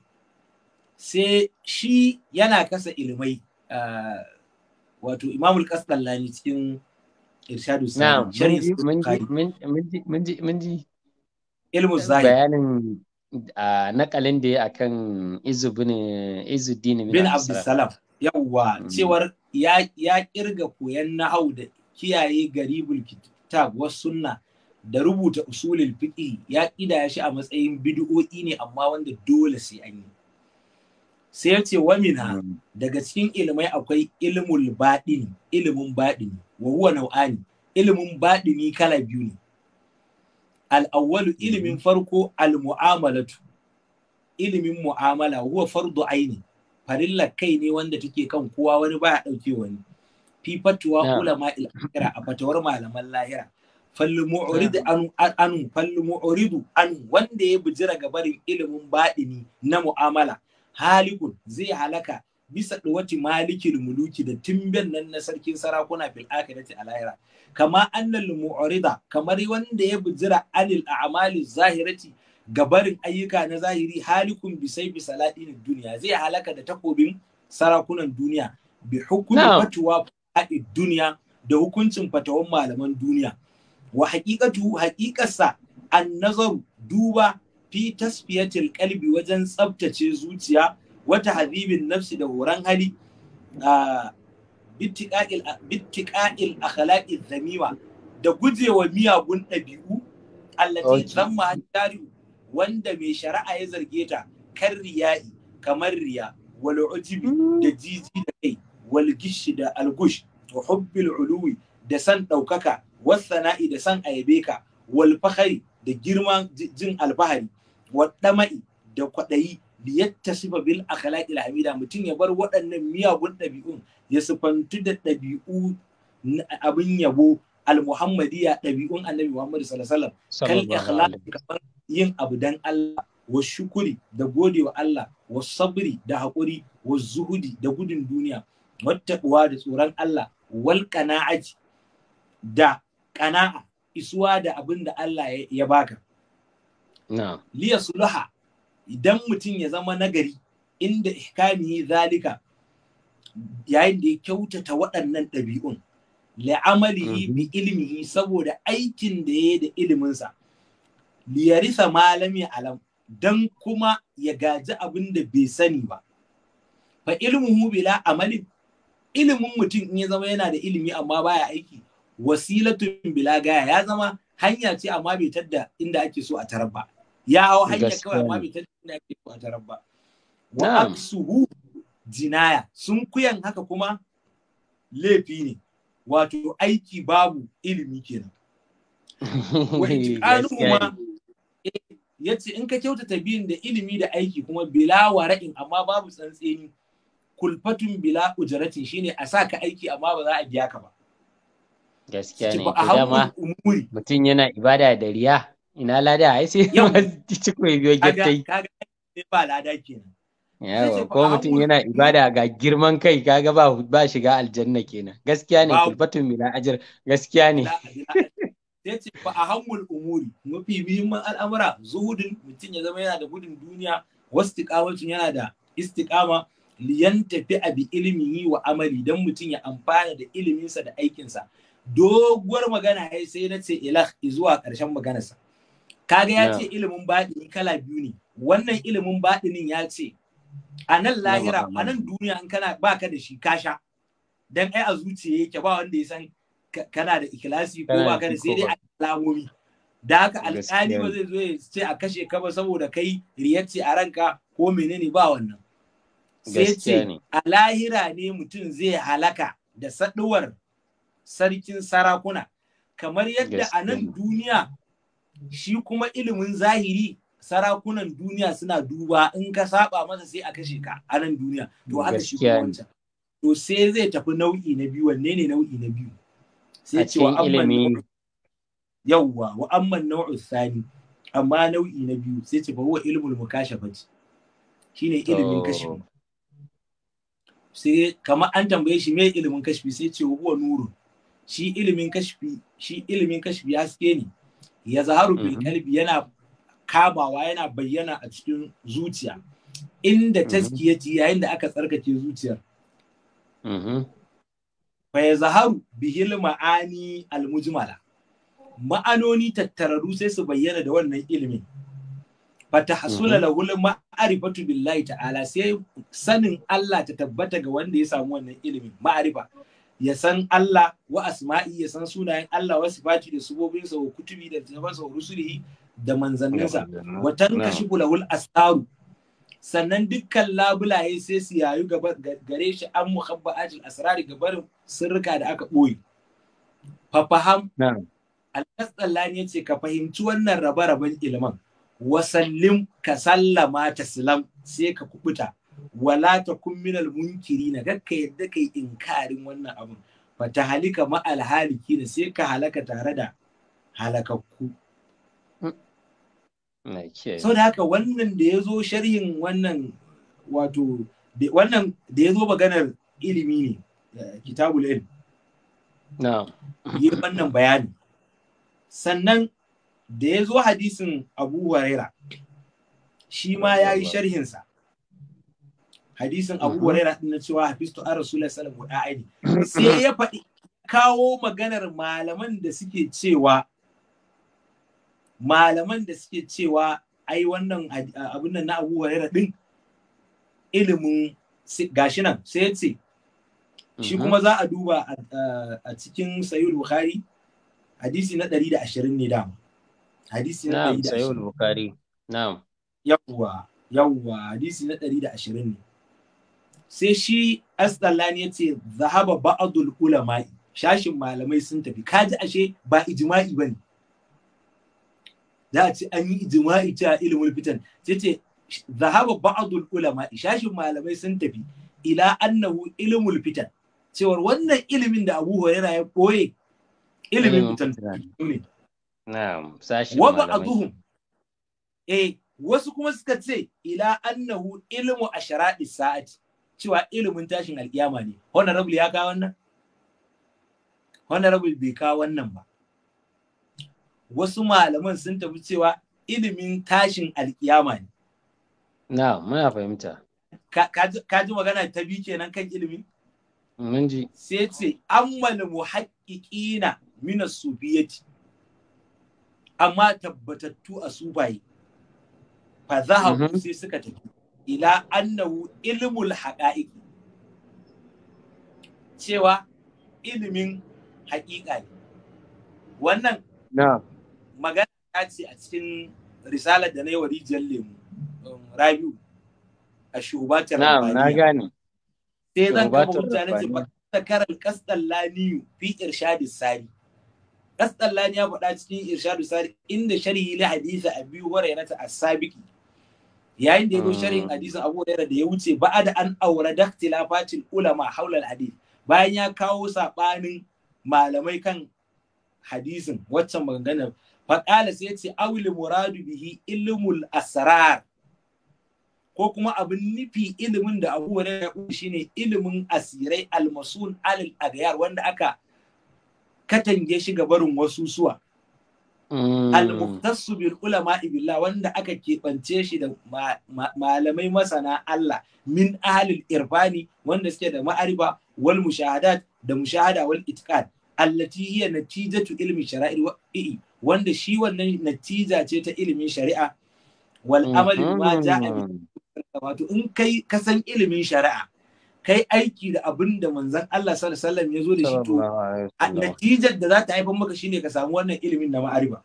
sai shi yana kasa ilimai wato imamul kasdallani cikin irshadu sa'ad mun ji ilmu zahiri bayanin nakalin da ya akan izubin izuddin bin abdussalam yawwa mm. cewar ya kirga koyan nahau da kiyaye garibul tag wasu sunna da rubuta usulul fiqi ya kidaya shi a matsayin bid'o'i ne amma wanda dole sai an yi sai ya ce wa mina hmm. daga cikin ilmai akwai ilmul badin ilimin badin wa huwa nau'ani ilimin badin kala biyu ne al al'awwalu hmm. ilmin farko al-mu'amalatu ilmin mu'amala huwa fardu aini farilla kai ne wanda take kan kowa wani baya ɗauke wani fifatuwa ulama al a fatawar malaman lahira fallu mu'rid anu anu anu wanda ya bijira gabarin ilimin baɗini na mu'amala halikun zai halaka bisa ɗuwati malikin muluki da timbin nan na sarkin sarakuna fil akhirati a lahira kama annal mu'rida kamar wanda ya bijira anil a'mali zahirati gabarin ayyuka na zahiri halikun bisai bisaladin duniya zai halaka da takobin sarakunan duniya bi hukumin fatuwa a'id duniya da hukuncin fatawan malaman duniya wa haƙiƙatu haqiqarsa an nazaru duba fi tasfiyatil kalbi wajen tsabtace zuciya wata hadibin nafsi da horon hali bittiƙa'il akhlaƙi zamiwa da gujewa miyagun ɗabi'u allati zamma hajjari wanda mai shari'a ya zarge ta kan riya'i kamar riya wal ujibi hmm. da jiji da kai Walgishi da algush wa da san ɗaukaka wasana'i da san ayabe ka Walfahari da girma jin alfahari wa dama'i da kwaɗayi liyattasifa bil akhlaqil hamida mutum ya bar waɗannan miyagun ɗabi'un ya sifantu da ɗabi'u abin yabo al-muhammadiyya ɗabi'un annabi Muhammad sallallahu alaihi wasallam kal ikhlaq kamar yin abu dan Allah wa shukuri da godewa Allah wa sabri da haƙuri wa da gudun duniya wattaɓuwa da tsoron Allah wal qana'ati da ƙana'a, isuwa da abin da Allah ya baka liya suluha idan mutum ya zama nagari inda yi zalika yayin da ya kyautata waɗannan ɗabi'un li'amalihi mm-hmm. bi ilmihi saboda aikin da ya yi da iliminsa liyarisa malami alam don kuma ya gaji abin da bai sani ba fa ilmuhu bila amalin. ilimin mutum in ya zama yana da ilimi amma baya aiki wasilatun bila gaya ya zama hanya ce amma bai tadda inda ake so a tarar ba ya hau hanya kawai amma bai tadda inda ake so a tarar ba wa aksuhu jinaya sun kuyan haka kuma laifi ne wato aiki babu ilimi kenan [LAUGHS] wa itiqanuhuma eh, yace in ka kyautata biyun da ilimi da aiki kuma bila wara'in amma babu tsantseni kulfatun bila ujratin shine a sa ka aiki amma ba za a biya ka ba gaskiya ne to dama mutum yana ibada da riya ina lada ai sai [LAUGHS] ciko ya biyo gittai ba lada kenan yawa ko mutum yana ibada ga girman kai kaga ba ba shiga aljanna kenan gaskiya ne kulfatun bila ajir gaskiya ne sai ce fa hangul umuri mafi muhimman al'amura zuhudin mutum ya zama yana da gudun duniya wasu yana da istiqama liyan tafi abi yi wa amali don mutum ya amfana da iliminsa da aikinsa doguwar magana ya sai na ce ilah zuwa karshen maganarsa kaga ya ce ilimin ni kala biyu ne wannan ilimin baɗinin ya ce a nan lahira a nan duniya in kana baka da shi kasha dan ai a zuciya yake ba wanda ya san kana da ikilasi ko ba da sai dai alamomi da haka alƙali ba zai zo ya ce a kashe ka ba saboda kai riyacce a ranka ko menene ba wannan sai ce a lahira ne mutum zai halaka da saduwar sarkin sarakuna kamar yadda a nan duniya shi kuma ilimin zahiri sarakunan duniya suna duba in ka saba masa sai a kashe ka a nan duniya to haka shi kuma wancan to sai zai tafi nau'i na biyu wanne ne nau'i na biyu sai ce wa amman yawwa wa amman nau'u sani amma nau'i na biyu sai ce ba huwa ilmul mukashafati shine ilimin kashewa sai kamar an tambaye shi mai ilimin kashfi sai ce huwa nurun shi ilimin kashfi shi ilimin kashfi haske ne ya zaharu bil mhm. kalbi yana kabawa yana bayyana a cikin zuciya inda mhm. taskiyati yayin da aka tsarkake zuciyar mhm. fa ya zaharu bihil ma'ani almujmala ma'anoni tattararu sai su bayyana da wannan ilimin fata hasula mhm. la wulin tu billahi ta'ala sai sanin Allah ta tabbata ga wanda ya samu wannan ilimin ma'arifa ya san Allah wa asma'i ya san sunayen Allah wa sifati da subobin sa wa kutubi da tabansa wa rusulihi da sa wa tankashi lahul asaru sannan dukkan labulaye sai su yayu gare shi an muhabba ajil asrari gabarin sirrika da aka ɓoye fafaham al qasallani ya ce ka fahimci wannan rabe-raben ilimin wasallim ka sallama ta silam sai ka kubuta wala ta kumminal munkiri na kakka yadda kai inkarin wannan abun fa ta halika ma haliki na sai ka halaka tare da halakakku sau da haka wannan da ya zo sharhin wannan wato wannan da ya zo maganar ilimi ne eh, kitabul ilm yi wannan bayani sannan da ya zo hadisin abu huraira shi ma ya yi sharhinsa hadisin abu mhm. huraira din na cewa hafistu an rasulullah sallallahu alaihi sai ya faɗi kawo maganar malaman da suke cewa malaman da suke cewa ai wannan abin nan na abu huraira din ilimin gashi nan sai ya ce shi mhm. kuma za a duba a cikin sayul bukhari hadisi na 120 ne dama hadisi na na'am sahihul bukhari na'am yawwa yawwa hadisi na ashirin ne sai shi asdallani ya ce zahaba ba'adul ulama'i shashin malamai sun tafi kaji ashe ba ijma'i bane za a ce an yi ijma'i ta ilmul fitan sai ce zahaba ba'adul ulama'i shashin malamai sun tafi ila annahu ilmul fitan cewar wannan ilimin da Abu Hurairah ya koye ilimin fitan ne wa ba'dhum eh wasu kuma suka ce ila annahu ilmu asharati sa'ati cewa ilimin tashin alƙiyama ne. Honorable ya kawo wannan? Honorable bai kawo wannan ba. Wasu malaman sun tafi cewa ilimin tashin alƙiyama ne. Na, muna fahimta. Ka ji magana ta bi kenan kan ilimi? Mun ji. Sai ce, ammal muhaqqiqina min as-subiyati amma tabbatattu a sufaye fa zahabu mhm. sai suka tafi ila annahu ilmul haqa'iq cewa ilimin haƙiƙa ne wannan magana ta ce a cikin risalar da na yi wa rijiyar lemu um, rabiu a shubatar na gane sai zan kama mutane ce ba ta karar kastan fi irshadis sari Kasdallani ya faɗa cikin Irshadu Sari inda sharhi li hadisi Abi Hurairah ta as-Sabiqi. Yayin da ya zo hmm. sharhin hadisin Abu Hurairah da ya wuce ba'ada an aurada daktilafacin ulama haula al Bayan ya kawo saɓanin malamai kan hadisin waccan maganganar faƙala sai ya ce awil muradu bihi ilmul asrar ko kuma abin nufi ilimin da abu ya shine ilimin asirai almasun alil agyar, wanda aka katange shi ga barin wasu suwa hmm. al su bil ulama billah wanda aka keɓance shi da malamai masana Allah min ahlil irfani wanda suke da ma'ariba wal mushahadat da mushahada wal itiqad allati hiya natijatu ilmi shara'i wa'i wanda shi wannan natija ce ta ilimin shari'a wal amal ma ja'a hmm. wato in kai kasan san ilimin shari'a kai aiki da abin da manzan Allah sallallahu alaihi ya zo da shi to natijar da za ta haifar maka shine ka samu wannan ilimin da ma'ariba.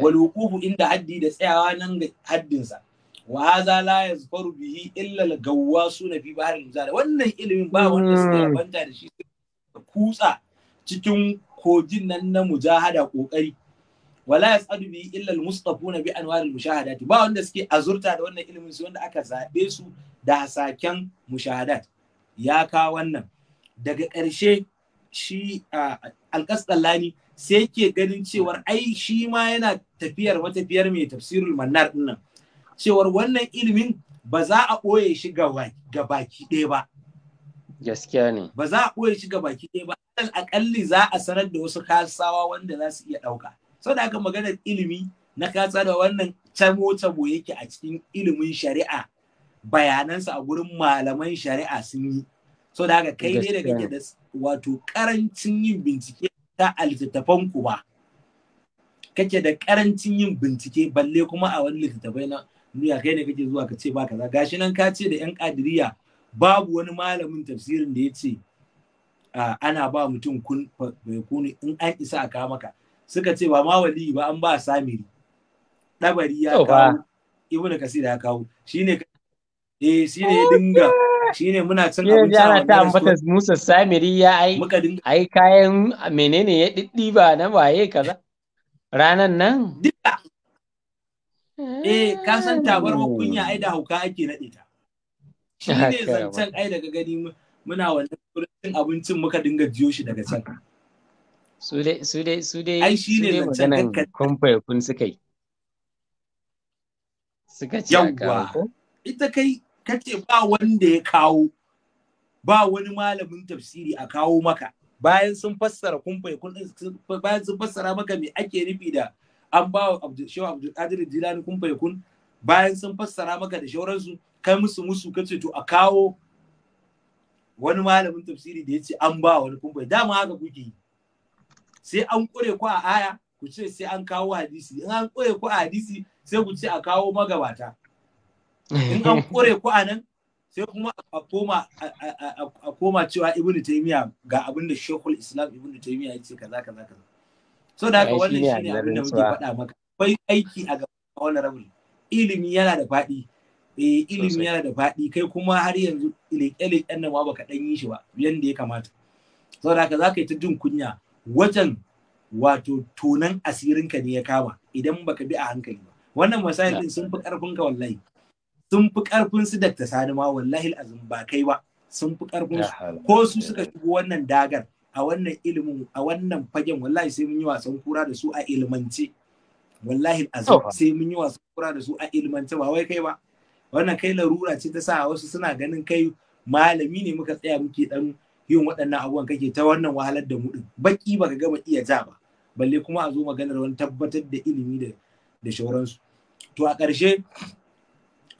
wal inda haddi da tsayawa nan ga haddinsa wa hadha la yazfaru bihi illa al gawwasuna fi bahril mizan wannan ilimin ba wanda suka hmm. banta da shi kutsa cikin kojin nan na mujahada kokari wala yasadu bihi illa al mustafuna bi anwar al mushahadati ba wanda suke azurta da wannan ilimin su wanda aka zabe su da hasaken mushahadat ya kawo wannan daga ƙarshe shi sai ke ganin cewar ai shi ma yana tafiyar matafiyar mai tafsirul mannar dinnan cewar wannan ilimin ba za a ɓoye shi ga baki ɗaya ba gaskiya ne ba za a ɓoye shi ga baki ɗaya ba dan akalli za a sanar da wasu kasawa wanda za su iya ɗauka saboda haka maganar ilimi na kasa da wannan camo camo yake a cikin ilimin shari'a bayanansa a gurin malaman shari'a sun yi so da haka kai ne daga kake da wato karancin yin bincike ta alitattafan ku ba kake da karancin yin bincike balle kuma a wani littattafai na duniya kai ne kake zuwa ka ce ba kaza gashi nan ka ce da yan kadiriya babu wani malamin tafsirin da ya ce ana ba mutum kun in an isa a kawo maka suka ce ba ma wali ba an ba samiri dabari ya kawo ibnu kasir ya kawo shine eh shine ya dinga shine muna cin abinci ta Musa Samiri ya ai ai kayan menene ya diddiba na waye kaza ranan nan eh ka san tabar hmm. kunya ai da hauka ake naɗe ta shi ne zancen ai daga gani muna wannan cin abincin muka dinga jiyo shi daga can su dai su dai su dai ai shi ne zancen kun suka yi suka ci ita kai ce ba wanda ya kawo ba wani malamin tafsiri a kawo maka bayan sun fassara kumfai bayan sun fassara maka me ake nufi da an ba wa shehu abdul qadir jilani kumfai kun bayan sun fassara maka da shauransu kai musu musu kace to a kawo wani malamin tafsiri da ya ce an ba wani kumfai dama haka kuke yi sai an kure ku a aya ku ce sai an kawo hadisi in an kure ku a hadisi sai ku ce a kawo magabata in an kore ku a nan sai kuma a koma a koma cewa ibnu taymiya ga abin da shekul islam ibnu taymiya ya ce kaza kaza kaza so da haka wannan shine abin da muke faɗa maka akwai aiki a gaban wannan rabin. ilimi yana da faɗi eh ilimi yana da faɗi kai kuma har yanzu leƙe-leƙen nan ma baka ɗan yi shi ba yanda ya kamata so da haka za ka yi ta jin kunya wajen wato tonan asirinka ne ya kama idan baka bi a hankali ba wannan masayin sun fi ƙarfinka wallahi sun fi karfin su da Sani ma wallahi azum ba kai ba sun fi karfin su ko su suka shigo wannan dagar a wannan ilimin a wannan fagen wallahi sai mun yi wasan kura da su a ilmance wallahi azum sai mun yi wasan kura da su a ilmance ba wai kai ba wannan kai larura ce ta sa wasu suna ganin kai malami ne muka tsaya muke dan yin waɗannan abubuwan kake ta wannan wahalar da mu baki baka gama iya ja ba balle kuma a zo maganar wani tabbatar da ilimi da da shauransu to a ƙarshe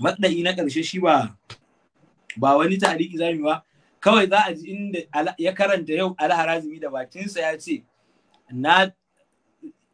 Matsayi na ƙarshe shi ba ba wani tariki za ba kawai za a ji inda ya karanta yau alharazimi da bakinsa ya ce na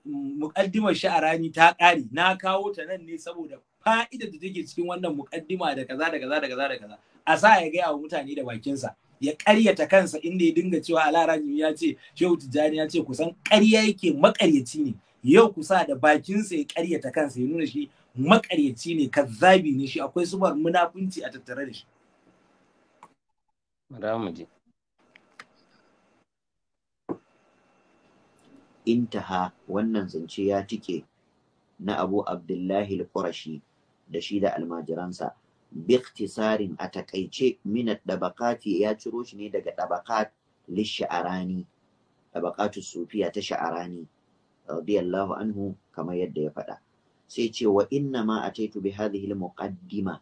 muƙaddimar rani ta ƙare na kawo ta nan ne saboda fa'idar da take cikin wannan muƙaddima da kaza da kaza da kaza da kaza a sa ya gaya wa mutane da bakinsa ya ƙaryata kansa inda ya dinga cewa alharazimi ya ce shehu tijjani ya ce kusan ƙarya yake maƙaryaci ne yau kusa da bakinsa ya ƙaryata kansa ya nuna shi makaryaci ne kazzabi ne shi akwai subar munafunci a tattare da shi intaha wannan zance ya tike na abu abdullahi al-qurashi da shi da almajiransa biktisarin a takaice minat dabakati ya ciro shi ne daga dabakat lisha'arani dabakatu sufiya ta sha'arani radiyallahu anhu kamar yadda ya faɗa sai ce wa inna ma ataitu bi hadhihi al-muqaddima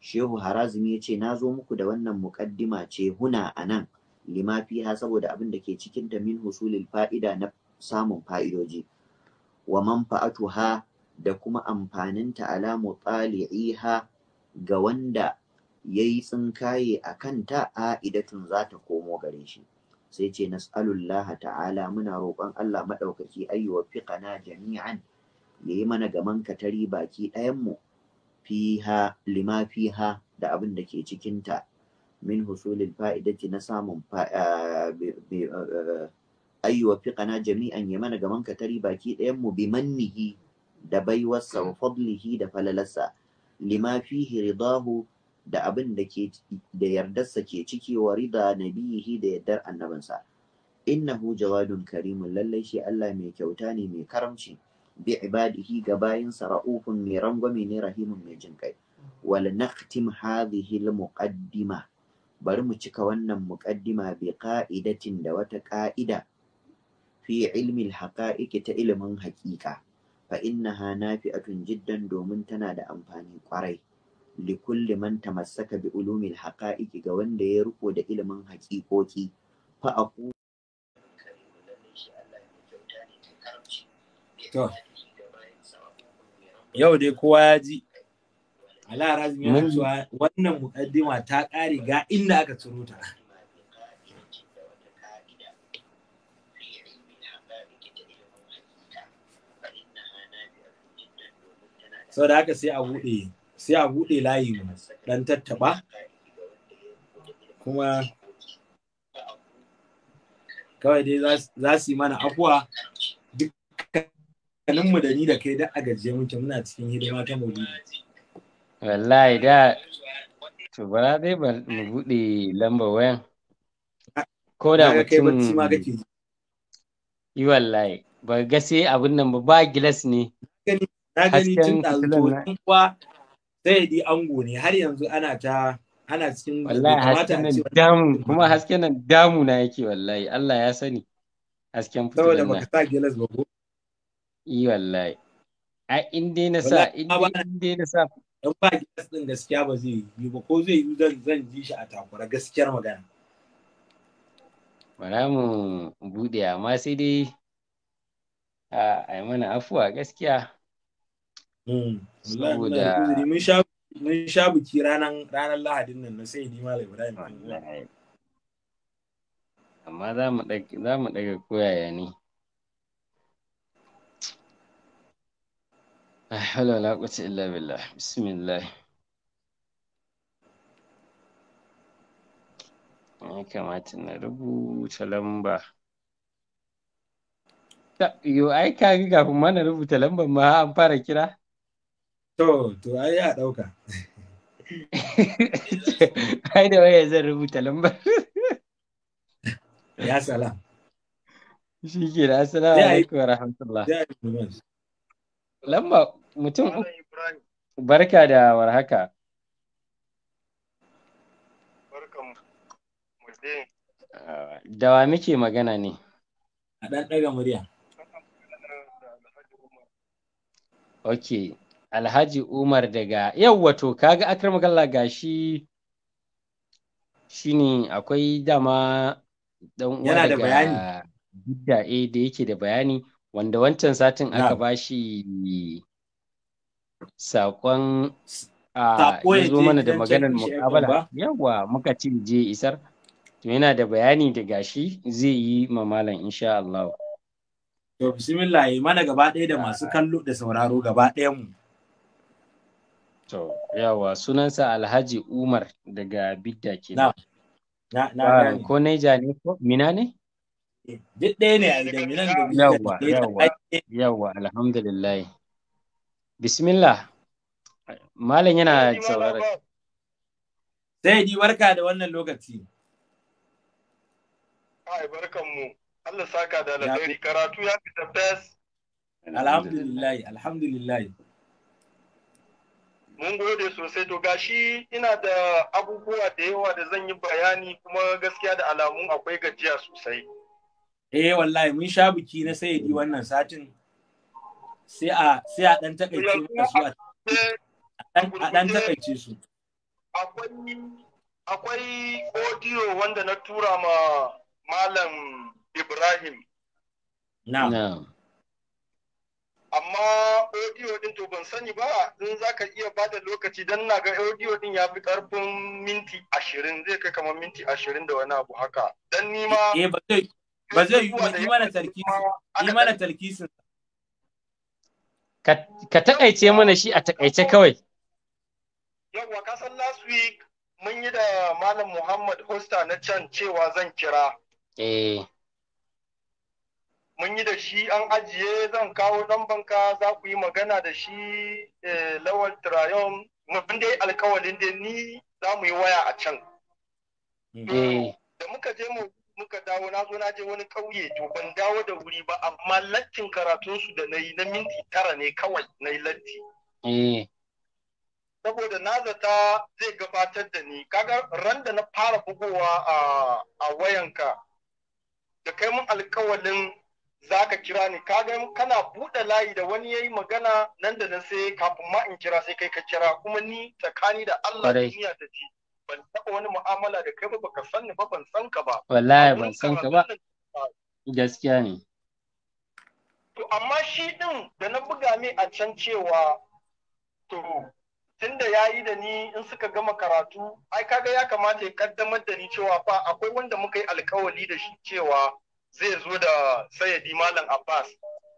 shehu harazmi ce na zo muku da wannan muqaddima ce huna anan lima fiha saboda abin da ke cikin ta min husulil fa'ida na samun fa'idoji wa manfa'atuha da kuma amfaninta ala mutsali'iha ga wanda ya yi tsinkaye a kanta a'idatun za ta komo gare shi sai ce nas'alullah ta'ala muna roƙon Allah maɗaukaki ayyuwa fiƙana jami'an ya yi mana gaman katari baki ɗayanmu fiha lima fiha da abin da ke cikinta min husulil fa'idati na samun ayyuwa fiƙana jami'an ya mana gaman katari baki ɗayanmu bi mannihi da baiwarsa wa fadlihi da falalarsa lima fihi ridahu da abin da da yardarsa ke ciki wa rida nabiyihi da yardar annabinsa innahu jawadun karimun lallai shi Allah mai kyauta ne mai karamci bi ibadihi ga bayinsa ra'ufun mai rangwame ne rahimun mai jin kai wal naqtim hadhihi al muqaddima bari mu cika wannan muqaddima bi qa'idatin da wata qa'ida fi ilmi al haqa'iq ta ilimin haqiqa fa innaha nafi'atun jiddan domin tana da amfani kwarai li kulli man tamassaka bi ulumi al haqa'iq ga wanda ya ruko da ilimin haqiqoki fa aku Yau dai kowa ya ji. Allah razumi ya cewa wannan mukaddima ta ƙare ga inda aka ciro ta. Sau da aka sai a buɗe sai a buɗe layi mu ɗan tattaɓa kuma kawai dai za su yi mana akuwa. nan mu da ni da kai da a gajiye muke muna cikin hidima ta wallahi da to bara dai ba mu bude lambar wayan ko da mutum yi wallahi ba ga sai abin nan ba ba gilas ne na gani tun ɗazu kuwa sai di ango ne har yanzu ana ta ana cikin wallahi hasken nan damu kuma hasken nan damu na yake wallahi Allah ya sani hasken fitilan saboda baka sa gilas ba i wallahi a inda na sa in na sa in ba gilas din gaskiya ba zai yi ba ko zai yi zan zan ji shi a takura gaskiyar magana bara mu bude amma sai dai a ai mana afuwa gaskiya hmm, saboda mun sha mun sha biki ranan ranar lahadin nan na sai ni malam Ibrahim amma za mu daga koyaya ne la hawla wala quwwata illa billah bismillah ya kamata na rubuta lamba yo ai ka ga kafin mana rubuta lambar ma an fara kira to to ai a dauka ai da waye zan rubuta lambar ya salam shi ke da assalamu alaikum wa rahmatullah lamba mutum barka da warhaka da wa muke magana ne a ɗan ɗaga murya ok alhaji umar daga yau wato kaga akramakallah ga shi shine akwai dama dan uwa daga da bayani eh, da yake da bayani wanda wancan satin aka bashi sakon ya zo mana da maganar mukabala yawa muka ci je isar to yana da bayani da gashi zai yi ma malam insha Allah to bismillah mana gaba ɗaya da masu kallo da sauraro gaba ɗaya mu to yawa sunansa Alhaji Umar daga Bidda ke na na ah, ko naija ne ko Mina ne eh, duk ɗaya ne da da Bidda yawa yawa alhamdulillah Bismillah. Malam yana saurara. Sai di barka da wannan lokaci. Ai barkanmu. mu. Allah saka da alheri karatu ya fita fes. Alhamdulillah, alhamdulillah. Mun gode sosai to gashi ina da abubuwa da yawa da zan yi bayani kuma gaskiya da alamun akwai gajiya sosai. Eh wallahi mun sha biki na sayyidi wannan satin. sai a sai a dan takaice su a dan takaice su akwai akwai audio wanda na tura ma malam Ibrahim na amma audio din to ban sani ba in zaka iya bada lokaci dan na ga audio din ya fi karfin minti ashirin zai kai kamar minti ashirin da wani abu haka dan ni eh ba zai ba zai yi mana tarkisin yi mana tarkisin ka takaice mana shi a takaice kawai yawwa ka san last week mun yi da malam muhammad hosta na can cewa zan kira eh mun yi da shi an ajiye zan kawo dan banka za ku yi magana da shi eh, lawal trayon mun dai alkawalin da ni za mu yi waya a can eh. da muka je mu muka dawo na zo na je wani ƙauye to ban dawo da wuri ba amma lattin su da na yi na minti tara ne kawai na yi latti. Eh. Saboda na zata zai gabatar da ni, kaga ran da na fara bugowa a wayanka da kai mun alkawalin za ka kira ni, kaga kana buɗe layi da wani ya yi magana nan da nan sai kafin ma in kira sai kai ka kira kuma ni tsakani da Allah duniya ta ce. ban taɓa wani mu'amala da kai ba baka san ni ba ban san ka ba wallahi ban san ka ba gaskiya ne to amma shi din da na buga mai a can cewa to tunda ya yi da ni in suka gama karatu ai kaga ya kamata ya kaddamar da ni cewa fa akwai wanda muka yi alkawali da shi cewa zai zo da sayyadi malam abbas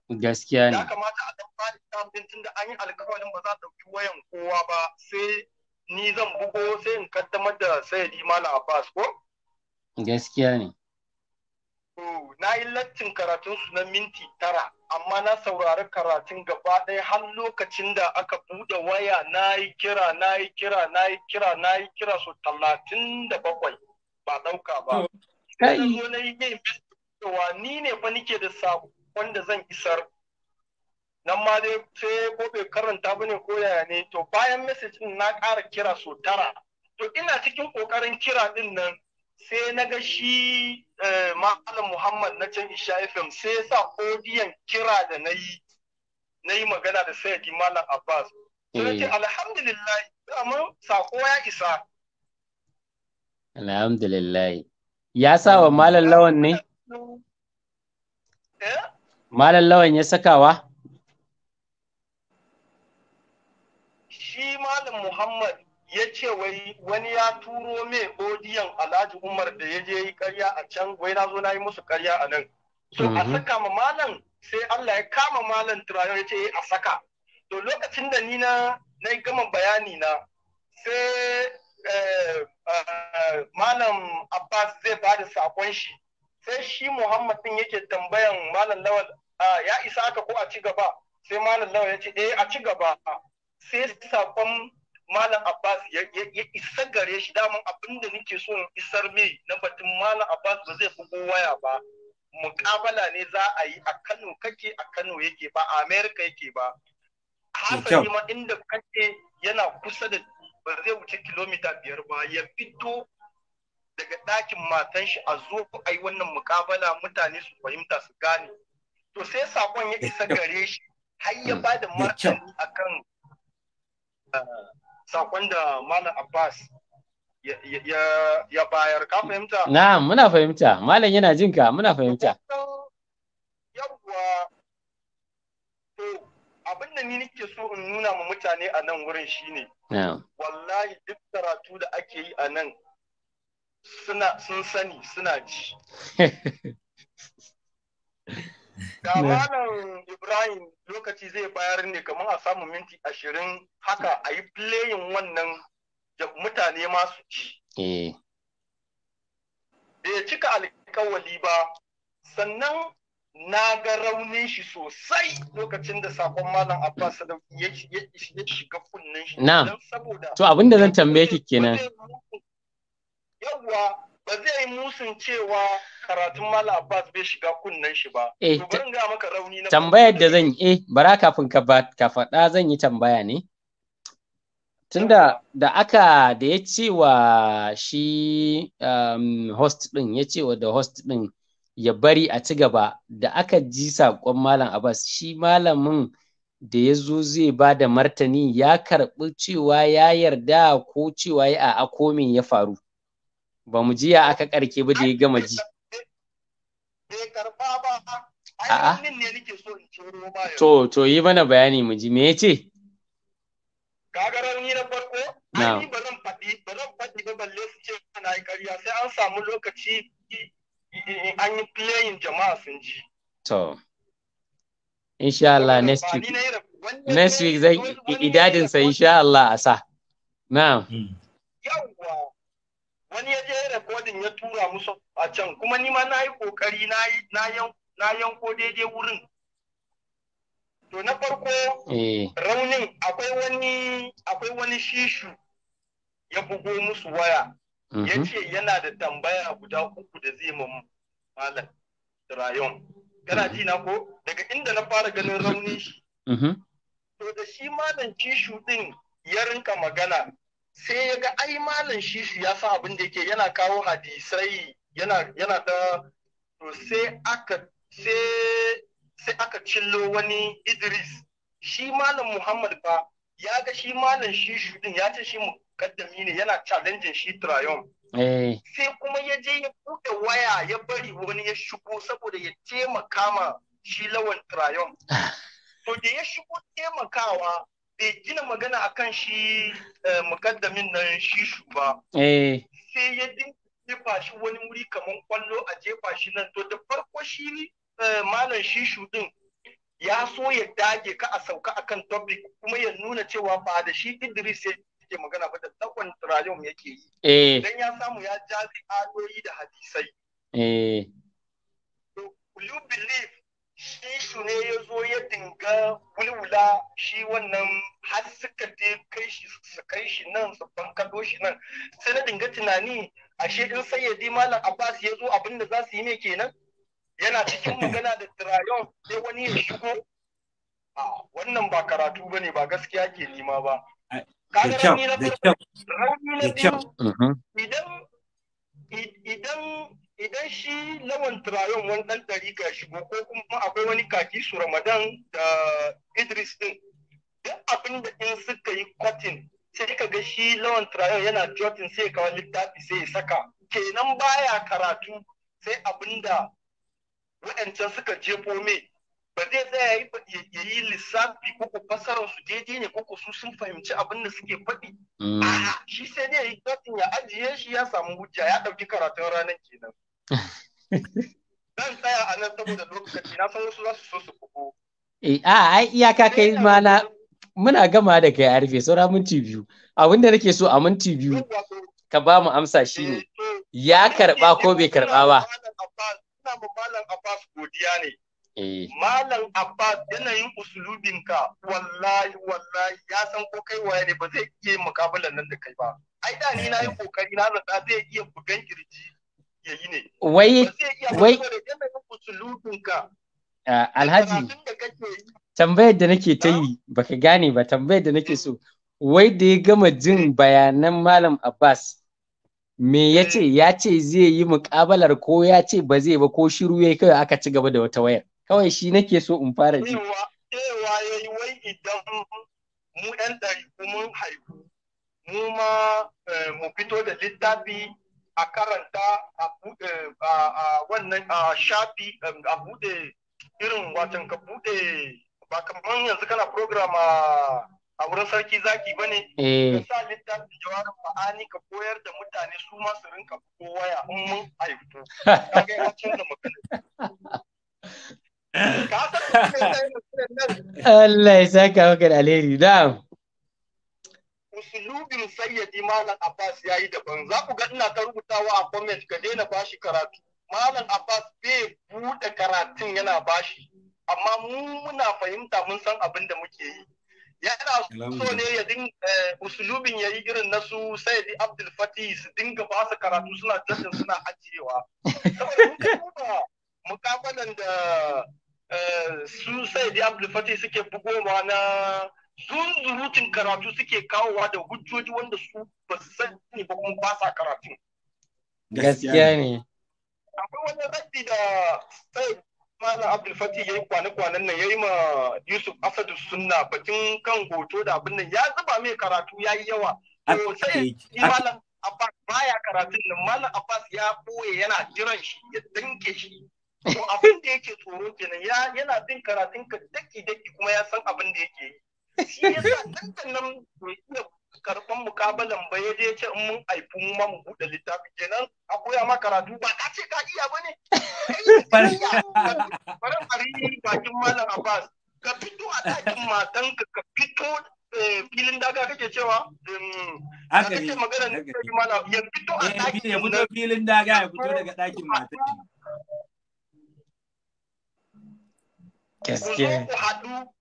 gaskiya ne ya kamata a dan bani tun tunda an yi alkawalin ba za a ɗauki wayan kowa ba sai ni zan bugo sai in kaddamar da sayyidi malam abbas ko gaskiya ne na yi lattin karatun su na minti tara amma na saurari karatun gaba ɗaya har lokacin da aka buɗe waya na yi kira na yi kira na yi kira na yi kira su talatin da bakwai ba ɗauka ba. Kai. Na yi ni ne fa nike da sako wanda zan isar nan ma dai sai ko bai karanta ba ne ko yaya ne to bayan message din na ƙara kira so tara to ina cikin ƙoƙarin kira din nan sai na ga shi eh, malam muhammad na can isha fm sai ya sa odiyan kira da na yi na yi magana da sayyidi malam abbas ce eh. alhamdulillah amma sako ya isa alhamdulillah ya sa wa malam lawan ne eh? malam lawan ya sakawa shi malam muhammad ya ce wai wani ya turo mai odiyan alhaji umar da ya je yi karya a can wai na zo na yi musu karya a nan so a mhm. saka ma malam sai allah ya kama malam turayo ya ce eh, a saka to lokacin da ni na na gama bayani na sai eh, eh, malam abbas zai ba da sakon shi sai shi muhammad din yake tambayan malam lawal ah, ya isa aka ko a ci gaba sai malam lawal ya ce eh a ci gaba sai sakon Malam Abbas ya isa gare shi daman abinda nake so isar mai na batun Malam Abbas ba zai bugo waya ba. Mukabala ne za a yi a Kano kake a Kano yake ba a Amerika yake ba. Hasali ma inda kake yana kusa da ba zai wuce kilomita biyar ba ya fito daga ɗakin matan shi a zo a yi wannan mukabala mutane su fahimta su gane. To sai sakon ya isa gare shi har ya mm. ba da martani akan sakon da Malam Abbas ya bayar ka fahimta? Na muna fahimta Malam yana jin ka muna fahimta. Yawwa to abin da ni nake so in nuna ma mutane a nan wurin shine wallahi duk karatu da ake yi a nan suna sun sani suna ji. [LAUGHS] da malam ibrahim lokaci zai bayar ne kamar a samu minti ashirin haka a yi playin wannan da mutane masu ji eh. bai cika alkawali ba sannan na ga raunin shi sosai lokacin da sakon malam abbas ya shiga kunnen shi na to abinda zan tambaye ki kenan yawwa ba zai yi musun cewa karatun mala Abbas bai shiga kunnen shi ba. Eh, maka da zan yi. eh bara kafin ka ka faɗa zan yi tambaya ne. Tunda da aka da ya ce wa shi um, host ɗin ya ce wa da host ɗin ya bari a ci gaba da aka ji saƙon Malam Abbas shi malamin da ya zo zai ba da martani ya karɓi cewa ya yarda ko cewa ya a komin ya faru. ba mu ji ya aka karke ba da ya gama ji bai karba ba a'a ne nake so in ciro ba to to yi mana bayani mu ji me ya ce? gagarar ni na farko ni ba zan faɗi ba zan faɗi ba balle su ce ana yi ƙarya sai an samu lokaci an yi playing jama'a sun ji to insha Allah next week next week zai idadinsa insha Allah a sa na'am yawwa wani ya je rekodin ya tura musu a can kuma ni ma na yi kokari na yanko daidai wurin to na farko eh. raunin akwai wani akwai wani shishu ya bugo musu waya mhm. ya ce yana da tambaya guda uku da zai mun malam rayon kana mhm. ji na ko daga inda na fara ganin raunin shi mhm. to da shi malam shishu din ya rinka magana sai ya ga ai malam shi ya sa abin da yake yana kawo hadisai yana yana da to sai aka sai aka cillo wani Idris shi malam Muhammad ba ya ga shi malam shi ɗin ya ce shi mukaddami ne yana challenge shi Trayon eh. sai kuma ya je ya buɗe waya ya bari wani ya shigo saboda ya taimaka ma shi lawan Trayon ah. to da ya shigo taimakawa bai gina magana a kan shi eh, mukaddamin nan shi ba. Eh. Sai ya jefa shi wani wuri kamar kwallo a jefa shi nan to da farko shi eh, malam shishu din ya so ya dage ka a sauka akan topic kuma ya nuna cewa ba da shi Idris ke magana ba da tsakon Trayum yake yi. Dan ya samu ya jazi ayoyi da hadisai. Do you believe shi su ne ya zo ya dinga wulwula shi wannan har suka je kai shi su kai shi nan su bankado shi nan sai na dinga tunani ashe in sayyadi malam abbas ya zo abin da za su yi ne kenan yana cikin magana da tirayon sai wani ya shigo a wannan ba karatu ba ne ba gaskiya ke nima ba mm-hmm. idan idan shi lawan turayen wani ɗan ɗari ka shigo ko kuma akwai wani kaki su ramadan da idris din duk abin da in suka yi kwatin sai ka ga shi lawan turayen yana jotin sai kawai littafi sai ya saka kenan baya karatu sai abin da waɗancan suka jefo me ba zai tsaya ya yi lissafi ko ku fasarar su daidai ne ko su sun fahimci abin da suke faɗi. Mm. shi sai ne ya yi ya ajiye shi ya samu hujja ya ɗauki karatun ranar kenan. Zan tsaya a nan saboda lokaci na san wasu za su so su bugu. Eh, a ai iyaka kai ma na muna gama da kai a rufe saura minti biyu. Abin da nake so a minti biyu ka ba mu amsa shi ne. Eh, ya karɓa ko bai karɓa ba. Ina ma Malam Abbas godiya ne. Eh. Malam Abbas yanayin usulubinka wallahi wallahi ya san ko kai waye ne ba zai iya mukabalan nan da kai ba. Ai da ni na yi kokari na zata zai iya bugan kirji yayi wai alhaji tambayar da nake ta yi baka gane ba tambayar da nake so wai da ya gama jin eh. bayanan malam abbas me ya ce eh. ya ce zai yi muƙabalar ko ya ce ba zai ba ko shiru ya yi kawai aka ci gaba da wata wayar kawai shi nake so in fara ji cewa ya yi wai idan mu ɗan ɗari kuma haifu mu ma eh, mu fito da littafi a karanta a bude wannan shafi a bude irin watan ka bude ba kamar yanzu kana program a wurin sarki zaki ba ne eh. ka sa littafin jawarin ma'ani ka koyar da mutane su ma su rinka ko waya in mun haifu ya canza magana Allah ya saka maka da alheri na'am usulubin sayyadi malam abbas ya yi daban za ku ga ina ta rubutawa a comment ka daina bashi karatu malam abbas bai buɗe karatun yana bashi amma mu muna fahimta mun san abin da muke yi yana so ne ya din eh, usulubin ya yi irin na su sayyadi abdul fati su dinga ba su karatu suna jashin suna ajiyewa saboda mukabalan da eh, su sayyadi abdul fati suke bugowa na zunzurutun karatu suke kawowa da hujjoji wanda su ba su sani ba kuma ba sa karatun. Gaskiya ne. Akwai wani raddi da sai Malam Abdul Fatih ya yi kwane-kwanen nan ya yi ma Yusuf Asadu sunna bakin kan hoto da abin nan ya zuba mai karatu ya yi yawa. Sai Malam Abbas baya karatun nan Malam Abbas ya ɓoye yana jiran shi ya danke shi to abin da yake tsoro kenan yana bin karatun ka daki daki kuma ya san abin da yake yi shi ya sa nan iya mukabalan ba ya je ce in mun haifu mu mu buɗe littafi kenan a koya ma karatu ba ka ce ka iya ba ne bari bari bakin malam abbas ka fito a ka fito eh, filin daga kake cewa magana ne sai ya fito a eh, ya fito filin daga ya fito daga ɗakin matan gaskiya ku haɗu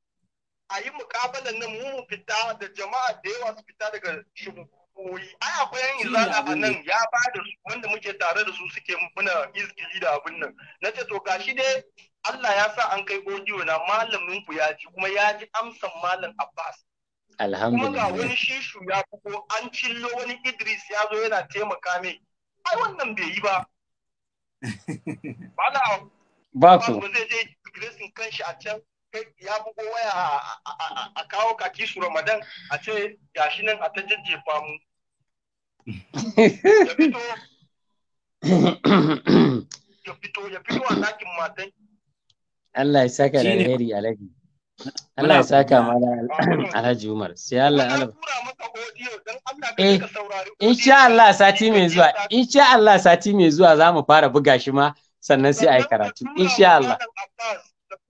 a yi mukabalan nan mu fita da jama'a da yawa su fita daga shugoyi ai akwai yan izala a nan ya ba da su wanda muke tare da su suke muna izgili da abin nan na ce to gashi dai Allah ya sa an kai audio na malamin ku ya ji kuma ya ji amsan malam Abbas alhamdulillah kuma ga wani shishu ya fito an cillo wani Idris ya zo yana taimaka mai ai wannan bai yi ba [LAUGHS] ba ku zai je Grace kanshi a can ya bugo waya a kawo kaki su ramadan a ce gashi nan a ta jajjefa mu ya fito ya fito a ɗakin matan Allah ya saka da alheri alhaji Allah ya saka mana alhaji Umar sai Allah ya eh, insha Allah sati mai zuwa insha Allah sati mai zuwa za mu fara buga shi ma sannan sai a yi karatu insha Allah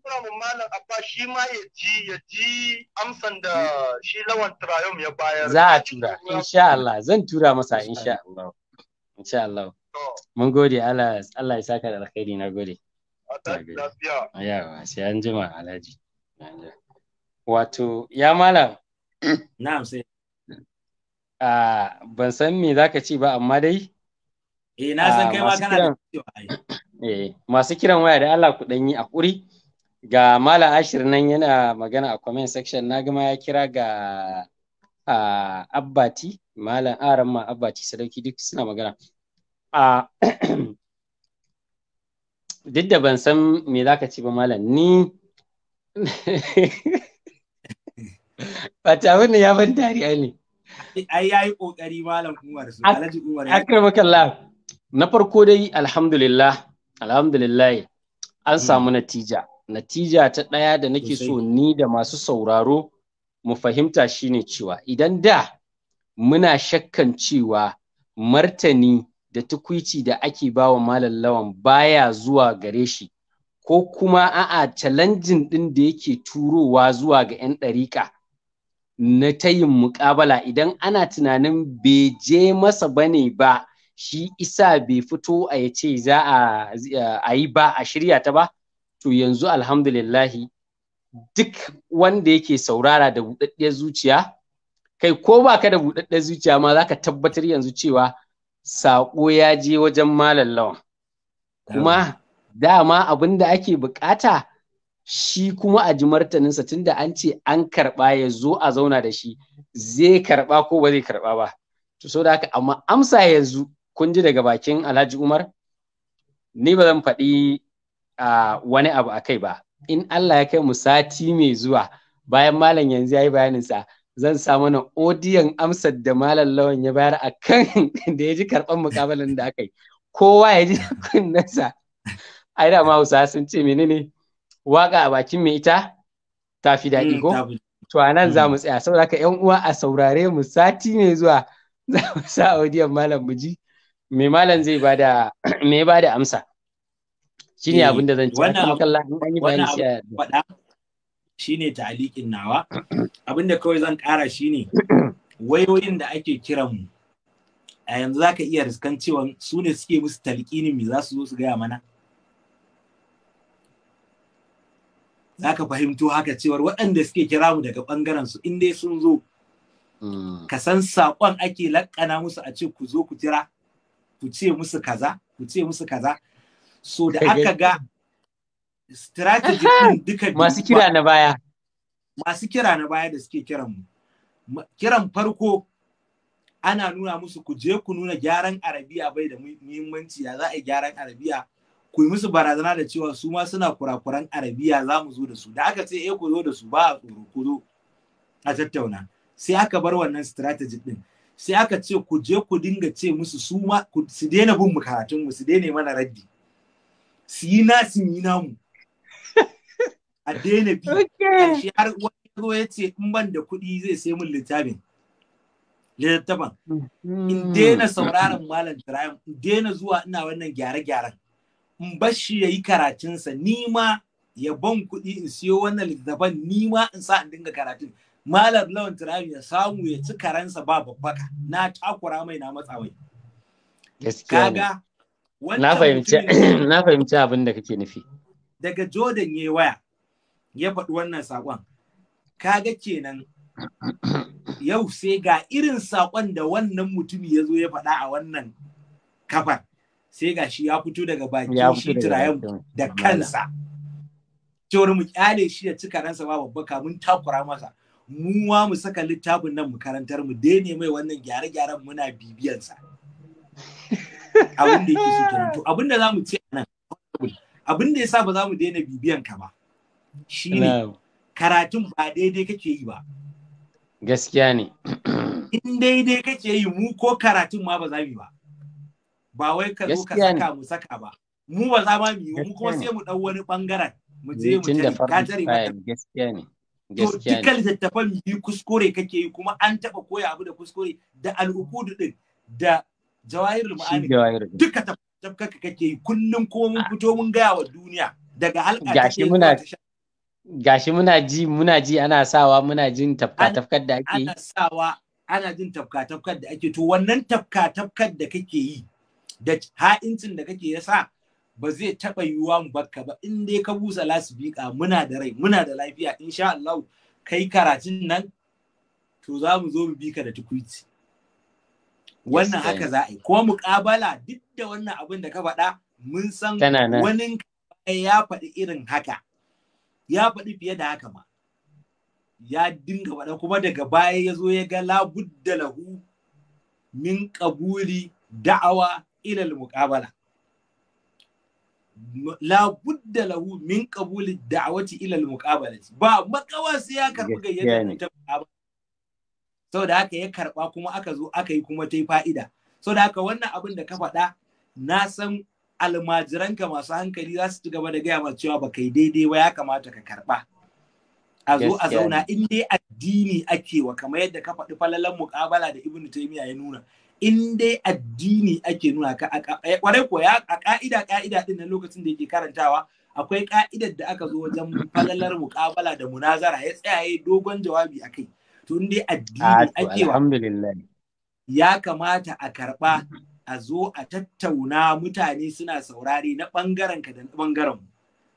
kuna mu malam abba shi ma ya ji ya ji amsan da shi lawan trayom ya bayar za a tura insha Allah zan tura masa insha Allah insha Allah mun gode Allah Allah ya saka da alkhairi na gode yawa sai an jima alhaji wato ya malam [COUGHS] na'am sai a ban san me zaka ci ba amma dai eh na san kai ma kana da [COUGHS] eh masu kiran waya da Allah ku dan yi akuri ga Malam Ashir nan yana magana a comment section na gama ya kira ga Abbati Malam Aran ma Abbati Sadauki duk suna magana a [CLEARS THROAT] duk da ban san me za ka ce ba Malam ni [LAUGHS] ba ne ya ban dariya ne ai yi kokari Malam Umar su Alhaji Umar akramakallah na farko dai alhamdulillah alhamdulillah an samu mm. natija natija ta ɗaya da nake so ni da masu sauraro mu fahimta shine cewa idan da muna shakkan cewa martani da tukwici da ake bawa Lawan baya zuwa gare shi ko kuma a'a challenging ɗin da yake turowa zuwa ga 'yan ɗariƙa na tayin muƙabala idan ana tunanin bai je masa bane ba shi isa bai fito a ya ce za a yi ba a shirya ta ba to yanzu alhamdulillahi duk wanda yake saurara da buɗaɗɗiyar zuciya kai ko ba ka da buɗaɗɗiyar zuciya ma zaka tabbatar yanzu cewa saƙo ya je wajen malam lawan kuma dama abin da ake bukata shi kuma a ji martaninsa tunda an ce an karɓa ya zo a zauna da shi zai karɓa ko ba zai karɓa ba to so da haka amma amsa yanzu kun ji daga bakin alhaji umar ni ba zan faɗi wani abu a kai ba in Allah ya kai mu sati mai zuwa bayan malam yanzu ya yi bayaninsa zan sa mana odiyan amsar da malam lawan ya bayar a kan [LAUGHS] da ya ji karɓar mukabalin da aka yi kowa ya ji [LAUGHS] kunnensa ai da hausa sun ce menene waƙa a bakin mai ita ta fi daɗi mm, ko to a nan za mu mm. tsaya saboda ka yan uwa a saurare mu sati mai zuwa [LAUGHS] za mu sa odiyan malam mu ji me malam zai bada [CLEARS THROAT] me bada amsa shine eh, abin da zan ci Wannan kallon an yi bayani sai nawa [CLEARS THROAT] abinda da kawai zan ƙara shine [CLEARS THROAT] wayoyin da ake kiran mu a yanzu zaka iya riskan cewa su ne suke musu talqini me za su zo su gaya mana zaka fahimto haka cewar waɗanda suke kira mu daga ɓangaren su in dai sun zo mm. ka san saƙon ake laƙana musu a ce ku zo ku kira ku ce musu kaza ku ce musu kaza so da aka ga strategy din duka masu kira na baya masu kira na baya da suke kiran mu kiran farko ana nuna musu ku je ku nuna gyaran arabiya bai da muhimmanci ya za a yi gyaran arabiya ku yi musu barazana da cewa su ma suna kurakuran arabiya za mu zo da su da aka ce eh ku zo da su ba a tsoro ku zo a tattauna sai aka bar wannan strategy din sai aka ce ku je ku dinga ce musu su ma su daina bin mu karatun mu su daina mana raddi su yi nasu yi namu a daina bi shi har wani zo ya ce in ban da kuɗi zai sai min littafin Littafin. Mm-hmm. in daina sauraron malam tirayen in daina zuwa ina wannan gyare-gyaren in bar shi ya yi karatunsa ni ma ya ban kuɗi in siyo wannan littattafan ni ma in sa in dinga karatun malam lawan tirayen ya samu ya ci karansa ba babbaka na takura mai na matsawai. mai kaga na fahimci [CLEARS THROAT] na abin da kake nufi daga Jordan ya waya ya faɗi wannan saƙon kaga kenan yau sai ga irin saƙon da wannan mutumin ya zo ya faɗa a wannan kafar sai ga shi ya fito daga baki, shi turayen da kansa cewar mu kyale shi ya ci karansa ba babba kamun takura masa Muwa mu saka littafin nan mu karantar mu ne mai wannan gyare-gyaren muna bibiyansa. abin da yake shi kenan to abin da zamu ce anan abin da yasa ba za mu daina bibiyan ka ba shi ne karatun ba daidai kake yi ba gaskiya ne in daidai kake yi mu ko karatun ma ba za mu ba ba wai ka zo ka saka mu saka ba mu ba za ma mu yi mu kuma sai mu dau wani bangaren mu je mu tare ka tare gaskiya ne To duka littattafan yi kuskure kake yi kuma an taɓa koya abu da kuskure da al'ukudu din da jawahirul ma'ani duka tafkaka kake yi kullum kuma mun fito mun gaya wa duniya daga halka gashi muna gashi muna ji muna ji ana sawa muna jin tafka tafkar da ake yi ana sawa ana jin tafka tafkar da ake to wannan tafka tafkar da kake yi da ha'incin da kake yasa ba zai taɓa yiwuwa mu bakka ba in dai ka busa lasbiqa muna da rai muna da lafiya insha Allah kai karatun nan to za mu zo mu bi ka da tukuici wannan haka za a yi kuma muƙabala duk da wannan abin da ka faɗa mun san wani ya faɗi irin haka ya faɗi fiye da haka ma ya dinga faɗa kuma daga baya ya zo ya ga labudda lahu min ƙabuli da'awa ilal muƙabala labudda lahu min ƙabuli da'awati ilal muƙabala ba makawa sai ya karɓi gayyata ta muƙabala saboda haka ya karba kuma aka zo aka yi kuma ta yi fa'ida saboda haka wannan abin da ka faɗa na san almajiranka masu hankali za su ci gaba da gaya masu cewa baka yi daidai ba ya kamata ka karba a zo a zauna in dai addini ake wa kamar yadda ka faɗi falalan muƙabala da ibnu taimiya ya nuna in dai addini ake nuna ka kwarai eh, ko ya a ka'ida ka'ida din nan lokacin da yake karantawa akwai ka'idar da aka zo wajen falalar muƙabala da munazara ya tsaya dogon jawabi akai kai tun dai addini ah, ake wa ya kamata a karɓa a zo a tattauna mutane suna saurare na ɓangaren ka da bangaren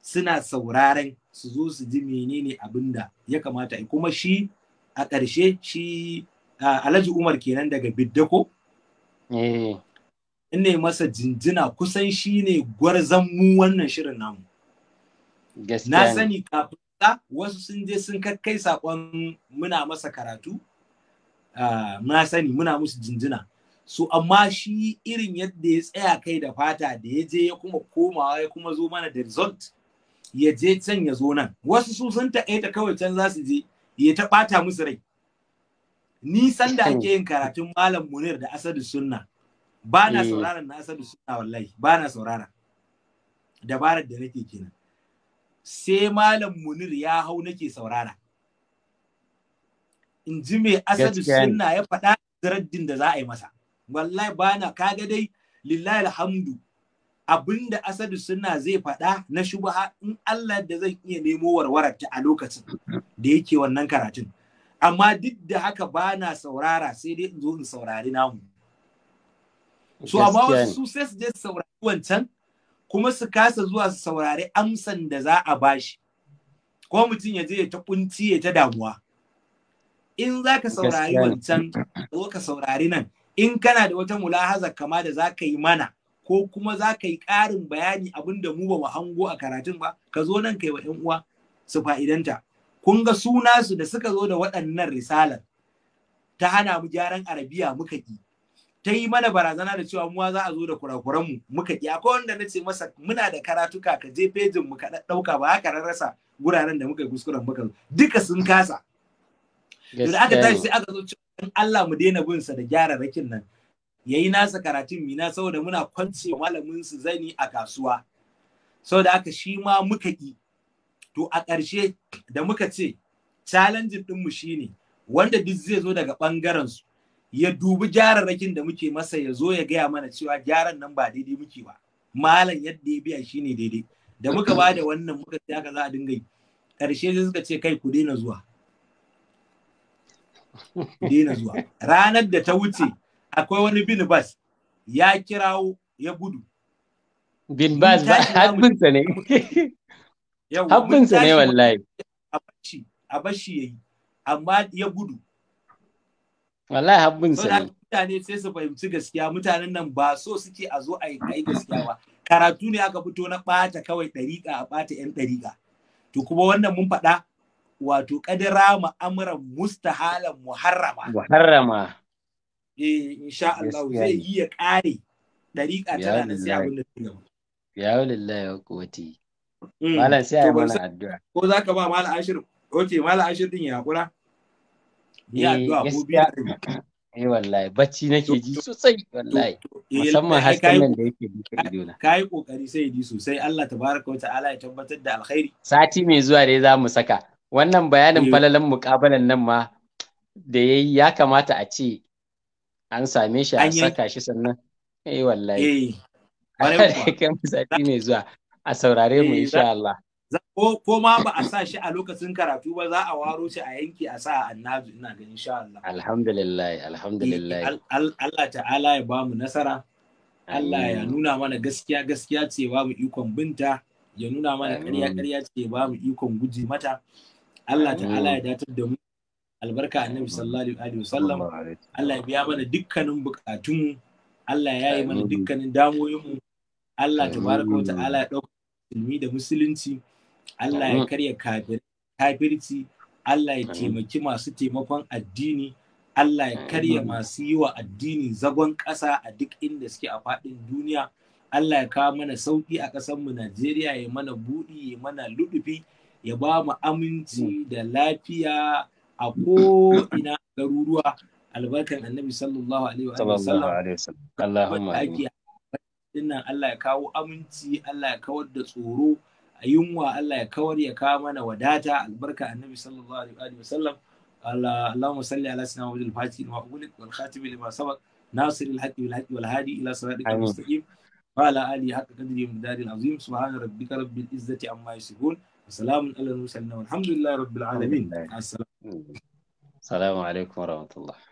suna sauraren su zo su ji menene abinda ya kamata kuma shi a ƙarshe shi alhaji umar kenan daga biddako eh. in ne masa jinjina kusan shi ne gwarzon mu wannan shirin namu na sani kafin wasu sun je sun kai sakon muna masa karatu ah, na sani muna musu jinjina so amma shi irin yadda ya tsaya kai da fata da ya je ya kuma komawa ya kuma zo mana da result ya je can ya zo nan wasu su sun ta kawai can za su je ya ta ɓata musu rai nisan da ake yin karatun malam munir da asadu sunna ba na eh. sauraron na asadu sunna wallahi ba na saurara dabarar da nake kenan sai malam munir ya hau nake saurara in ji mai asadu sunna ya faɗa zaraddin da za a yi masa wallahi bana kaga dai lillahi alhamdu abinda asadu sunna zai faɗa na shubha in Allah da zan iya nemo warwararta a lokacin da yake wannan karatun amma duk da haka bana saurara sai dai in zo in saurari namu so amma su sai su je saurari wancan kuma su kasa zuwa su saurari amsan da za a bashi ko mutum ya je ya ta kunci ya ta damuwa in za ka saurari wancan ko ka saurari nan in kana da wata mulahaza kama da za ka yi mana ko kuma za ka yi ƙarin bayani abin da mu ba mu hango a karatun ba ka zo nan kai wa 'yan uwa su fa'idanta kun ga suna su da suka zo da waɗannan risalar ta hana mu gyaran arabiya muka yi. ta yi mana barazana da cewa muwa za a zo da kurakuranmu muka ki akwai wanda na ce masa muna da karatuka ka je fejin mu ka ɗauka ba haka rarrasa guraren da muka yi kuskuren muka duka sun kasa da aka tashi sai aka zo cewa Allah mu daina bin sa da gyara rakin nan yayi nasa karatun mina saboda muna kwance malamin su zani a kasuwa saboda aka shi ma muka ki to a ƙarshe da muka ce challenge din mu shine wanda duk zai zo daga bangaren su ya dubi jararrakin da muke masa ya zo ya gaya mana cewa jaran nan ba daidai muke ba malam yadda ya biya shine daidai da muka ba da wannan muka sai aka za a dinga yi ƙarshe sai suka ce kai ku daina zuwa daina zuwa ranar da ta wuce akwai wani bin bas ya kirawo ya gudu bin bas ba haƙƙinsa ne haƙƙinsa ne wallahi a bashi yayi amma ya gudu wallahi habbin sai mutane sai su fahimci gaskiya mutanen nan ba so suke a zo a yi gaskiya ba karatu ne aka fito na ɓata kawai ɗariƙa a ɓata 'yan ɗariƙa to kuma wannan mun faɗa wato ƙadira mu'amuran mustahalan muharrama muharrama eh insha Allah zai yi ya ƙare ɗariƙa ta nan sai abin da ya lillahi ya kuwati mm. malam sai a yi mana addu'a ko zaka ba malam ashir oke malam ashir din ya kura Ya eh, addu'a mu biya. Eh wallahi bacci nake ji sosai wallahi eh, musamman hasken nan da yake duka idona. Kai kokari sai ji sosai Allah tabaraka wa ta'ala ya tabbatar da alkhairi. Sati mai zuwa dai za mu saka. Wannan bayanin eh. falalan mukabalan nan ma da yayi ya kamata a ce an same shi a saka shi sannan eh wallahi. Eh. [LAUGHS] Kai sati mai zuwa a saurare mu insha Allah. ko ma ba a sa shi a lokacin karatu ba za a waro shi a yanki a sa a annabi ina ga insha Allah alhamdulillah alhamdulillah eh, Allah ta'ala ya bamu nasara Allah ya nuna mana gaskiya gaskiya ce ba mu ikon binta ya nuna mana ƙarya ƙarya ce ba mu ikon guji mata Allah ta'ala ya datar da mu albarka annabi sallallahu alaihi wasallam Allah ya biya mana dukkanin bukatunmu Allah ya yi mana dukkanin damoyinmu Allah tabaraka wa ta'ala ya dauka ilmi da musulunci Allah ya karya kafirci Allah ya taimaki masu taimakon addini Allah ya karya masu yi wa addini zagon ƙasa a duk inda suke a faɗin duniya Allah ya kawo mana sauƙi a ƙasanmu Najeriya ya mana buɗi ya mana luɗufi ya ba mu aminci da lafiya a ko'ina garuruwa albarkan annabi sallallahu alaihi wa sallam Allahumma Allah ya kawo aminci Allah ya kawar da tsoro a yunwa Allah ya kawar ya kawo mana wadata albarka annabi sallallahu alaihi wa sallam Allahumma salli ala sayyidina Muhammadin fatihi wa ulil wal khatim lima sabaq nasir al haqqi ila siratika mustaqim wa ala ali haqqa qadri min daril azim subhana rabbika rabbil izzati amma yasifun salamun alaikum wa rahmatullah